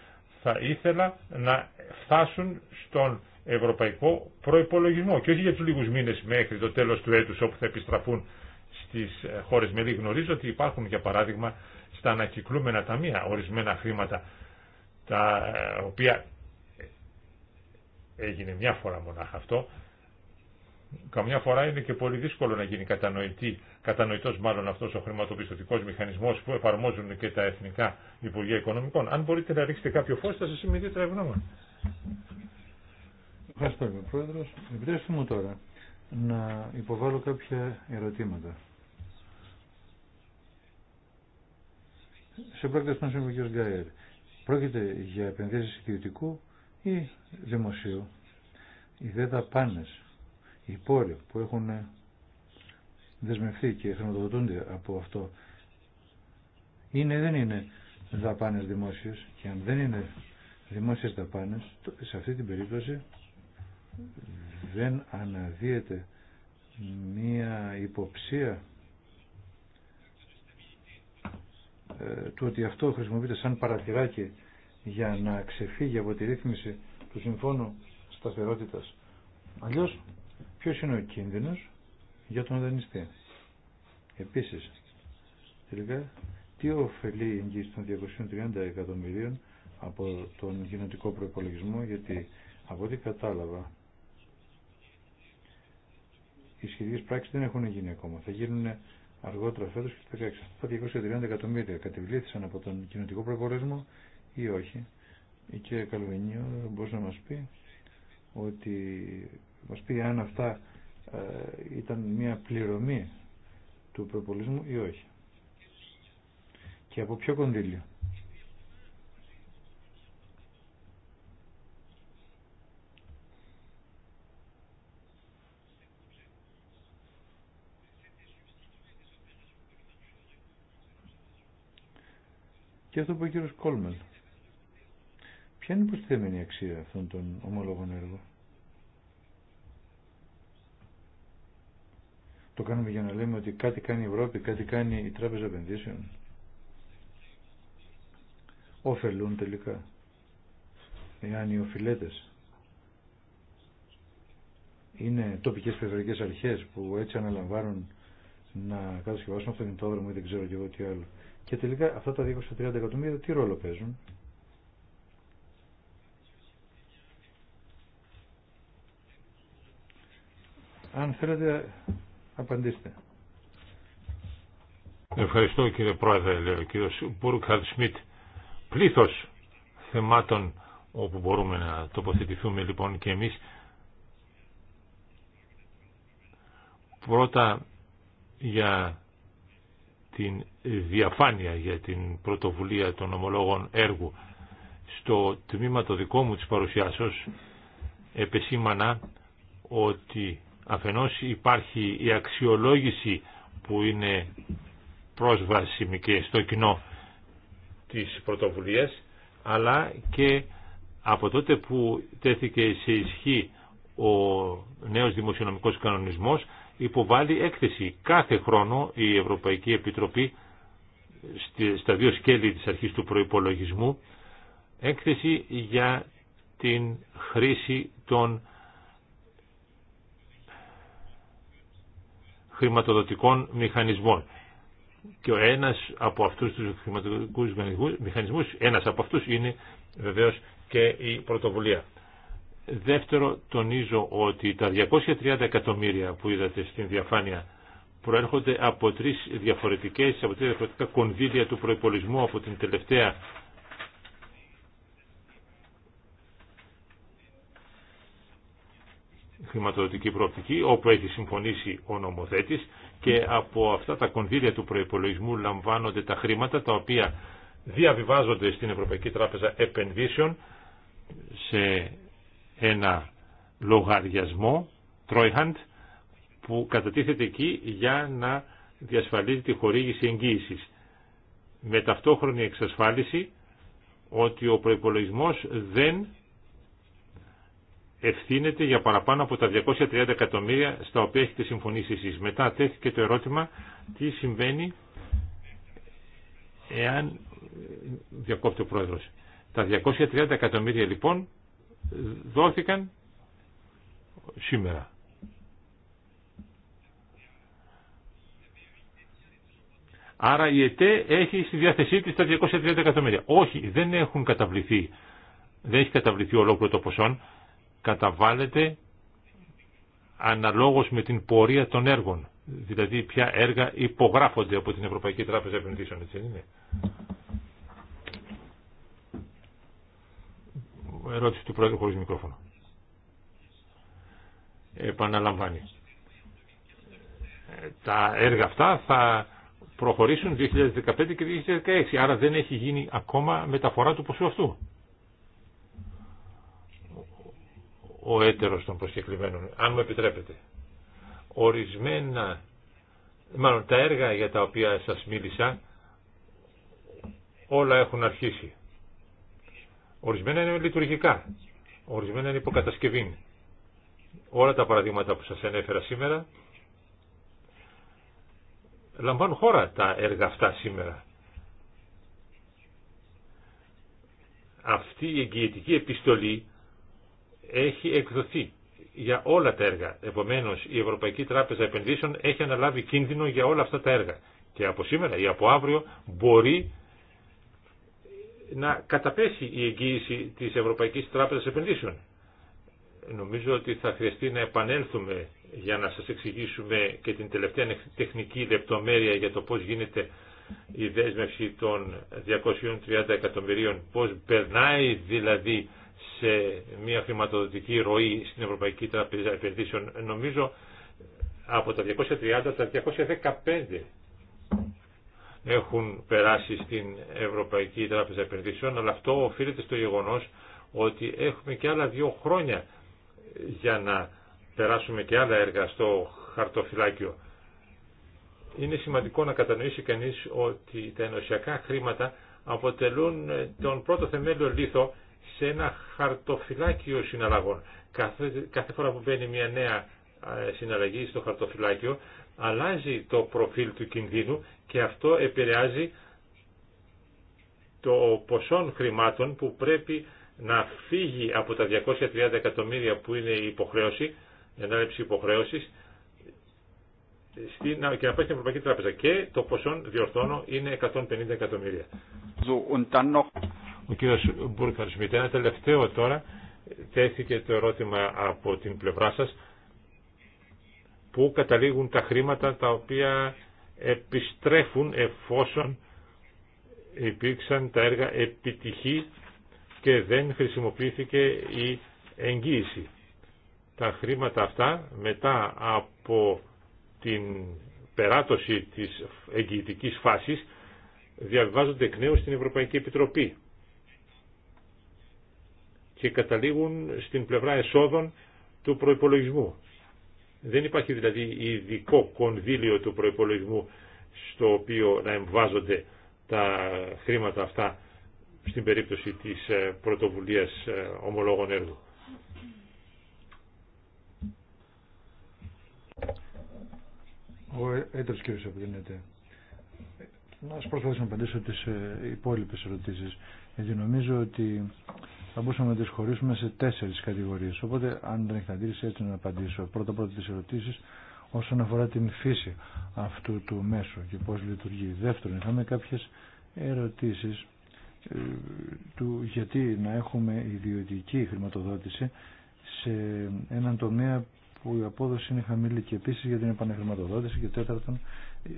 θα ήθελα να φτάσουν στον ευρωπαϊκό προϋπολογισμό και όχι για τους λίγους μήνες μέχρι το τέλος του έτους όπου θα επιστραφούν στις ε, χώρες μέλη. Γνωρίζω ότι υπάρχουν για παράδειγμα στα ανακυκλούμενα ταμεία ορισμένα χρήματα τα ε, οποία έγινε μια φορά μονάχα αυτό καμιά φορά είναι και πολύ δύσκολο να γίνει κατανοητή, κατανοητός μάλλον αυτός ο χρηματοπιστωτικός μηχανισμός που εφαρμόζουν και τα Εθνικά Υπουργεία Οικονομικών. Αν μπορείτε να ρίξετε κάποιο φως θα σας είμαι ιδιαίτερα ευγνώμων. Ευχαριστώ, Πρόεδρος. Επιτρέψτε μου τώρα να υποβάλω κάποια ερωτήματα. σε πρόκειται στον κ. Γκάιερ. Πρόκειται για επενδύσεις ιδιωτικού ή δημοσίου. Οι δε δαπάνε, οι πόροι που έχουν δεσμευτεί και χρηματοδοτούνται από αυτό είναι δεν είναι δαπάνε δημόσιε και αν δεν είναι δημόσιες δαπάνε, σε αυτή την περίπτωση δεν αναδύεται μία υποψία Ε, του ότι αυτό χρησιμοποιείται σαν παραθυράκι για να ξεφύγει από τη ρύθμιση του Συμφώνου Σταθερότητας. Αλλιώς, ποιος είναι ο κίνδυνος για τον δανειστή. Επίσης, τελικά, τι ωφελεί η εγγύηση των 230 εκατομμυρίων από τον κοινοτικό προπολογισμό, γιατί από ό,τι κατάλαβα, οι σχεδίες πράξεις δεν έχουν γίνει ακόμα. Θα γίνουν αργότερα φέτος και το 2016. Αυτά 230 εκατομμύρια κατεβλήθησαν από τον κοινωτικό προπολογισμό ή όχι. Η κυρία Καλβενίου μπορεί να μα πει ότι μας πει αν αυτά ε, ήταν μια πληρωμή του προπολισμού ή όχι. Και από ποιο κονδύλιο. και αυτό που ο κύριος Κόλμελ. Ποια είναι η προσθέμενη αξία αυτών των ομολόγων έργων. Το κάνουμε για να λέμε ότι κάτι κάνει η Ευρώπη, κάτι κάνει η Τράπεζα Επενδύσεων. Όφελούν τελικά. Εάν οι οφειλέτες είναι τοπικές περιφερειακές αρχές που έτσι αναλαμβάνουν να κατασκευάσουν αυτοκινητόδρομο ή δεν ξέρω και εγώ τι άλλο. Και τελικά αυτά τα 230 εκατομμύρια τι ρόλο παίζουν. Αν θέλετε απαντήστε. Ευχαριστώ κύριε Πρόεδρε, λέει ο κύριο Μπούρκαρτ Σμιτ. Πλήθος θεμάτων όπου μπορούμε να τοποθετηθούμε λοιπόν και εμείς. Πρώτα για την διαφάνεια για την πρωτοβουλία των ομολόγων έργου. Στο τμήμα το δικό μου της παρουσιάσεως επεσήμανα ότι αφενός υπάρχει η αξιολόγηση που είναι πρόσβασιμη και στο κοινό της πρωτοβουλίας αλλά και από τότε που τέθηκε σε ισχύ ο νέος δημοσιονομικός κανονισμός Υποβάλλει έκθεση. Κάθε χρόνο η Ευρωπαϊκή Επιτροπή στα δύο σκέλη της αρχής του προϋπολογισμού έκθεση για την χρήση των χρηματοδοτικών μηχανισμών. Και ο ένας από αυτούς τους χρηματοδοτικούς μηχανισμούς, ένας από αυτούς είναι βεβαίως και η πρωτοβουλία. Δεύτερο, τονίζω ότι τα 230 εκατομμύρια που είδατε στην διαφάνεια προέρχονται από τρεις διαφορετικές, από τρεις διαφορετικά κονδύλια του προϋπολισμού από την τελευταία χρηματοδοτική προοπτική, όπου έχει συμφωνήσει ο νομοθέτης και από αυτά τα κονδύλια του προϋπολογισμού λαμβάνονται τα χρήματα τα οποία διαβιβάζονται στην Ευρωπαϊκή Τράπεζα Επενδύσεων σε ένα λογαριασμό, Τρόιχαντ, που κατατίθεται εκεί για να διασφαλίζει τη χορήγηση εγγύησης. Με ταυτόχρονη εξασφάλιση ότι ο προϋπολογισμός δεν ευθύνεται για παραπάνω από τα 230 εκατομμύρια στα οποία έχετε συμφωνήσει εσείς. Μετά τέθηκε το ερώτημα τι συμβαίνει εάν διακόπτει ο πρόεδρος. Τα 230 εκατομμύρια λοιπόν δόθηκαν σήμερα. Άρα η ΕΤΕ έχει στη διάθεσή της τα 230 εκατομμύρια. Όχι, δεν έχουν καταβληθεί. Δεν έχει καταβληθεί ολόκληρο το ποσό. Καταβάλλεται αναλόγως με την πορεία των έργων. Δηλαδή ποια έργα υπογράφονται από την Ευρωπαϊκή Τράπεζα Επενδύσεων. Έτσι ερώτηση του Πρόεδρου χωρίς μικρόφωνο. Επαναλαμβάνει. Ε, τα έργα αυτά θα προχωρήσουν 2015 και 2016, άρα δεν έχει γίνει ακόμα μεταφορά του ποσού αυτού. Ο έτερος των προσκεκλημένων, αν μου επιτρέπετε. Ορισμένα, μάλλον τα έργα για τα οποία σας μίλησα, όλα έχουν αρχίσει. Ορισμένα είναι λειτουργικά, ορισμένα είναι υποκατασκευή. Όλα τα παραδείγματα που σας ανέφερα σήμερα λαμβάνουν χώρα τα έργα αυτά σήμερα. Αυτή η εγγυητική επιστολή έχει εκδοθεί για όλα τα έργα. Επομένως, η Ευρωπαϊκή Τράπεζα Επενδύσεων έχει αναλάβει κίνδυνο για όλα αυτά τα έργα. Και από σήμερα ή από αύριο μπορεί να καταπέσει η εγγύηση της Ευρωπαϊκής Τράπεζας Επενδύσεων. Νομίζω ότι θα χρειαστεί να επανέλθουμε για να σας εξηγήσουμε και την τελευταία τεχνική λεπτομέρεια για το πώς γίνεται η δέσμευση των 230 εκατομμυρίων, πώς περνάει δηλαδή σε μια χρηματοδοτική ροή στην Ευρωπαϊκή Τράπεζα Επενδύσεων. Νομίζω από τα 230 στα 215 έχουν περάσει στην Ευρωπαϊκή Τράπεζα Επενδύσεων, αλλά αυτό οφείλεται στο γεγονός ότι έχουμε και άλλα δύο χρόνια για να περάσουμε και άλλα έργα στο χαρτοφυλάκιο. Είναι σημαντικό να κατανοήσει κανείς ότι τα ενωσιακά χρήματα αποτελούν ε, τον πρώτο θεμέλιο λίθο σε ένα χαρτοφυλάκιο συναλλαγών. Κάθε, κάθε φορά που μπαίνει μια νέα ε, συναλλαγή στο χαρτοφυλάκιο αλλάζει το προφίλ του κινδύνου και αυτό επηρεάζει το ποσό χρημάτων που πρέπει να φύγει από τα 230 εκατομμύρια που είναι η υποχρέωση, η ανάληψη υποχρέωσης, και να πάει στην Ευρωπαϊκή Τράπεζα. Και το ποσό, διορθώνω, είναι 150 εκατομμύρια. Ο κύριος Μπούρκαρ ένα τελευταίο τώρα, τέθηκε το ερώτημα από την πλευρά σας που καταλήγουν τα χρήματα τα οποία επιστρέφουν εφόσον υπήρξαν τα έργα επιτυχή και δεν χρησιμοποιήθηκε η εγγύηση. Τα χρήματα αυτά μετά από την περάτωση της εγγυητικής φάσης διαβάζονται εκ νέου στην Ευρωπαϊκή Επιτροπή και καταλήγουν στην πλευρά εσόδων του προϋπολογισμού. Δεν υπάρχει δηλαδή ειδικό κονδύλιο του προϋπολογισμού στο οποίο να εμβάζονται τα χρήματα αυτά στην περίπτωση της ε, πρωτοβουλίας ε, ομολόγων έργου. Ο έντρος κύριος Απλήνεται. Να σας προσπαθήσω να απαντήσω τις ε, υπόλοιπες ερωτήσεις. Γιατί νομίζω ότι θα μπορούσαμε να τι χωρίσουμε σε τέσσερις κατηγορίες. Οπότε, αν δεν έχετε αντίρρηση, έτσι να απαντήσω. Πρώτα πρώτα τις ερωτήσεις όσον αφορά την φύση αυτού του μέσου και πώς λειτουργεί. Δεύτερον, είχαμε κάποιες ερωτήσεις ε, του γιατί να έχουμε ιδιωτική χρηματοδότηση σε έναν τομέα που η απόδοση είναι χαμηλή και επίση για την επανεχρηματοδότηση και τέταρτον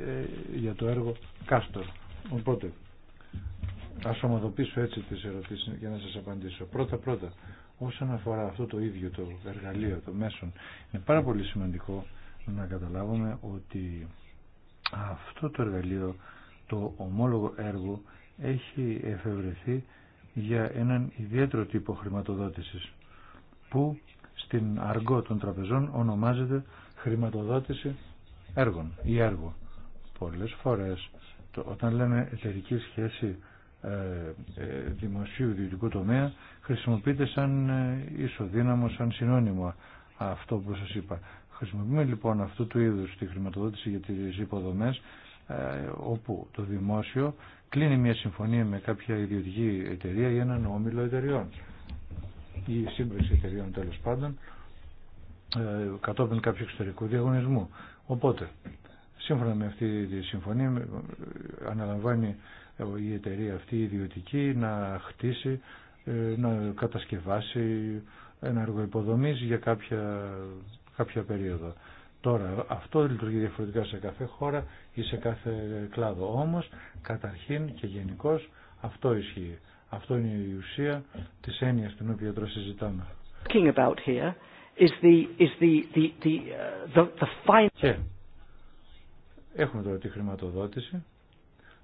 ε, για το έργο Κάστορ. Οπότε Α ομοδοποιήσω έτσι τις ερωτήσεις για να σας απαντήσω. Πρώτα πρώτα, όσον αφορά αυτό το ίδιο το εργαλείο, το μέσον, είναι πάρα πολύ σημαντικό να καταλάβουμε ότι αυτό το εργαλείο, το ομόλογο έργο, έχει εφευρεθεί για έναν ιδιαίτερο τύπο χρηματοδότησης που στην αργό των τραπεζών ονομάζεται χρηματοδότηση έργων ή έργο. Πολλές φορές όταν λέμε εταιρική σχέση ε, ε, δημοσίου ιδιωτικού τομέα χρησιμοποιείται σαν ε, ισοδύναμο, σαν συνώνυμο αυτό που σας είπα. Χρησιμοποιούμε λοιπόν αυτού του είδους τη χρηματοδότηση για τις υποδομές όπου το δημόσιο κλείνει μια συμφωνία με κάποια ιδιωτική εταιρεία ή έναν όμιλο εταιρεών ή σύμπρεση εταιρείων τέλος πάντων κατόπιν κάποιου εξωτερικού διαγωνισμού. Οπότε, σύμφωνα με αυτή τη συμφωνία αναλαμβάνει η εταιρεία αυτή η ιδιωτική να χτίσει, ε, να κατασκευάσει ένα εργοϊποδομή για κάποια, κάποια περίοδο. Τώρα, αυτό λειτουργεί διαφορετικά σε κάθε χώρα ή σε κάθε κλάδο. Όμως, καταρχήν και γενικώ αυτό ισχύει. Αυτό είναι η ουσία της έννοιας την οποία τώρα συζητάμε. Και έχουμε τώρα τη χρηματοδότηση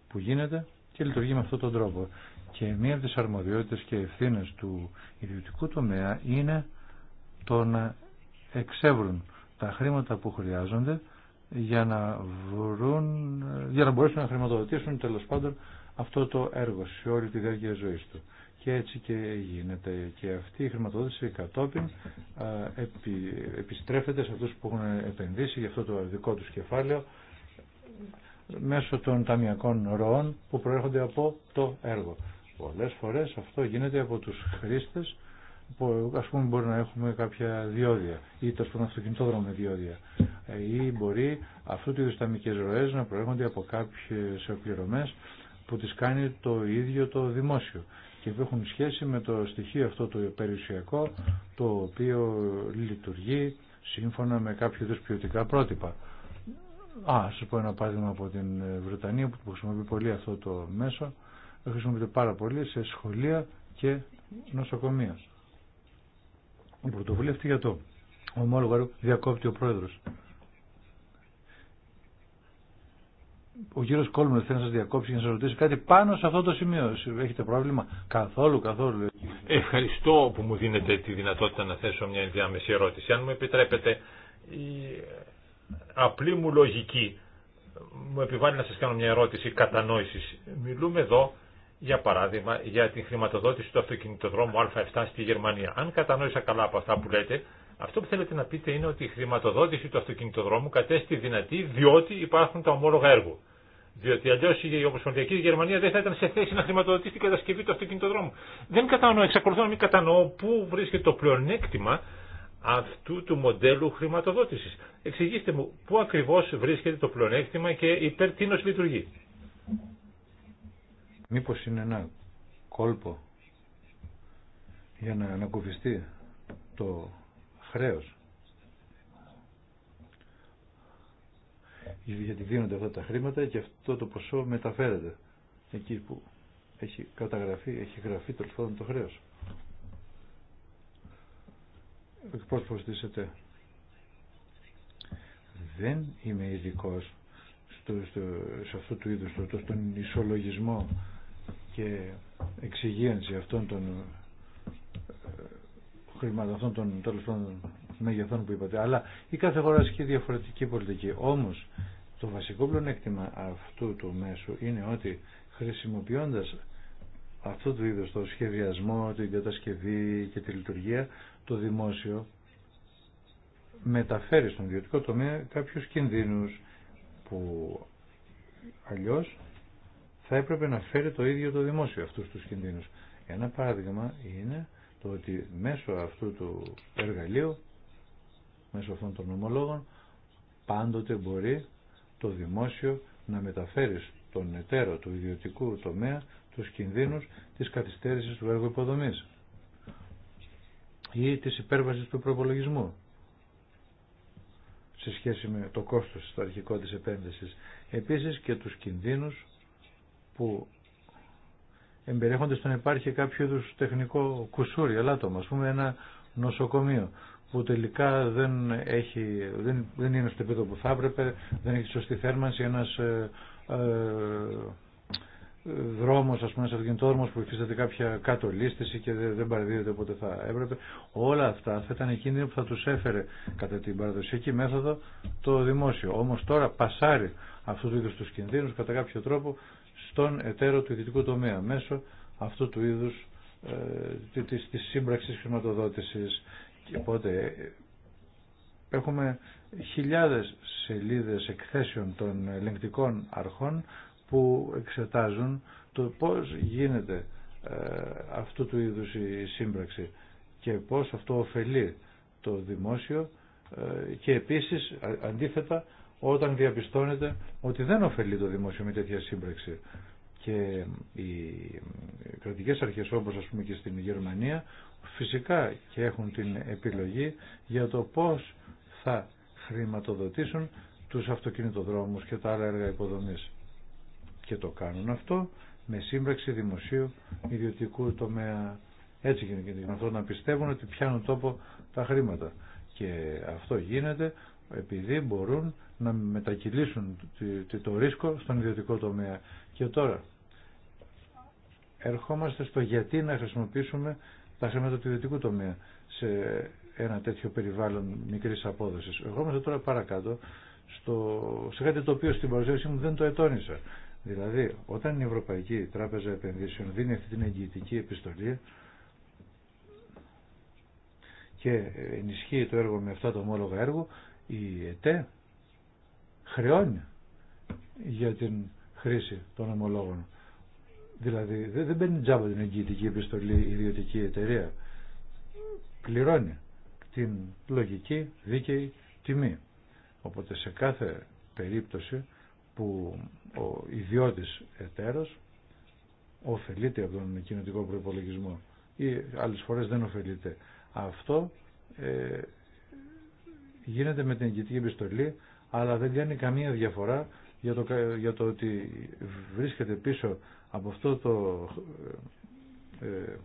που γίνεται και λειτουργεί με αυτόν τον τρόπο. Και μία από τις αρμοδιότητες και ευθύνε του ιδιωτικού τομέα είναι το να εξεύρουν τα χρήματα που χρειάζονται για να, βρουν, να μπορέσουν να χρηματοδοτήσουν τέλο πάντων αυτό το έργο σε όλη τη διάρκεια ζωής του. Και έτσι και γίνεται. Και αυτή η χρηματοδότηση κατόπιν επιστρέφεται σε αυτούς που έχουν επενδύσει για αυτό το δικό του κεφάλαιο μέσω των ταμιακών ροών που προέρχονται από το έργο. Πολλές φορές αυτό γίνεται από τους χρήστες που ας πούμε μπορεί να έχουμε κάποια διόδια ή το σπουδαίο αυτοκινητόδρομο διόδια ε, ή μπορεί αυτού του είδου ταμικές ροές να προέρχονται από κάποιες οπληρωμές που τις κάνει το ίδιο το δημόσιο και που έχουν σχέση με το στοιχείο αυτό το περιουσιακό το οποίο λειτουργεί σύμφωνα με κάποιο είδους πρότυπα. Α, σας πω ένα παράδειγμα από την ε, Βρετανία που χρησιμοποιεί πολύ αυτό το μέσο. Χρησιμοποιείται πάρα πολύ σε σχολεία και νοσοκομεία. Η πρωτοβουλία αυτή για το ομόλογο διακόπτει ο πρόεδρος. Ο κύριος Κόλμερ θέλει να σας διακόψει και να σας ρωτήσει κάτι πάνω σε αυτό το σημείο. Έχετε πρόβλημα. Καθόλου, καθόλου. Ευχαριστώ που μου δίνετε τη δυνατότητα να θέσω μια ενδιάμεση ερώτηση. Αν μου επιτρέπετε, απλή μου λογική μου επιβάλλει να σας κάνω μια ερώτηση κατανόησης. Μιλούμε εδώ, για παράδειγμα, για την χρηματοδότηση του αυτοκινητοδρόμου Α7 στη Γερμανία. Αν κατανόησα καλά από αυτά που λέτε, αυτό που θέλετε να πείτε είναι ότι η χρηματοδότηση του αυτοκινητοδρόμου κατέστη δυνατή διότι υπάρχουν τα ομόλογα έργου. Διότι αλλιώ η Ομοσπονδιακή Γερμανία δεν θα ήταν σε θέση να χρηματοδοτήσει την κατασκευή του αυτοκινητοδρόμου. Δεν κατανοώ, εξακολουθώ να μην κατανοώ πού βρίσκεται το πλεονέκτημα αυτού του μοντέλου χρηματοδότησης. Εξηγήστε μου, πού ακριβώς βρίσκεται το πλονέκτημα και υπέρ τίνος λειτουργεί. Μήπως είναι ένα κόλπο για να ανακουφιστεί το χρέος. Γιατί δίνονται αυτά τα χρήματα και αυτό το ποσό μεταφέρεται εκεί που έχει καταγραφεί, έχει γραφεί το το χρέος πώς Δεν είμαι ειδικό σε αυτού του είδους, τον στον ισολογισμό και εξυγίανση αυτών των ε, χρημάτων, αυτών των τέλος μεγεθών που είπατε. Αλλά η κάθε χώρα ασκεί διαφορετική πολιτική. Όμως το βασικό πλεονέκτημα αυτού του μέσου είναι ότι χρησιμοποιώντας αυτού του είδους το σχεδιασμό, την κατασκευή και τη λειτουργία το δημόσιο μεταφέρει στον ιδιωτικό τομέα κάποιους κινδύνους που αλλιώς θα έπρεπε να φέρει το ίδιο το δημόσιο αυτούς τους κινδύνους. Ένα παράδειγμα είναι το ότι μέσω αυτού του εργαλείου, μέσω αυτών των νομολόγων, πάντοτε μπορεί το δημόσιο να μεταφέρει στον εταίρο του ιδιωτικού τομέα τους κινδύνους της καθυστέρησης του έργου υποδομής ή της υπέρβασης του προπολογισμού σε σχέση με το κόστος στο αρχικό της επένδυσης. Επίσης και τους κινδύνους που εμπεριέχονται στο να υπάρχει κάποιο είδου τεχνικό κουσούρι, ελάττωμα, ας πούμε ένα νοσοκομείο που τελικά δεν, έχει, δεν, δεν είναι στο επίπεδο που θα έπρεπε, δεν έχει σωστή θέρμανση, ένας ε, ε, δρόμος, ας πούμε, σε αυγεντόρμος που υφίσταται κάποια κάτω και δεν παραδίδεται οπότε θα έπρεπε. Όλα αυτά θα ήταν εκείνη που θα τους έφερε κατά την παραδοσιακή μέθοδο το δημόσιο. Όμως τώρα πασάρει αυτού του είδους τους κινδύνους κατά κάποιο τρόπο στον εταίρο του ιδιωτικού τομέα μέσω αυτού του είδους ε, της, της σύμπραξης χρηματοδότησης. Και οπότε ε, έχουμε χιλιάδες σελίδες εκθέσεων των ελεγκτικών αρχών που εξετάζουν το πώς γίνεται ε, αυτού του είδους η σύμπραξη και πώς αυτό ωφελεί το δημόσιο ε, και επίσης αντίθετα όταν διαπιστώνεται ότι δεν ωφελεί το δημόσιο με τέτοια σύμπραξη και οι κρατικές αρχές όπως ας πούμε και στην Γερμανία φυσικά και έχουν την επιλογή για το πώς θα χρηματοδοτήσουν τους αυτοκινητοδρόμους και τα άλλα έργα υποδομής και το κάνουν αυτό με σύμπραξη δημοσίου ιδιωτικού τομέα. Έτσι γίνεται και αυτό να πιστεύουν ότι πιάνουν τόπο τα χρήματα. Και αυτό γίνεται επειδή μπορούν να μετακυλήσουν το ρίσκο στον ιδιωτικό τομέα. Και τώρα ερχόμαστε στο γιατί να χρησιμοποιήσουμε τα χρήματα του ιδιωτικού τομέα σε ένα τέτοιο περιβάλλον μικρής απόδοσης. Ερχόμαστε τώρα παρακάτω στο, σε κάτι το οποίο στην παρουσίασή μου δεν το ετώνησα. Δηλαδή, όταν η Ευρωπαϊκή Τράπεζα Επενδύσεων δίνει αυτή την εγγυητική επιστολή και ενισχύει το έργο με αυτά το ομόλογα έργο, η ΕΤΕ χρεώνει για την χρήση των ομολόγων. Δηλαδή, δεν παίρνει τζάμπα την εγγυητική επιστολή η ιδιωτική εταιρεία. Πληρώνει την λογική δίκαιη τιμή. Οπότε σε κάθε περίπτωση που ο ιδιώτης εταίρος ωφελείται από τον κοινωτικό προϋπολογισμό ή άλλες φορές δεν ωφελείται. Αυτό ε, γίνεται με την εγγυητική επιστολή αλλά δεν κάνει καμία διαφορά για το, το ότι βρίσκεται πίσω από αυτό το ε, ε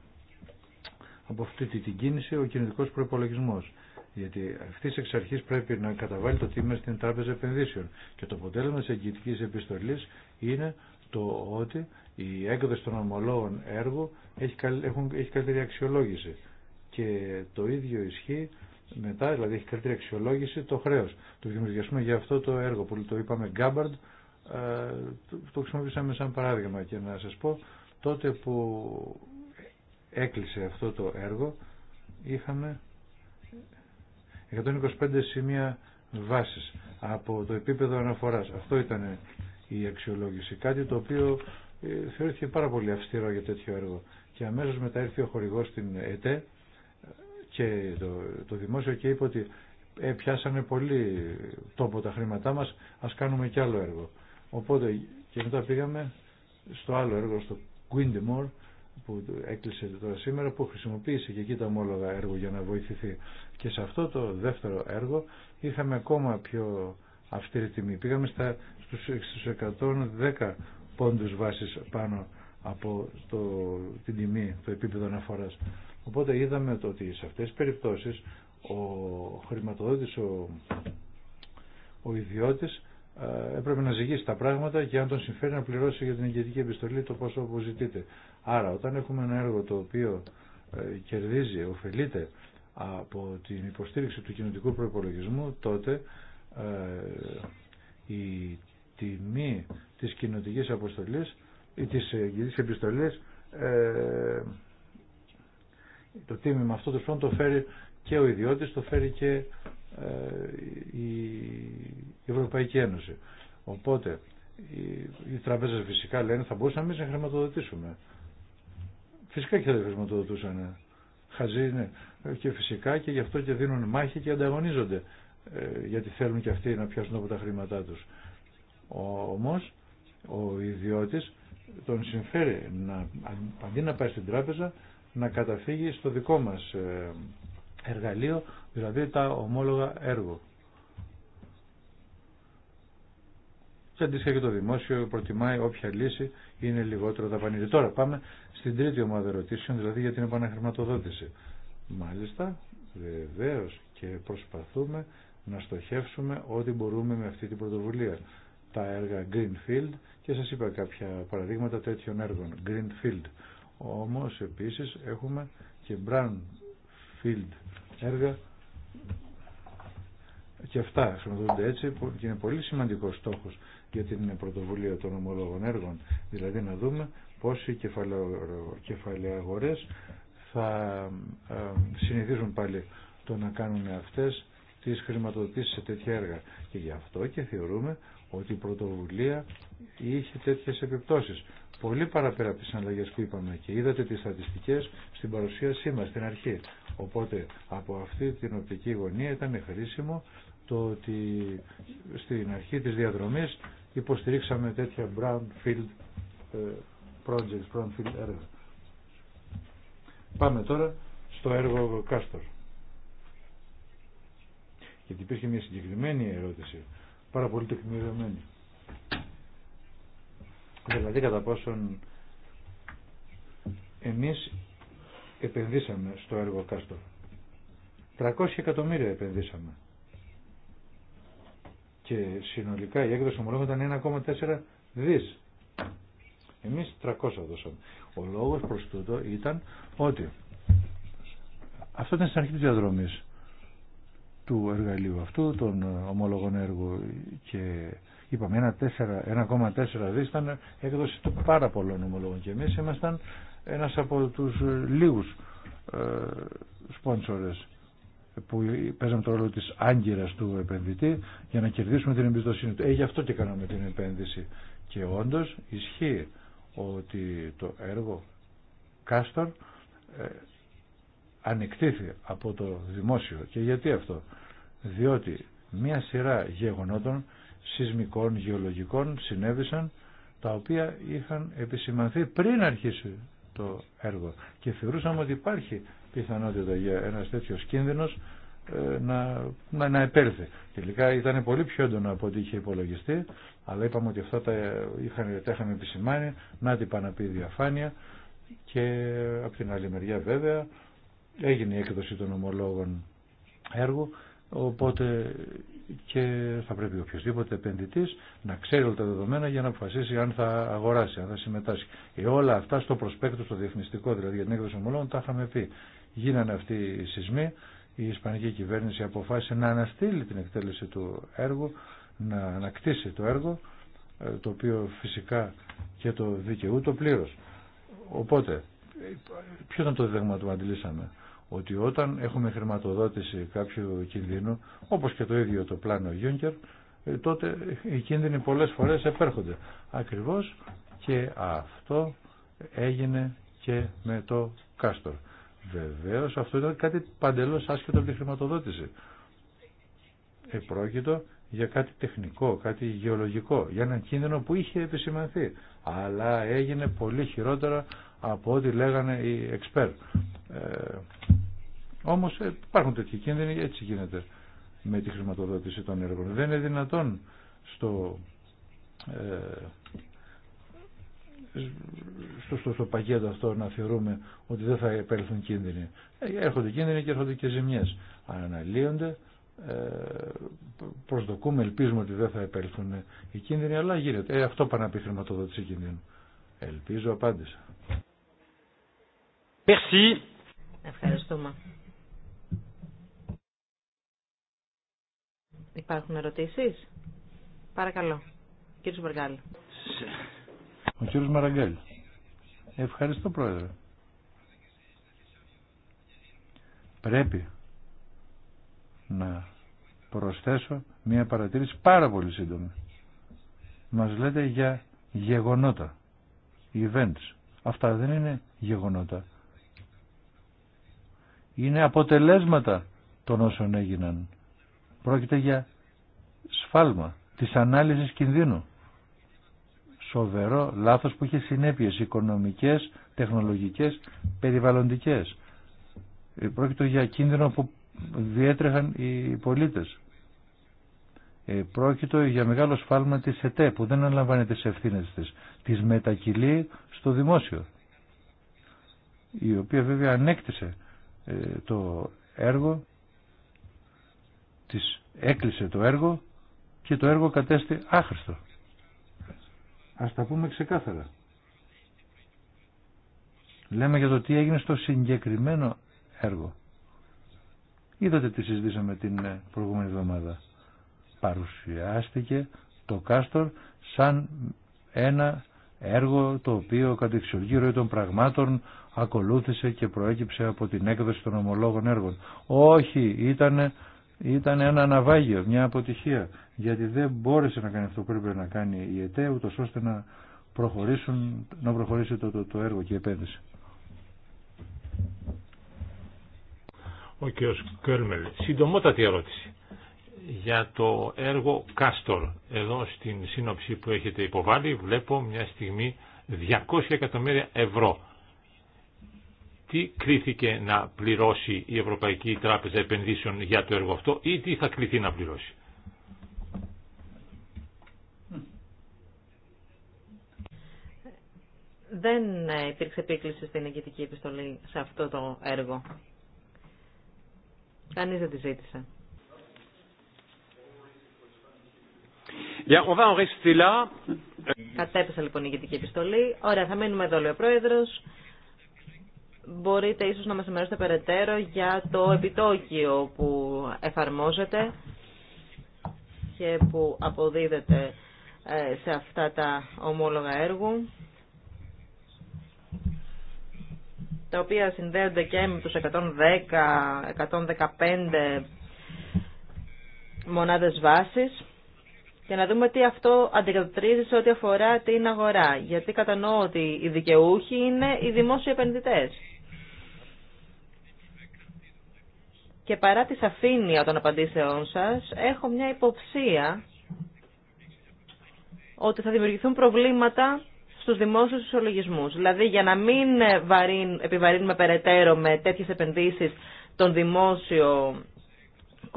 από αυτή την κίνηση ο κινητικός προϋπολογισμός. Γιατί αυτή εξ αρχή πρέπει να καταβάλει το τίμημα στην Τράπεζα Επενδύσεων. Και το αποτέλεσμα τη εγγυητική επιστολή είναι το ότι η έκδοση των ομολόγων έργου έχει, έχουν, έχει καλύτερη αξιολόγηση. Και το ίδιο ισχύει μετά, δηλαδή έχει καλύτερη αξιολόγηση το χρέο. Το δημιουργήσουμε για αυτό το έργο που το είπαμε γκάμπαρντ ε, το χρησιμοποιήσαμε σαν παράδειγμα και να σα πω τότε που έκλεισε αυτό το έργο είχαμε 125 σημεία βάσης από το επίπεδο αναφοράς. Αυτό ήταν η αξιολόγηση. Κάτι το οποίο ε, θεωρήθηκε πάρα πολύ αυστηρό για τέτοιο έργο. Και αμέσως μετά ήρθε ο χορηγός στην ΕΤΕ ε, και το, το δημόσιο και είπε ότι ε, πιάσανε πολύ τόπο τα χρήματά μας, ας κάνουμε κι άλλο έργο. Οπότε και μετά πήγαμε στο άλλο έργο, στο Quindemore, που έκλεισε τώρα σήμερα που χρησιμοποίησε και εκεί τα ομόλογα έργο για να βοηθηθεί. Και σε αυτό το δεύτερο έργο είχαμε ακόμα πιο αυστηρή τιμή. Πήγαμε στα, στους 110 πόντους βάσης πάνω από το, την τιμή, το επίπεδο αναφοράς. Οπότε είδαμε ότι σε αυτές τις περιπτώσεις ο χρηματοδότης, ο, ο ιδιώτης ε, έπρεπε να ζυγίσει τα πράγματα και αν τον συμφέρει να πληρώσει για την ηγετική επιστολή το πόσο αποζητείται. Άρα όταν έχουμε ένα έργο το οποίο ε, κερδίζει, ωφελείται από την υποστήριξη του κοινωτικού προπολογισμού, τότε ε, η τιμή της κοινωτικής αποστολής ή της ηγετικής επιστολής το τίμημα αυτό το φρόντο το φέρει και ο ιδιώτης, το φέρει και ε, η Ευρωπαϊκή Ένωση. Οπότε οι τραπέζες φυσικά λένε θα μπορούσαμε εμείς να χρηματοδοτήσουμε. Φυσικά και θα χρηματοδοτούσαν. Χαζί είναι. Ε, και φυσικά και γι' αυτό και δίνουν μάχη και ανταγωνίζονται. Ε, γιατί θέλουν και αυτοί να πιάσουν από τα χρήματά τους. Όμω, όμως ο ιδιώτης τον συμφέρει να, αντί να πάει στην τράπεζα να καταφύγει στο δικό μας εργαλείο, δηλαδή τα ομόλογα έργο. Και αντίστοιχα και το δημόσιο προτιμάει όποια λύση είναι λιγότερο δαπανηρή. Τώρα πάμε στην τρίτη ομάδα ερωτήσεων, δηλαδή για την επαναχρηματοδότηση. Μάλιστα, βεβαίω και προσπαθούμε να στοχεύσουμε ό,τι μπορούμε με αυτή την πρωτοβουλία. Τα έργα Greenfield και σας είπα κάποια παραδείγματα τέτοιων έργων Greenfield. Όμως επίσης έχουμε και Brown field έργα και αυτά χρηματοδοτούνται έτσι και είναι πολύ σημαντικός στόχος για την πρωτοβουλία των ομολόγων έργων. Δηλαδή να δούμε πόσοι κεφαλαίοι κεφαλαιαγορές θα ε, συνηθίζουν πάλι το να κάνουν αυτές τις χρηματοδοτήσεις σε τέτοια έργα. Και γι' αυτό και θεωρούμε ότι η πρωτοβουλία είχε τέτοιες επιπτώσεις. Πολύ παραπέρα από τις αλλαγές που είπαμε και είδατε τις στατιστικές στην παρουσίασή μας στην αρχή. Οπότε από αυτή την οπτική γωνία ήταν χρήσιμο το ότι στην αρχή της διαδρομής υποστηρίξαμε τέτοια brownfield ε, projects, brownfield έργα. Πάμε τώρα στο έργο Κάστορ. Γιατί υπήρχε μια συγκεκριμένη ερώτηση, πάρα πολύ τεκμηριωμένη. Δηλαδή κατά πόσον εμείς επενδύσαμε στο έργο Κάστορ. 300 εκατομμύρια επενδύσαμε. Και συνολικά η έκδοση ομολόγου ήταν 1,4 δις. Εμείς 300 δώσαμε. Ο λόγος προς τούτο ήταν ότι αυτό ήταν στην αρχή της διαδρομής του εργαλείου αυτού, των ομολογών έργου και είπαμε 1,4 δις ήταν έκδοση του πάρα πολλών ομολογών και εμείς ήμασταν ένας από τους ε, λίγους ε, σπόνσορες που παίζαμε το ρόλο της άγκυρας του επενδυτή για να κερδίσουμε την εμπιστοσύνη του. Ε, γι' αυτό και κάναμε την επένδυση. Και όντως ισχύει ότι το έργο Κάστορ ε, ανεκτήθη από το δημόσιο. Και γιατί αυτό. Διότι μία σειρά γεγονότων σεισμικών, γεωλογικών συνέβησαν τα οποία είχαν επισημανθεί πριν αρχίσει το έργο. Και θεωρούσαμε ότι υπάρχει πιθανότητα για ένα τέτοιος σκίνδενος ε, να, να, να Τελικά ήταν πολύ πιο έντονο από ό,τι είχε υπολογιστεί, αλλά είπαμε ότι αυτά τα, είχαν, τα είχαμε επισημάνει, να την η διαφάνεια και από την άλλη μεριά βέβαια έγινε η έκδοση των ομολόγων έργου, οπότε και θα πρέπει οποιοδήποτε επενδυτή να ξέρει όλα τα δεδομένα για να αποφασίσει αν θα αγοράσει, αν θα συμμετάσχει. Ε, όλα αυτά στο προσπέκτο, στο διεθνιστικό, δηλαδή για την έκδοση ομολόγων, τα είχαμε πει. Γίνανε αυτοί οι σεισμοί. Η Ισπανική κυβέρνηση αποφάσισε να αναστείλει την εκτέλεση του έργου, να ανακτήσει το έργο, ε, το οποίο φυσικά και το δικαιού το πλήρω. Οπότε, ε, ποιο ήταν το δίδεγμα που αντιλήσαμε ότι όταν έχουμε χρηματοδότηση κάποιου κινδύνου, όπως και το ίδιο το πλάνο Juncker, ε, τότε οι κίνδυνοι πολλές φορές επέρχονται. Ακριβώς και αυτό έγινε και με το Κάστορ. Βεβαίως αυτό ήταν κάτι παντελώς άσχετο από τη χρηματοδότηση. Επρόκειτο για κάτι τεχνικό, κάτι γεωλογικό, για έναν κίνδυνο που είχε επισημανθεί, αλλά έγινε πολύ χειρότερα από ό,τι λέγανε οι εξπέρ. Ε, όμως ε, υπάρχουν τέτοιοι κίνδυνοι, έτσι γίνεται με τη χρηματοδότηση των έργων. Δεν είναι δυνατόν στο, ε, στο, στο, στο πακέτο αυτό να θεωρούμε ότι δεν θα επέλθουν κίνδυνοι. Ε, έρχονται κίνδυνοι και έρχονται και ζημιές. Αναλύονται, ε, προσδοκούμε, ελπίζουμε ότι δεν θα επέλθουν οι κίνδυνοι, αλλά γίνεται. Ε, αυτό πάνε να πει χρηματοδότηση κίνδυνου. Ελπίζω απάντησα. Merci. Ευχαριστούμε. Υπάρχουν ερωτήσεις. Παρακαλώ. Κύριος Μαραγκάλη. Ο κύριος Μαραγκάλη. Ευχαριστώ πρόεδρε. Πρέπει να προσθέσω μια παρατήρηση πάρα πολύ σύντομη. Μας λέτε για γεγονότα, events. Αυτά δεν είναι γεγονότα είναι αποτελέσματα των όσων έγιναν. Πρόκειται για σφάλμα της ανάλυσης κινδύνου. Σοβερό λάθος που είχε συνέπειες οικονομικές, τεχνολογικές, περιβαλλοντικές. Ε, πρόκειται για κίνδυνο που διέτρεχαν οι πολίτες. Ε, πρόκειται για μεγάλο σφάλμα της ΕΤΕ που δεν αναλαμβάνει τις ευθύνες της. Της μετακυλεί στο δημόσιο. Η οποία βέβαια ανέκτησε ε, το έργο, της έκλεισε το έργο και το έργο κατέστη άχρηστο. Ας τα πούμε ξεκάθαρα. Λέμε για το τι έγινε στο συγκεκριμένο έργο. Είδατε τι συζητήσαμε την ε, προηγούμενη εβδομάδα. Παρουσιάστηκε το Κάστορ σαν ένα έργο το οποίο κατά των πραγμάτων ακολούθησε και προέκυψε από την έκδοση των ομολόγων έργων. Όχι, ήταν ήταν ένα ναυάγιο, μια αποτυχία, γιατί δεν μπόρεσε να κάνει αυτό που έπρεπε να κάνει η ΕΤΕ, ούτως ώστε να, προχωρήσουν, να προχωρήσει το, το, το έργο και η επένδυση. Ο κ. Κέρμελ, συντομότατη ερώτηση για το έργο Κάστορ. Εδώ στην σύνοψη που έχετε υποβάλει βλέπω μια στιγμή 200 εκατομμύρια ευρώ. Τι κρίθηκε να πληρώσει η Ευρωπαϊκή Τράπεζα Επενδύσεων για το έργο αυτό ή τι θα κριθεί να πληρώσει. Δεν υπήρξε επίκληση στην εγκυτική επιστολή σε αυτό το έργο. Κανείς δεν τη ζήτησε. Bien, on va en rester là. Κατέπεσε λοιπόν η ηγετική επιστολή. Ωραία, θα μείνουμε εδώ, λέει ο Πρόεδρο. Μπορείτε ίσω να μα ενημερώσετε περαιτέρω για το επιτόκιο που εφαρμόζεται και που αποδίδεται ε, σε αυτά τα ομόλογα έργου τα οποία συνδέονται και με τους 110-115 μονάδες βάσης για να δούμε τι αυτό αντικατοπτρίζει σε ό,τι αφορά την αγορά. Γιατί κατανοώ ότι οι δικαιούχοι είναι οι δημόσιοι επενδυτές. Και παρά τη σαφήνεια των απαντήσεών σας, έχω μια υποψία ότι θα δημιουργηθούν προβλήματα στους δημόσιους ισολογισμούς. Δηλαδή, για να μην επιβαρύνουμε περαιτέρω με τέτοιες επενδύσεις τον δημόσιο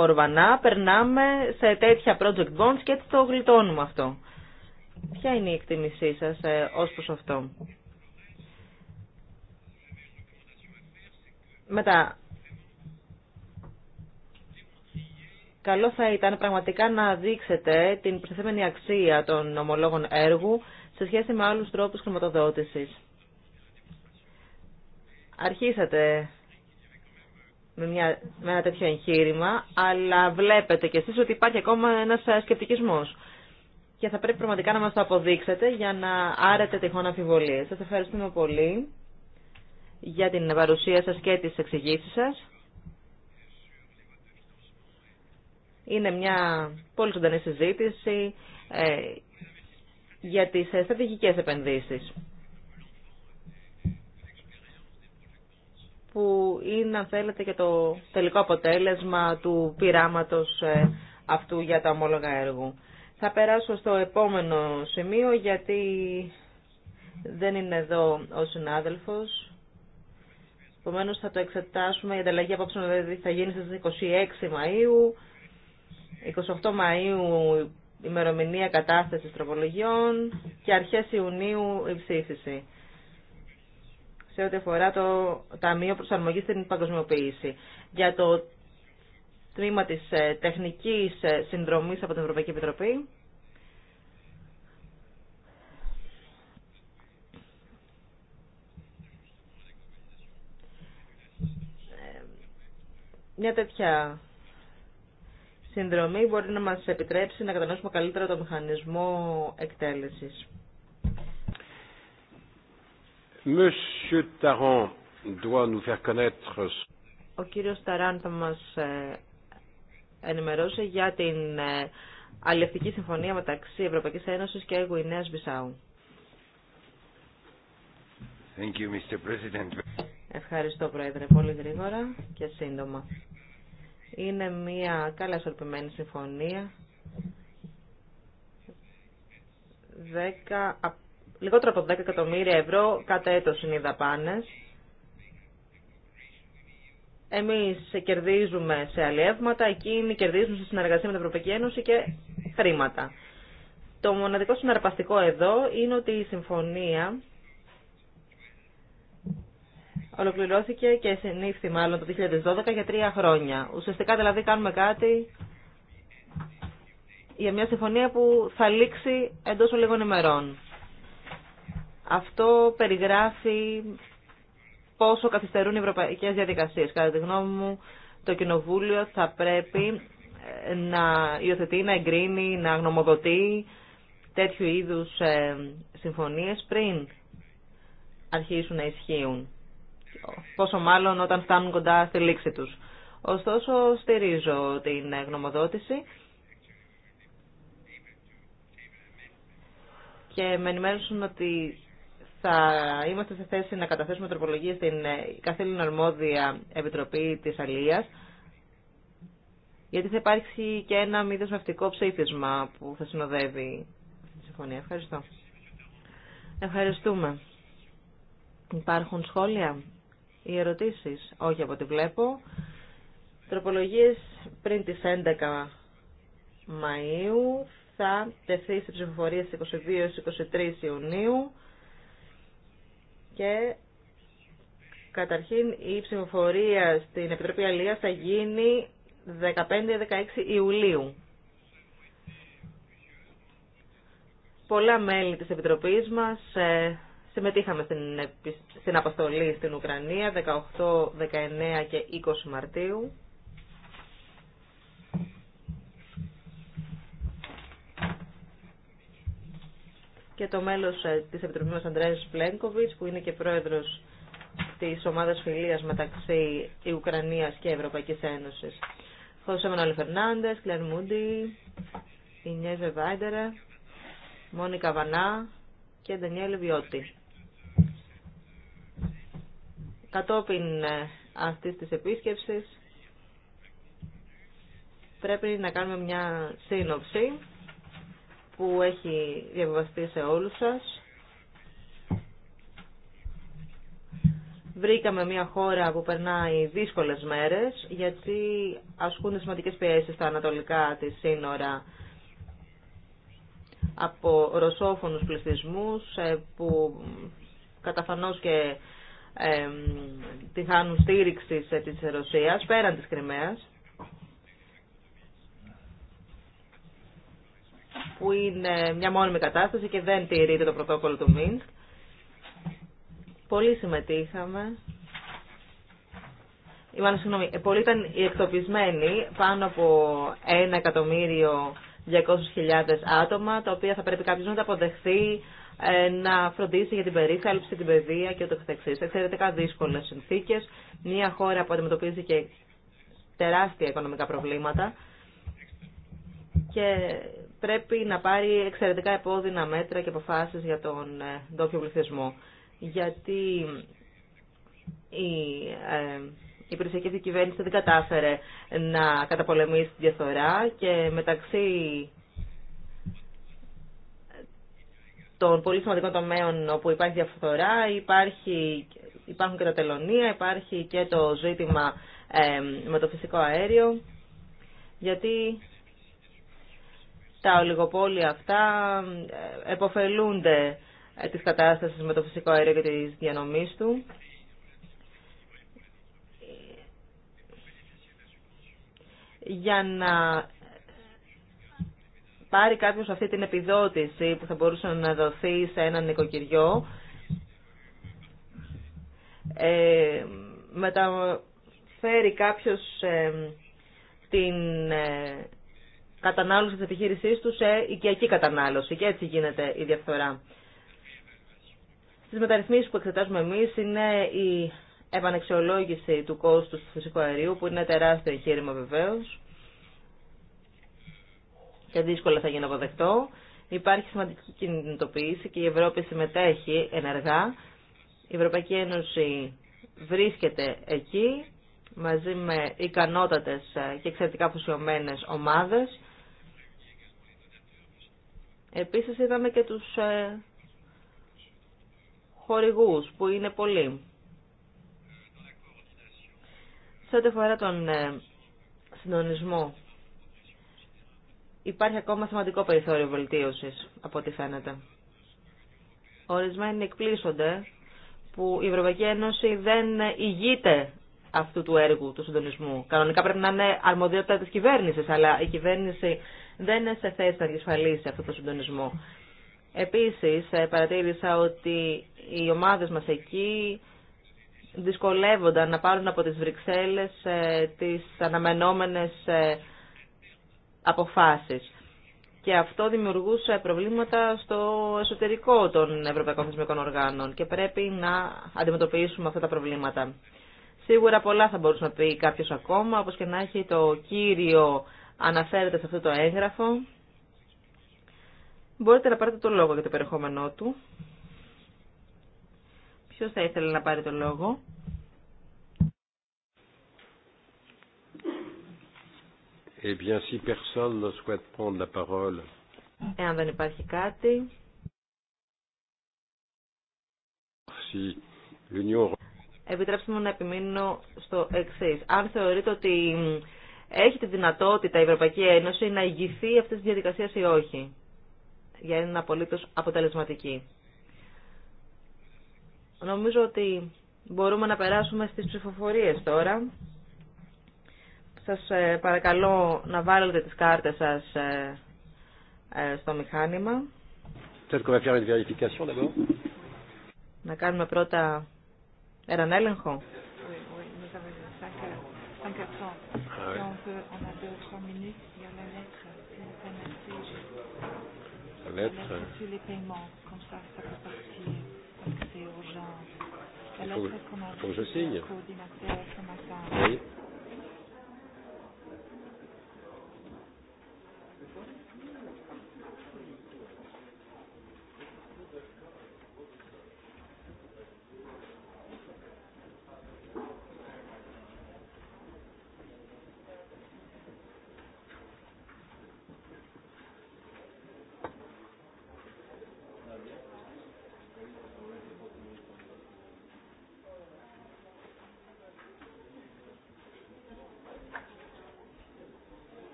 κορβανά, περνάμε σε τέτοια project bonds και έτσι το γλιτώνουμε αυτό. Ποια είναι η εκτίμησή σας ε, ως προς αυτό. Μετά, καλό θα ήταν πραγματικά να δείξετε την προσθέμενη αξία των ομολόγων έργου σε σχέση με άλλους τρόπους χρηματοδότησης. Αρχίσατε με, μια, με ένα τέτοιο εγχείρημα, αλλά βλέπετε κι εσείς ότι υπάρχει ακόμα ένας σκεπτικισμός. Και θα πρέπει πραγματικά να μας το αποδείξετε για να άρετε τυχόν αμφιβολίες. Σας ευχαριστούμε πολύ για την παρουσία σας και τις εξηγήσεις σας. Είναι μια πολύ ζωντανή συζήτηση ε, για τις ε, στρατηγικές επενδύσεις. που είναι, αν θέλετε, και το τελικό αποτέλεσμα του πειράματος ε, αυτού για τα ομόλογα έργου. Θα περάσω στο επόμενο σημείο, γιατί δεν είναι εδώ ο συνάδελφος. Επομένως, θα το εξετάσουμε. Η ανταλλαγή απόψε δηλαδή, θα γίνει στις 26 Μαΐου. 28 Μαΐου ημερομηνία κατάστασης τροπολογιών και αρχές Ιουνίου η ψήφιση σε ό,τι αφορά το Ταμείο Προσαρμογής στην Παγκοσμιοποίηση. Για το τμήμα της ε, τεχνικής ε, συνδρομής από την Ευρωπαϊκή Επιτροπή, ε, μια τέτοια συνδρομή μπορεί να μας επιτρέψει να κατανοήσουμε καλύτερα το μηχανισμό εκτέλεσης. Monsieur doit nous faire connaître... Ο κύριος Ταράν θα μας ε, ενημερώσει για την ε, αλληλευτική συμφωνία μεταξύ Ευρωπαϊκής Ένωσης και Γουινέας Μπισάου. Ευχαριστώ, Πρόεδρε, πολύ γρήγορα και σύντομα. Είναι μια καλά σορπημένη συμφωνία. 10 Λιγότερο από 10 εκατομμύρια ευρώ κατά έτος είναι οι δαπάνες. Εμείς κερδίζουμε σε αλλιεύματα, εκείνοι κερδίζουν σε συνεργασία με την Ευρωπαϊκή Ένωση και χρήματα. Το μοναδικό συναρπαστικό εδώ είναι ότι η συμφωνία ολοκληρώθηκε και συνήφθη μάλλον το 2012 για τρία χρόνια. Ουσιαστικά δηλαδή κάνουμε κάτι για μια συμφωνία που θα λήξει εντός λίγων ημερών. Αυτό περιγράφει πόσο καθυστερούν οι ευρωπαϊκές διαδικασίες. Κατά τη γνώμη μου, το Κοινοβούλιο θα πρέπει ε, να υιοθετεί, να εγκρίνει, να γνωμοδοτεί τέτοιου είδους ε, συμφωνίες πριν αρχίσουν να ισχύουν. Πόσο μάλλον όταν φτάνουν κοντά στη λήξη τους. Ωστόσο, στηρίζω την ε, γνωμοδότηση και με ενημέρωσαν ότι θα είμαστε σε θέση να καταθέσουμε τροπολογίες στην ε, καθήλυνα αρμόδια Επιτροπή της Αλίας, γιατί θα υπάρξει και ένα μη δεσμευτικό ψήφισμα που θα συνοδεύει τη συμφωνία. Ευχαριστώ. Ευχαριστούμε. Υπάρχουν σχόλια ή ερωτήσεις. Όχι από ό,τι βλέπω. Τροπολογίες πριν τις 11 Μαΐου θα τεθεί σε ψηφοφορία στις 22-23 Ιουνίου και καταρχήν η ψηφοφορία στην Επιτροπή Αλίας θα γίνει 15-16 Ιουλίου. Πολλά μέλη της Επιτροπής μας ε, συμμετείχαμε στην, στην αποστολή στην Ουκρανία 18, 19 και 20 Μαρτίου. και το μέλος ε, της Επιτροπής μας Αντρέας Πλένκοβιτς που είναι και πρόεδρος της ομάδας φιλίας μεταξύ Ουκρανίας και Ευρωπαϊκής Ένωσης. Χωσέ Μανώλη Φερνάντες, Κλέρ Μούντι, Ινιέζε Βάιντερα, Μόνικα Βανά και Ντανιέλ Βιώτη. Κατόπιν ε, αυτής της επίσκεψης πρέπει να κάνουμε μια σύνοψη που έχει διαβιβαστεί σε όλους σας. Βρήκαμε μια χώρα που περνάει δύσκολες μέρες γιατί ασκούν σημαντικές πιέσεις στα ανατολικά της σύνορα από ρωσόφωνους πληθυσμούς ε, που καταφανώς και ε, τη χάνουν στήριξη ε, της Ρωσίας πέραν της Κρυμαίας που είναι μια μόνιμη κατάσταση και δεν τηρείται το πρωτόκολλο του Μίνσκ. Πολλοί συμμετείχαμε. Είμαστε, συγγνώμη, ε, πολλοί ήταν οι εκτοπισμένοι, πάνω από ένα εκατομμύριο 200.000 άτομα, τα οποία θα πρέπει κάποιο να τα αποδεχθεί, ε, να φροντίσει για την περίθαλψη, την παιδεία και ούτω καθεξής. Εξαιρετικά δύσκολες συνθήκε. Μια χώρα που αντιμετωπίζει και τεράστια οικονομικά προβλήματα και πρέπει να πάρει εξαιρετικά επώδυνα μέτρα και αποφάσεις για τον ε, ντόπιο πληθυσμό. Γιατί η ε, η υπηρεσιακή κυβέρνηση δεν κατάφερε να καταπολεμήσει τη διαφθορά και μεταξύ των πολύ σημαντικών τομέων όπου υπάρχει διαφθορά υπάρχει, υπάρχουν και τα τελωνία, υπάρχει και το ζήτημα ε, με το φυσικό αέριο γιατί τα ολιγοπόλια αυτά ε, εποφελούνται ε, της κατάστασης με το φυσικό αέριο και της διανομής του. Για να πάρει κάποιος αυτή την επιδότηση που θα μπορούσε να δοθεί σε έναν νοικοκυριό, ε, μεταφέρει κάποιος ε, την κατανάλωση της επιχείρησής του σε οικιακή κατανάλωση και έτσι γίνεται η διαφθορά. Στις μεταρρυθμίσεις που εξετάζουμε εμείς είναι η επανεξιολόγηση του κόστου του φυσικού αερίου που είναι τεράστιο εγχείρημα βεβαίω. και δύσκολα θα γίνει αποδεκτό. Υπάρχει σημαντική κινητοποίηση και η Ευρώπη συμμετέχει ενεργά. Η Ευρωπαϊκή Ένωση βρίσκεται εκεί μαζί με ικανότατες και εξαιρετικά ομάδες Επίσης είδαμε και τους ε, χορηγούς που είναι πολλοί. Σε ό,τι αφορά τον ε, συντονισμό, υπάρχει ακόμα θεματικό περιθώριο βελτίωσης, από ό,τι φαίνεται. Ορισμένοι εκπλήσονται που η Ευρωπαϊκή Ένωση δεν ηγείται αυτού του έργου του συντονισμού. Κανονικά πρέπει να είναι αρμοδιότητα της κυβέρνησης, αλλά η κυβέρνηση δεν είναι σε θέση να διασφαλίσει αυτό το συντονισμό. Επίσης, ε, παρατήρησα ότι οι ομάδες μας εκεί δυσκολεύονταν να πάρουν από τις Βρυξέλλες ε, τις αναμενόμενες ε, αποφάσεις. Και αυτό δημιουργούσε προβλήματα στο εσωτερικό των Ευρωπαϊκών Θεσμικών Οργάνων και πρέπει να αντιμετωπίσουμε αυτά τα προβλήματα. Σίγουρα πολλά θα μπορούσε να πει κάποιο ακόμα, όπως και να έχει το κύριο αναφέρεται σε αυτό το έγγραφο. Μπορείτε να πάρετε το λόγο για το περιεχόμενό του. Ποιος θα ήθελε να πάρει το λόγο. Ε, bien, si personne ne souhaite prendre la parole. Εάν δεν υπάρχει κάτι. Si Επιτρέψτε μου να επιμείνω στο εξή. Αν θεωρείτε ότι έχει τη δυνατότητα η Ευρωπαϊκή Ένωση να ηγηθεί αυτή τη διαδικασία ή όχι. Για να είναι απολύτω αποτελεσματική. Νομίζω ότι μπορούμε να περάσουμε στις ψηφοφορίες τώρα. Σας ε, παρακαλώ να βάλετε τις κάρτες σας ε, ε, στο μηχάνημα. Να κάνουμε πρώτα έναν έλεγχο. Euh, Ah, on, peut, on a deux ou trois minutes, il y a la lettre, la lettre, la lettre sur les paiements, comme ça, ça peut partir, parce c'est urgent. La lettre qu'on a faut que je signe. coordinateur ce matin. Oui.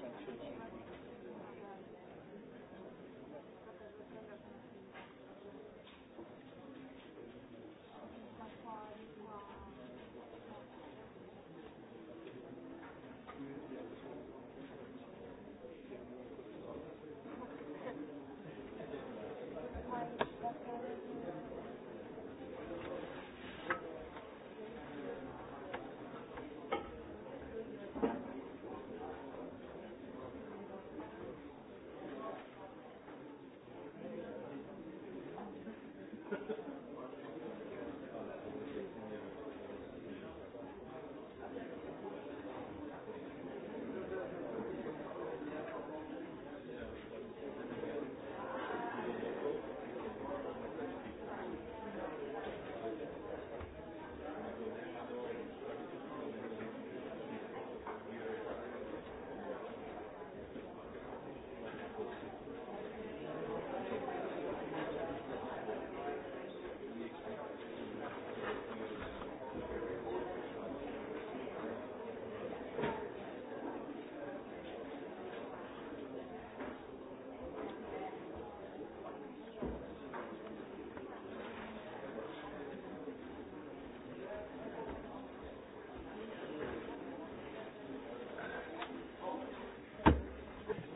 σαν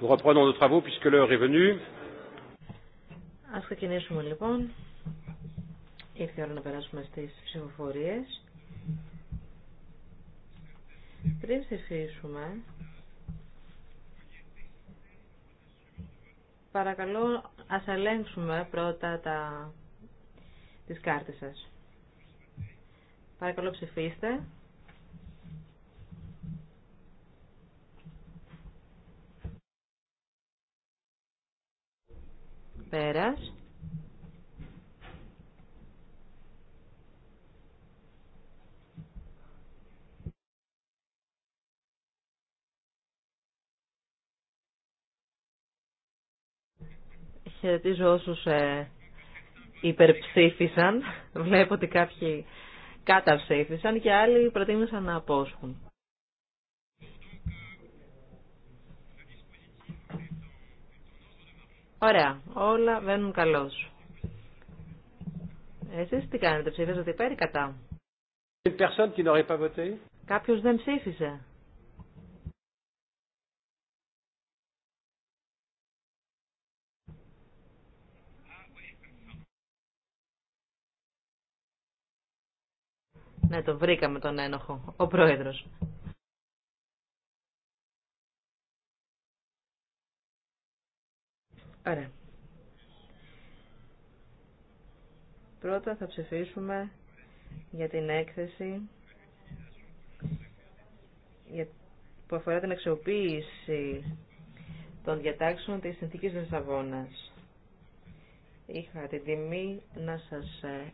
Nous reprenons nos travaux puisque l'heure est venue. ξεκινήσουμε λοιπόν. Ήρθε η ώρα να περάσουμε στι ψηφοφορίε. Πριν ψηφίσουμε, παρακαλώ α ελέγξουμε πρώτα τα... κάρτε σα. Παρακαλώ ψηφίστε. πέρας. Χαιρετίζω όσους ε, υπερψήφισαν. Βλέπω ότι κάποιοι καταψήφισαν και άλλοι προτίμησαν να απόσχουν. Ωραία. Όλα βαίνουν καλώ. Εσείς τι κάνετε, ψηφίζετε υπέρ ή κατά. Κάποιος δεν ψήφισε. Ναι, τον βρήκαμε τον ένοχο, ο πρόεδρος. Ωραία. Πρώτα θα ψηφίσουμε για την έκθεση που αφορά την αξιοποίηση των διατάξεων της συνθήκης Λισαβόνας. Είχα την τιμή να σας ε,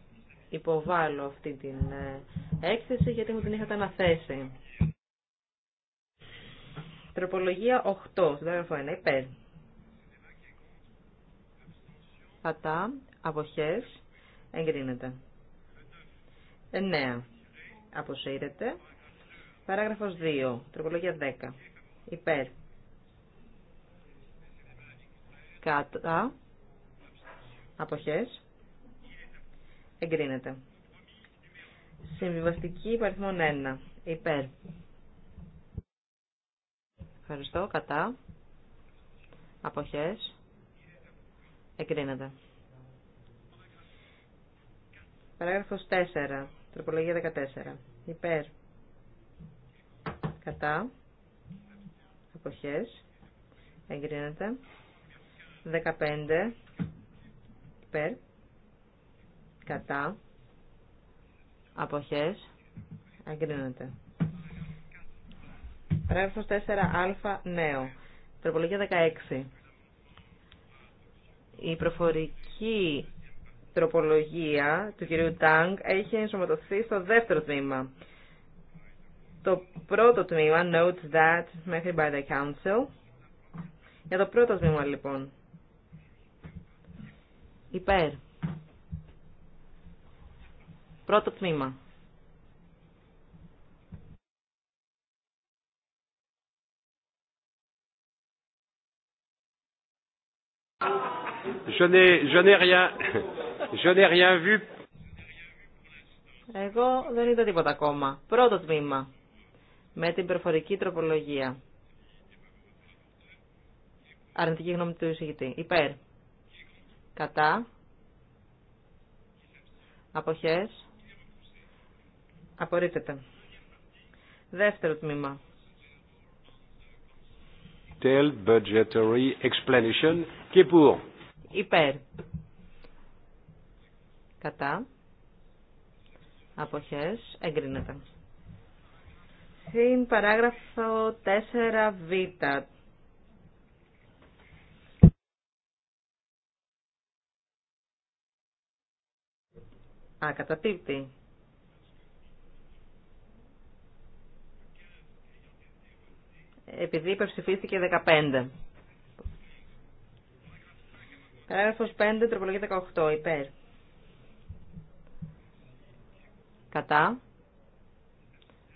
υποβάλω αυτή την ε, έκθεση γιατί μου την είχατε αναθέσει. Τροπολογία 8, στον 1, κατά, αποχές, εγκρίνεται. 9. Αποσύρεται. Παράγραφος 2. Τροπολογία 10. Υπέρ. Κατά. Αποχές. Εγκρίνεται. Συμβιβαστική υπαριθμών 1. Υπέρ. Ευχαριστώ. Κατά. Αποχές. Εγκρίνεται. Παράγραφος 4. Τροπολογία 14. Υπέρ. Κατά. Αποχές. Εγκρίνεται. 15. Υπέρ. Κατά. Αποχές. Εγκρίνεται. Παράγραφος 4α νέο. Τροπολογία 16. Η προφορική τροπολογία του κυρίου Τάγκ έχει ενσωματωθεί στο δεύτερο τμήμα. Το πρώτο τμήμα, notes that, μέχρι by the council. Για το πρώτο τμήμα λοιπόν. Υπέρ. Πρώτο τμήμα. Εγώ δεν είδα τίποτα ακόμα. Πρώτο τμήμα. Με την προφορική τροπολογία. Αρνητική γνώμη του εισηγητή. Υπέρ. Κατά. Αποχές. Απορρίπτεται. Δεύτερο τμήμα. Budgetary explanation. Και που. Υπέρ. Κατά. Αποχές. Εγκρίνεται. Στην παράγραφο 4β. Α, Επειδή υπερψηφίστηκε 15. Παράγραφος 5, τροπολογία 18, υπέρ. Κατά.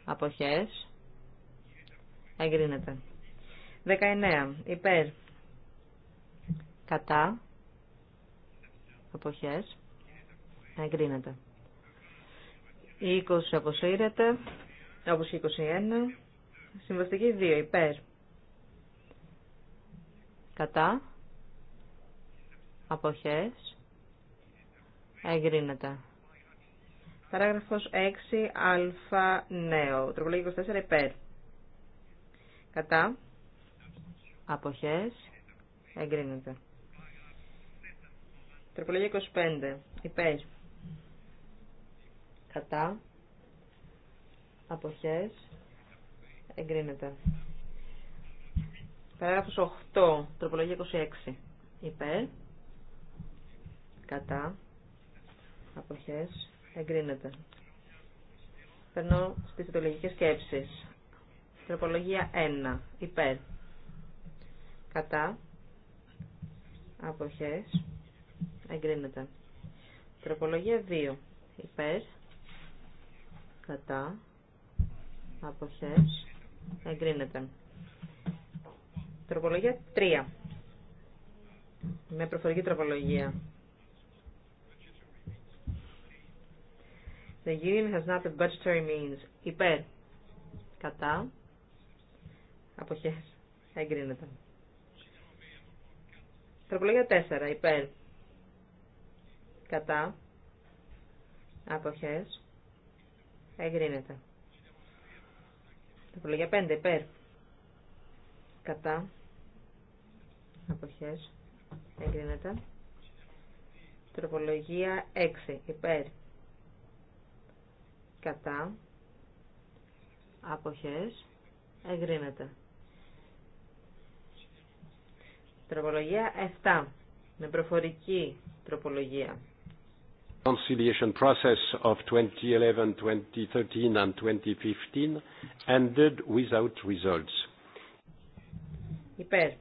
Αποχές. Εγκρίνεται. 19, υπέρ. Κατά. Αποχές. Εγκρίνεται. 20 αποσύρεται, όπως και 21. Συμβαστική 2, υπέρ. Κατά αποχές εγκρίνεται. Παράγραφος 6α νέο. Τροπολογία 24 υπέρ. Κατά. Αποχές. Εγκρίνεται. Τροπολογία 25 υπέρ. Κατά. Αποχές. Εγκρίνεται. Παράγραφος 8. Τροπολογία 26 υπέρ κατά αποχές εγκρίνεται. Περνώ στις ιδεολογικές σκέψεις. Τροπολογία 1. Υπέρ. Κατά. Αποχές. Εγκρίνεται. Τροπολογία 2. Υπέρ. Κατά. Αποχές. Εγκρίνεται. Τροπολογία 3. Με προφορική τροπολογία. The union has not the budgetary means. Υπέρ. Κατά. Αποχές. Εγκρίνεται. Τροπολογία 4. Υπέρ. Κατά. Αποχές. Εγκρίνεται. Τροπολογία 5. Υπέρ. Κατά. Αποχές. Εγκρίνεται. Τροπολογία 6. Υπέρ κατά αποχές εγκρίνεται. Τροπολογία 7 με προφορική τροπολογία. Conciliation process of 2011, 2013 and 2015 ended without results. Υπέρ.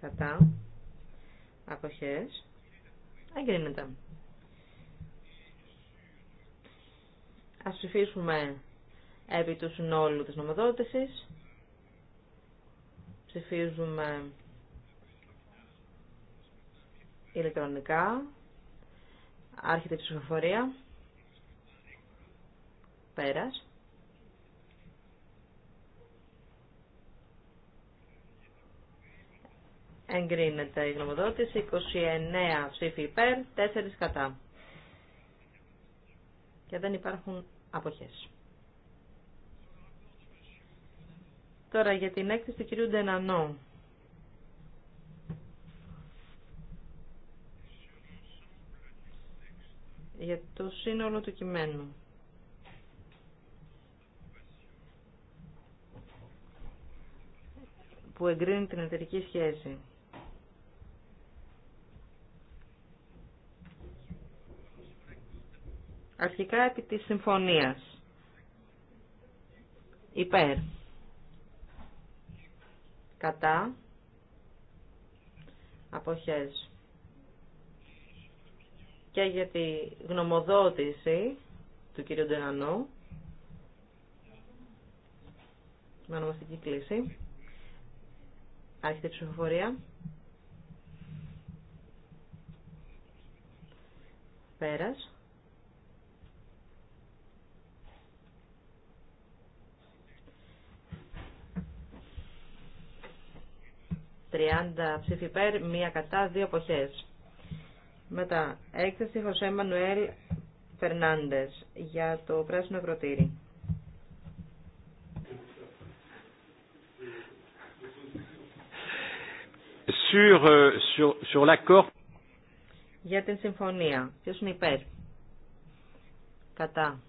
Κατά. Αποχές. Εγκρίνεται. Ας ψηφίσουμε επί του συνόλου της νομοδότησης. Ψηφίζουμε ηλεκτρονικά. Άρχεται η ψηφοφορία. Πέρας. Εγκρίνεται η γνωμοδότηση. 29 ψήφοι υπέρ, 4 κατά. Και δεν υπάρχουν αποχές. Τώρα για την έκθεση του κυρίου Ντενανό. Για το σύνολο του κειμένου. Που εγκρίνει την εταιρική σχέση. Αρχικά επί της συμφωνίας. Υπέρ. Κατά. Αποχές. Και για τη γνωμοδότηση του κύριου Ντενανού. Με ονομαστική κλίση. Άρχεται η ψηφοφορία. Πέρας. 30 ψήφοι υπέρ, 1 κατά, δύο αποχές. Μετά, έκθεση Χωσέ Μανουέλ Φερνάντες για το πράσινο ευρωτήρι. Sur, euh, sur, sur l'accord. Για την συμφωνία. Ποιος είναι υπέρ. Κατά.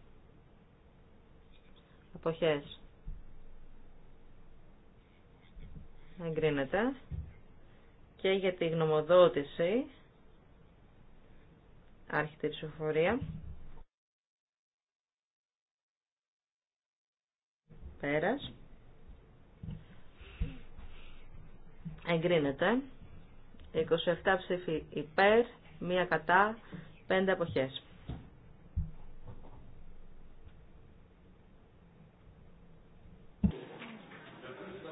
Αποχές. εγκρίνεται και για τη γνωμοδότηση άρχεται η ψηφοφορία. Πέρας. Εγκρίνεται. 27 ψήφοι υπέρ, μία κατά, 5 αποχές.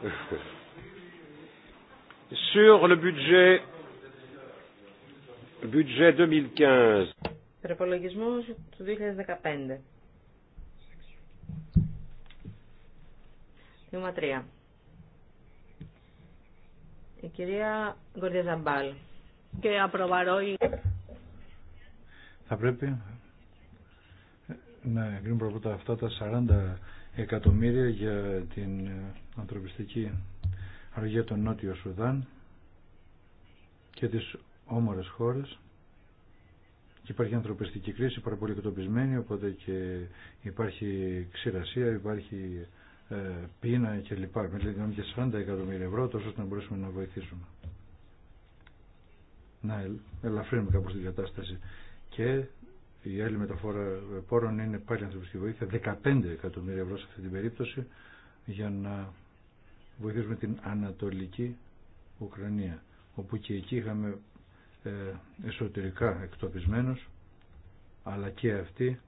Sur le budget, budget 2015. του 2015. Δήμα 3. Η κυρία Γκορδία Ζαμπάλ. Και απροβαρό Θα πρέπει να εγκρίνουμε πρώτα αυτά τα 40 εκατομμύρια για την ανθρωπιστική αλλά για τον Νότιο Σουδάν και τις όμορες χώρες και υπάρχει ανθρωπιστική κρίση πάρα πολύ εκτοπισμένη οπότε και υπάρχει ξηρασία, υπάρχει ε, πείνα κλπ. Μιλάμε και 40 εκατομμύρια ευρώ τόσο ώστε να μπορέσουμε να βοηθήσουμε. Να ελαφρύνουμε κάπως την κατάσταση. Και η άλλη μεταφορά πόρων είναι πάλι ανθρωπιστική βοήθεια, 15 εκατομμύρια ευρώ σε αυτή την περίπτωση για να βοηθήσουμε την Ανατολική Ουκρανία όπου και εκεί είχαμε ε, εσωτερικά εκτοπισμένους αλλά και αυτοί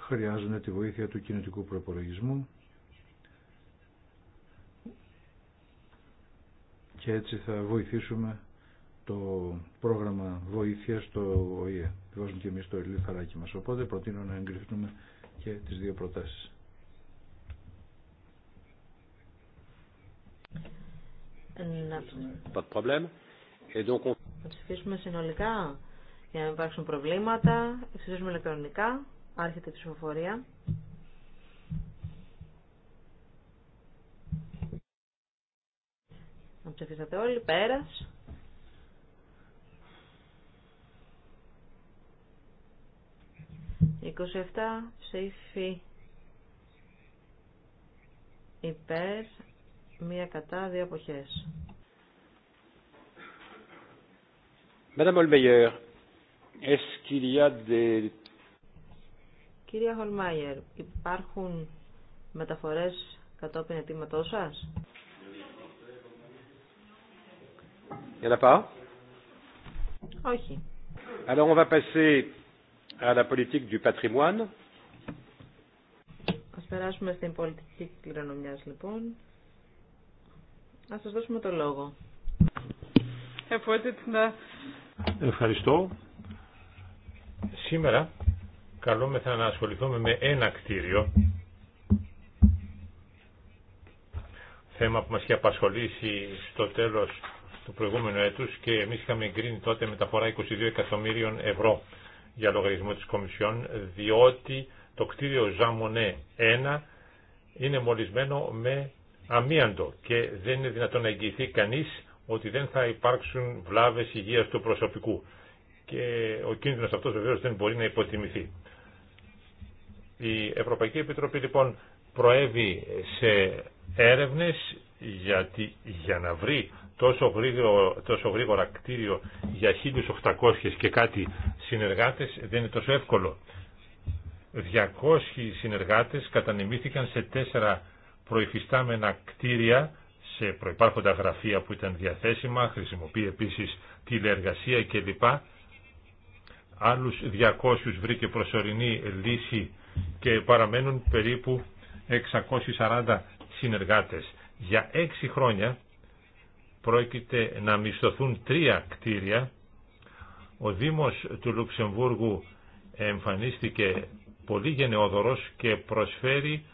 χρειάζονται τη βοήθεια του κινητικού προπολογισμού και έτσι θα βοηθήσουμε το πρόγραμμα βοήθειας στο ΟΗΕ. Βάζουμε και εμείς το λιθαράκι μας. Οπότε προτείνω να εγκριθούμε και τις δύο προτάσεις. Να ψηφίσουμε συνολικά για να μην υπάρξουν προβλήματα. Ψηφίσουμε ηλεκτρονικά. Άρχεται η ψηφοφορία. Να ψηφίσατε όλοι. Πέρας. 27 ψήφι υπέρ Μία κατά, δύο εποχές. Madame Holmeyer, est-ce qu'il y a des... Κυρία Χολμάιερ, υπάρχουν μεταφορές κατόπιν αιτήματός σας? Il n'y en a pas Όχι. Alors on va passer à la politique du patrimoine. Ας περάσουμε στην πολιτική κληρονομιάς λοιπόν. Να σας δώσουμε το λόγο. Ευχαριστώ. Σήμερα καλούμεθα να ασχοληθούμε με ένα κτίριο. Θέμα που μας είχε απασχολήσει στο τέλος του προηγούμενου έτους και εμείς είχαμε εγκρίνει τότε μεταφορά 22 εκατομμύριων ευρώ για λογαριασμό της Κομισιόν, διότι το κτίριο Ζαμονέ 1 είναι μολυσμένο με αμίαντο και δεν είναι δυνατόν να εγγυηθεί κανείς ότι δεν θα υπάρξουν βλάβες υγείας του προσωπικού. Και ο κίνδυνος αυτός βεβαίως δεν μπορεί να υποτιμηθεί. Η Ευρωπαϊκή Επιτροπή λοιπόν προέβη σε έρευνες γιατί για να βρει τόσο γρήγορα, τόσο γρήγορα κτίριο για 1800 και κάτι συνεργάτες δεν είναι τόσο εύκολο. 200 συνεργάτες κατανεμήθηκαν σε τέσσερα προϋφιστάμενα κτίρια σε προϋπάρχοντα γραφεία που ήταν διαθέσιμα, χρησιμοποιεί επίσης τηλεεργασία κλπ. Άλλους 200 βρήκε προσωρινή λύση και παραμένουν περίπου 640 συνεργάτες. Για 6 χρόνια πρόκειται να μισθωθούν τρία κτίρια. Ο Δήμος του Λουξεμβούργου εμφανίστηκε πολύ γενναιόδωρος και προσφέρει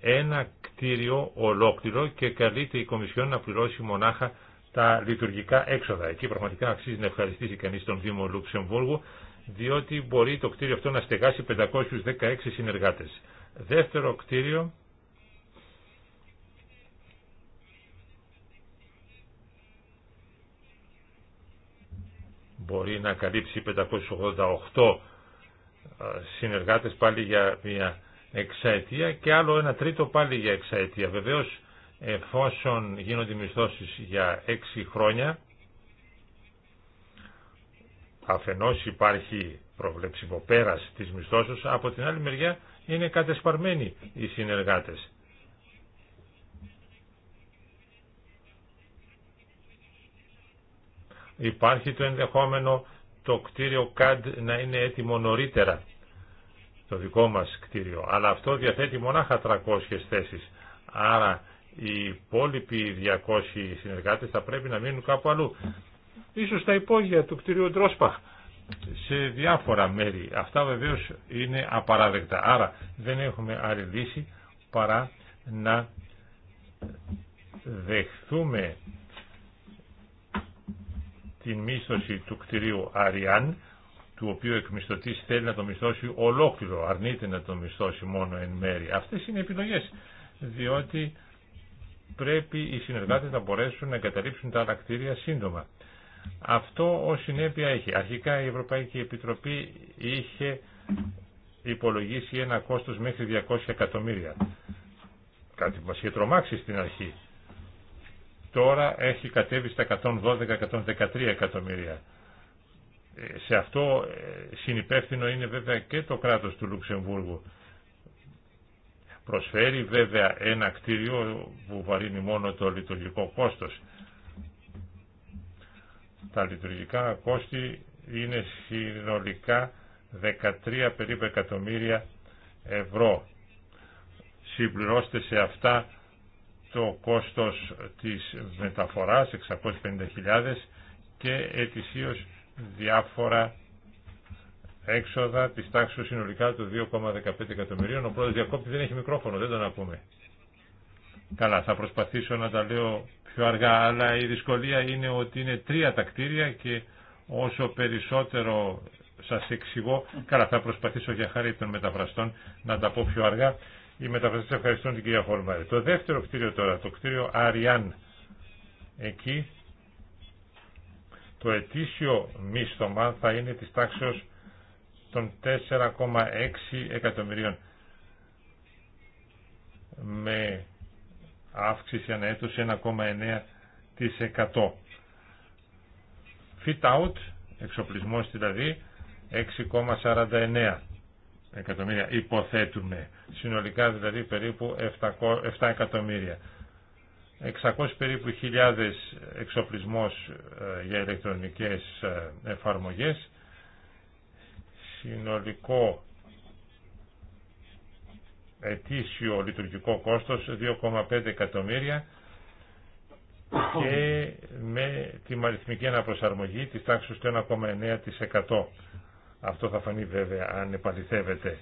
ένα κτίριο ολόκληρο και καλείται η Κομισιόν να πληρώσει μονάχα τα λειτουργικά έξοδα. Εκεί πραγματικά αξίζει να ευχαριστήσει κανεί τον Δήμο Λουξεμβούργου, διότι μπορεί το κτίριο αυτό να στεγάσει 516 συνεργάτες. Δεύτερο κτίριο, μπορεί να καλύψει 588 ε, συνεργάτες πάλι για μια εξαίτια και άλλο ένα τρίτο πάλι για εξαίτια. Βεβαίως εφόσον γίνονται μισθώσεις για έξι χρόνια αφενός υπάρχει προβλέψιμο της μισθώσεως, από την άλλη μεριά είναι κατεσπαρμένοι οι συνεργάτες. Υπάρχει το ενδεχόμενο το κτίριο CAD να είναι έτοιμο νωρίτερα το δικό μας κτίριο. Αλλά αυτό διαθέτει μονάχα 300 θέσεις. Άρα οι υπόλοιποι 200 συνεργάτες θα πρέπει να μείνουν κάπου αλλού. Ίσως στα υπόγεια του κτίριου Ντρόσπαχ σε διάφορα μέρη. Αυτά βεβαίως είναι απαράδεκτα. Άρα δεν έχουμε άλλη λύση παρά να δεχθούμε την μίσθωση του κτιρίου Αριάν του οποίου εκμισθωτή θέλει να το μισθώσει ολόκληρο, αρνείται να το μισθώσει μόνο εν μέρη. Αυτές είναι οι επιλογές, διότι πρέπει οι συνεργάτες να μπορέσουν να εγκαταλείψουν τα άλλα κτίρια σύντομα. Αυτό ω συνέπεια έχει. Αρχικά η Ευρωπαϊκή Επιτροπή είχε υπολογίσει ένα κόστος μέχρι 200 εκατομμύρια. Κάτι που μας είχε τρομάξει στην αρχή. Τώρα έχει κατέβει στα 112-113 εκατομμύρια σε αυτό ε, συνυπεύθυνο είναι βέβαια και το κράτος του Λουξεμβούργου. Προσφέρει βέβαια ένα κτίριο που βαρύνει μόνο το λειτουργικό κόστος. Τα λειτουργικά κόστη είναι συνολικά 13 περίπου εκατομμύρια ευρώ. Συμπληρώστε σε αυτά το κόστος της μεταφοράς 650.000 και ετησίως διάφορα έξοδα της τάξης συνολικά του 2,15 εκατομμυρίων. Ο πρώτος Διακόπτη δεν έχει μικρόφωνο, δεν τον ακούμε. Καλά, θα προσπαθήσω να τα λέω πιο αργά, αλλά η δυσκολία είναι ότι είναι τρία τα κτίρια και όσο περισσότερο σας εξηγώ, καλά θα προσπαθήσω για χάρη των μεταφραστών να τα πω πιο αργά. Οι μεταφραστές ευχαριστούν την κυρία Χολμάρη. Το δεύτερο κτίριο τώρα, το κτίριο Αριάν, εκεί το ετήσιο μίσθωμα θα είναι της τάξεως των 4,6 εκατομμυρίων με αύξηση ανά 1,9%. Fit out, εξοπλισμός δηλαδή, 6,49 εκατομμύρια υποθέτουμε. Συνολικά δηλαδή περίπου 7 εκατομμύρια. 600 περίπου χιλιάδες εξοπλισμός ε, για ηλεκτρονικές ε, εφαρμογές, συνολικό ετήσιο λειτουργικό κόστος 2,5 εκατομμύρια και με τη μαριθμική αναπροσαρμογή της τάξης του 1,9%. Αυτό θα φανεί βέβαια αν επαληθεύεται.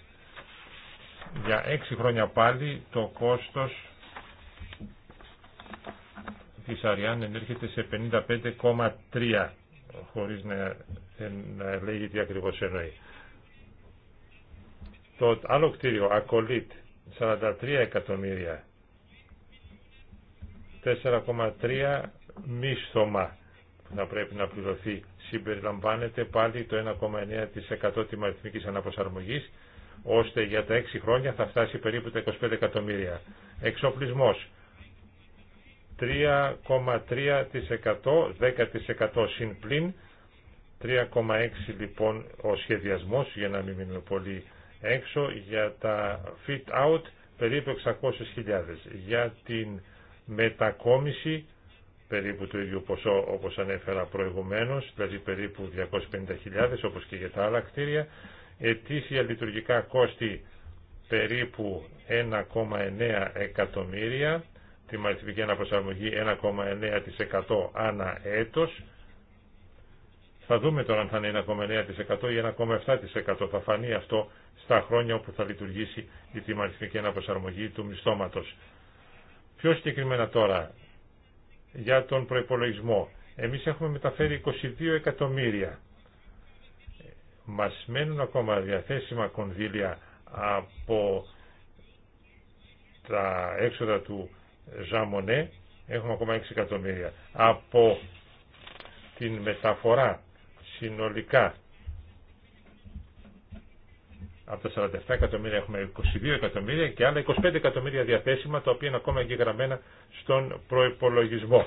Για 6 χρόνια πάλι το κόστος της Αριάν ενέρχεται σε 55,3 χωρίς να, να λέγει τι ακριβώς εννοεί. Το άλλο κτίριο, Ακολίτ, 43 εκατομμύρια, 4,3 μίσθωμα που θα πρέπει να πληρωθεί. Συμπεριλαμβάνεται πάλι το 1,9% της αριθμικής αναποσαρμογής, ώστε για τα 6 χρόνια θα φτάσει περίπου τα 25 εκατομμύρια. Εξοπλισμός, 3,3%, 10% συν πλήν, 3,6% λοιπόν ο σχεδιασμός για να μην μείνουμε πολύ έξω για τα fit out περίπου 600.000 για την μετακόμιση περίπου το ίδιο ποσό όπως ανέφερα προηγουμένως δηλαδή περίπου 250.000 όπως και για τα άλλα κτίρια ετήσια λειτουργικά κόστη περίπου 1,9 εκατομμύρια τη μαριθμική αναπροσαρμογή 1,9% ανά έτος. Θα δούμε τώρα αν θα είναι 1,9% ή 1,7%. Θα φανεί αυτό στα χρόνια όπου θα λειτουργήσει η τιμαριθμική αναπροσαρμογή του μισθώματος. Πιο συγκεκριμένα τώρα, για τον προϋπολογισμό. Εμείς έχουμε μεταφέρει 22 εκατομμύρια. Μας μένουν ακόμα διαθέσιμα κονδύλια από τα έξοδα του Ζαμονέ έχουμε ακόμα 6 εκατομμύρια. Από την μεταφορά συνολικά από τα 47 εκατομμύρια έχουμε 22 εκατομμύρια και άλλα 25 εκατομμύρια διαθέσιμα τα οποία είναι ακόμα εγγεγραμμένα στον προϋπολογισμό.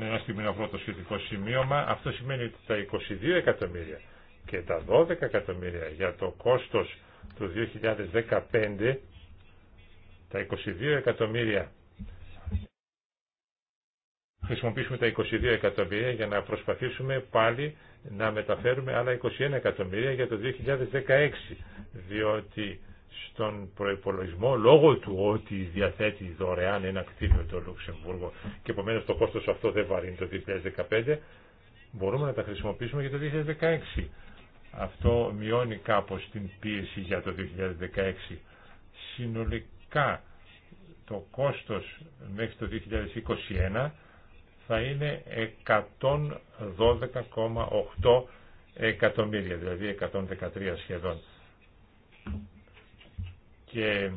Ένα στιγμή να βρω το σχετικό σημείωμα. Αυτό σημαίνει ότι τα 22 εκατομμύρια και τα 12 εκατομμύρια για το κόστος του 2015 τα 22 εκατομμύρια χρησιμοποιήσουμε τα 22 εκατομμύρια για να προσπαθήσουμε πάλι να μεταφέρουμε άλλα 21 εκατομμύρια για το 2016 διότι στον προϋπολογισμό λόγω του ότι διαθέτει δωρεάν ένα κτίριο το Λουξεμβούργο και επομένω το κόστος αυτό δεν βαρύνει το 2015 μπορούμε να τα χρησιμοποιήσουμε για το 2016 αυτό μειώνει κάπως την πίεση για το 2016 συνολικά το κόστος μέχρι το 2021 θα είναι 112,8 εκατομμύρια, δηλαδή 113 σχεδόν. Και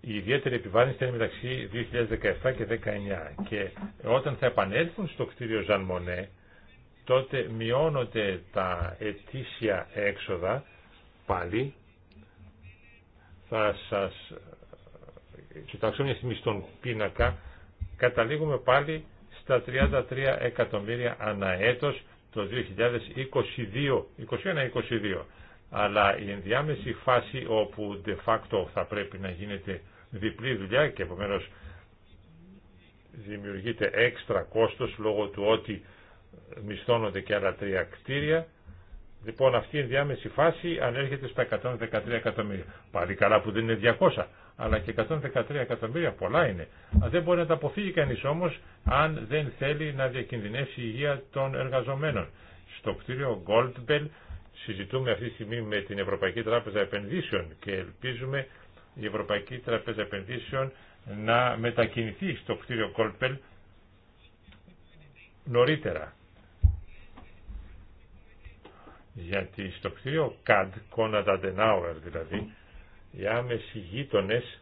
η ιδιαίτερη επιβάρυνση είναι μεταξύ 2017 και 2019. Και όταν θα επανέλθουν στο κτίριο Ζαν Μονέ, τότε μειώνονται τα ετήσια έξοδα πάλι θα σας ε, κοιτάξω μια στιγμή στον πίνακα, καταλήγουμε πάλι στα 33 εκατομμύρια ανά έτος το 2022, 21-22. Αλλά η ενδιάμεση φάση όπου de facto θα πρέπει να γίνεται διπλή δουλειά και επομένως δημιουργείται έξτρα κόστος λόγω του ότι μισθώνονται και άλλα τρία κτίρια Λοιπόν, αυτή η διάμεση φάση ανέρχεται στα 113 εκατομμύρια. Πάλι καλά που δεν είναι 200, αλλά και 113 εκατομμύρια πολλά είναι. Δεν μπορεί να τα αποφύγει κανείς όμως, αν δεν θέλει να διακινδυνεύσει η υγεία των εργαζομένων. Στο κτίριο Goldbell συζητούμε αυτή τη στιγμή με την Ευρωπαϊκή Τράπεζα Επενδύσεων και ελπίζουμε η Ευρωπαϊκή Τράπεζα Επενδύσεων να μετακινηθεί στο κτίριο Goldbell νωρίτερα γιατί στο κτίριο Καντ, Κόναντ Αντενάουερ δηλαδή, οι άμεσοι γείτονες,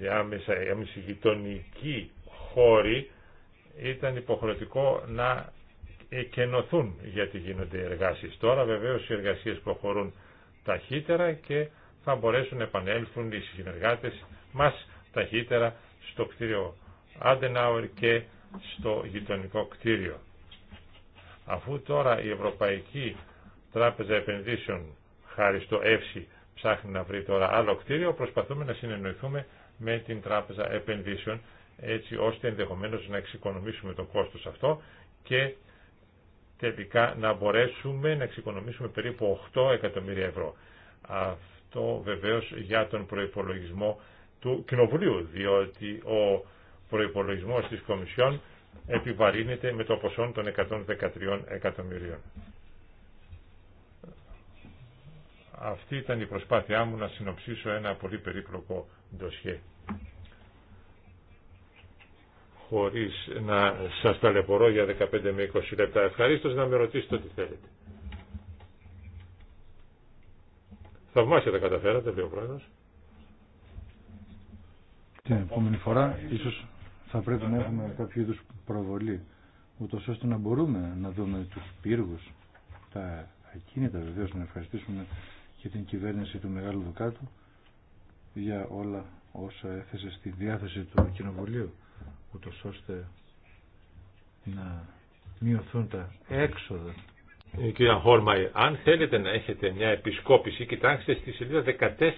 οι, άμεσα, οι άμεσοι γειτονικοί χώροι ήταν υποχρεωτικό να εκενωθούν γιατί γίνονται εργάσεις. Τώρα βεβαίως οι εργασίες προχωρούν ταχύτερα και θα μπορέσουν να επανέλθουν οι συνεργάτες μας ταχύτερα στο κτίριο Αντενάουερ και στο γειτονικό κτίριο. Αφού τώρα η Ευρωπαϊκή Τράπεζα Επενδύσεων, χάρη στο ΕΦΣΙ, ψάχνει να βρει τώρα άλλο κτίριο, προσπαθούμε να συνεννοηθούμε με την Τράπεζα Επενδύσεων, έτσι ώστε ενδεχομένως να εξοικονομήσουμε το κόστος αυτό και τελικά να μπορέσουμε να εξοικονομήσουμε περίπου 8 εκατομμύρια ευρώ. Αυτό βεβαίως για τον προϋπολογισμό του Κοινοβουλίου, διότι ο προϋπολογισμός της Κομισιόν επιβαρύνεται με το ποσό των 113 εκατομμυρίων. Αυτή ήταν η προσπάθειά μου να συνοψίσω ένα πολύ περίπλοκο ντοσιέ. Χωρίς να σας ταλαιπωρώ για 15 με 20 λεπτά. ευχαριστώ να με ρωτήσετε ό,τι θέλετε. Θαυμάσια τα καταφέρατε, λέει ο πρόεδρος. Την επόμενη φορά ίσως θα πρέπει να έχουμε κάποιο είδου προβολή, ούτω ώστε να μπορούμε να δούμε του πύργου, τα ακίνητα βεβαίω, να ευχαριστήσουμε και την κυβέρνηση του Μεγάλου Δουκάτου για όλα όσα έθεσε στη διάθεση του Κοινοβουλίου, ούτω ώστε να μειωθούν τα έξοδα. Ε, Κύριε Χόρμαϊ, αν θέλετε να έχετε μια επισκόπηση, κοιτάξτε στη σελίδα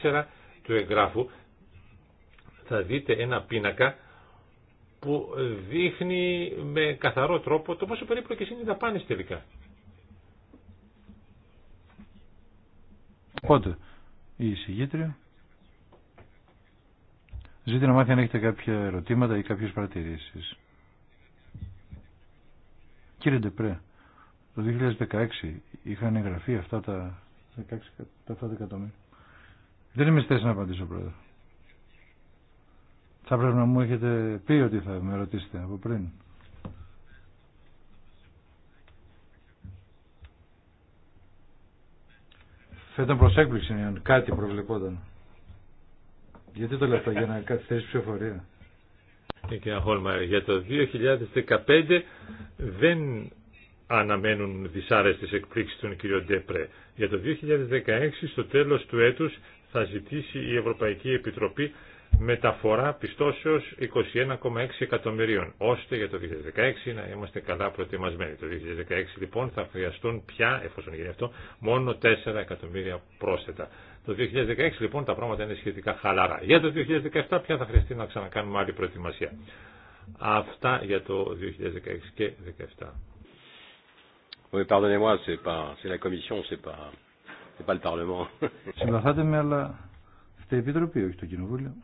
14 του εγγράφου, θα δείτε ένα πίνακα που δείχνει με καθαρό τρόπο το πόσο περίπλοκες είναι οι δαπάνες τελικά. Οπότε, η εισηγήτρια ζήτησε να μάθει αν έχετε κάποια ερωτήματα ή κάποιες παρατηρήσεις. Κύριε Ντεπρέ, το 2016 είχαν εγγραφεί αυτά τα 16 εκατομμύρια. Δεν είμαι στέση να απαντήσω, πρώτα. Θα πρέπει να μου έχετε πει ότι θα με ρωτήσετε από πριν. Θα ήταν προς έκπληξη αν κάτι προβλεπόταν. Γιατί το λέω αυτό, για να καθυστερήσει ψηφοφορία. Ε, Κύριε Χόλμα, για το 2015 δεν αναμένουν δυσάρεστες εκπλήξεις των κύριο Ντέπρε. Για το 2016, στο τέλος του έτους, θα ζητήσει η Ευρωπαϊκή Επιτροπή μεταφορά πιστώσεως 21,6 εκατομμυρίων, ώστε για το 2016 να είμαστε καλά προετοιμασμένοι. Το 2016 λοιπόν θα χρειαστούν πια, εφόσον γίνει αυτό, μόνο 4 εκατομμύρια πρόσθετα. Το 2016 λοιπόν τα πράγματα είναι σχετικά χαλαρά. Για το 2017 πια θα χρειαστεί να ξανακάνουμε άλλη προετοιμασία. Αυτά για το 2016 και 2017. Oui, pardonnez-moi, c'est pas, c'est la Commission, c'est pas, c'est pas le Parlement. με, αλλά είστε Επιτροπή, όχι το Κοινοβούλιο.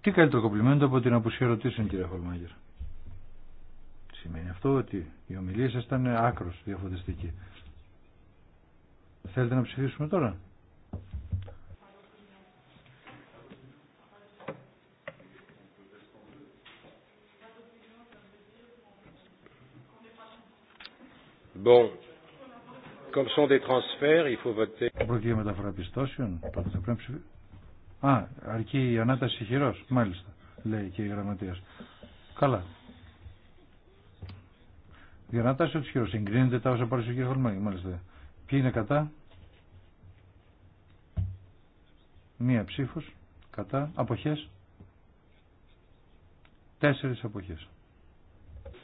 Τι καλύτερο κομπλιμέντο από την απουσία ερωτήσεων, κύριε Χολμάγερ. Σημαίνει αυτό ότι η ομιλία σας ήταν άκρος διαφωτιστική. Θέλετε να ψηφίσουμε τώρα. Bon. Comme sont des transferts, il faut voter. Πρόκειται για μεταφορά πιστώσεων. Πρώτα πρέπει να ψηφίσουμε. Α, αρκεί η ανάταση χειρό, μάλιστα, λέει και η Γραμματέία. Καλά. Η ανάταση του χειρό, συγκρίνεται τα όσα πάρει ο κ. Χολμάκη, μάλιστα. Ποιοι είναι κατά. Μία ψήφος, κατά, αποχέ. Τέσσερι απόχέ.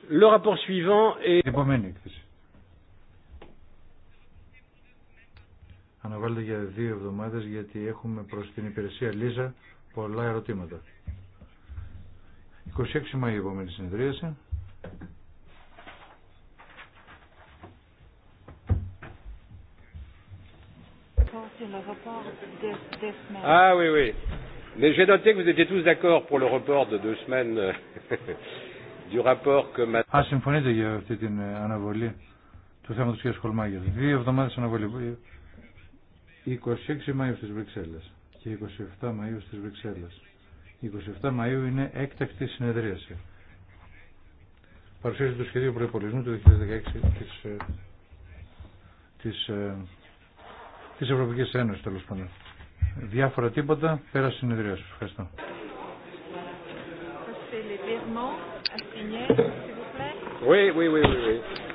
Le Επομένη έκθεση. αναβάλλεται για δύο εβδομάδες γιατί έχουμε προς την υπηρεσία Λίζα πολλά ερωτήματα. 26 Μαΐου η επόμενη συνεδρίαση. Ah oui, oui. Mais j'ai noté que vous étiez tous d'accord pour le report de deux semaines euh, du rapport que ma... Ah, symphonie de συμφωνείτε για αυτή την ε, αναβολή του θέματος κ. Σχολμάγερ. Δύο εβδομάδες anavolie. 26 Μαΐου στις Βρυξέλλες και 27 Μαΐου στις Βρυξέλλες. 27 Μαΐου είναι έκτακτη συνεδρίαση. Παρουσίαση το σχεδίο προϋπολογισμού του 2016 της, ε, της, ε, της Ευρωπαϊκής Ένωσης τέλος πάντων. Διάφορα τίποτα πέρα συνεδρίαση. Ευχαριστώ. Oui, oui, oui, oui, oui.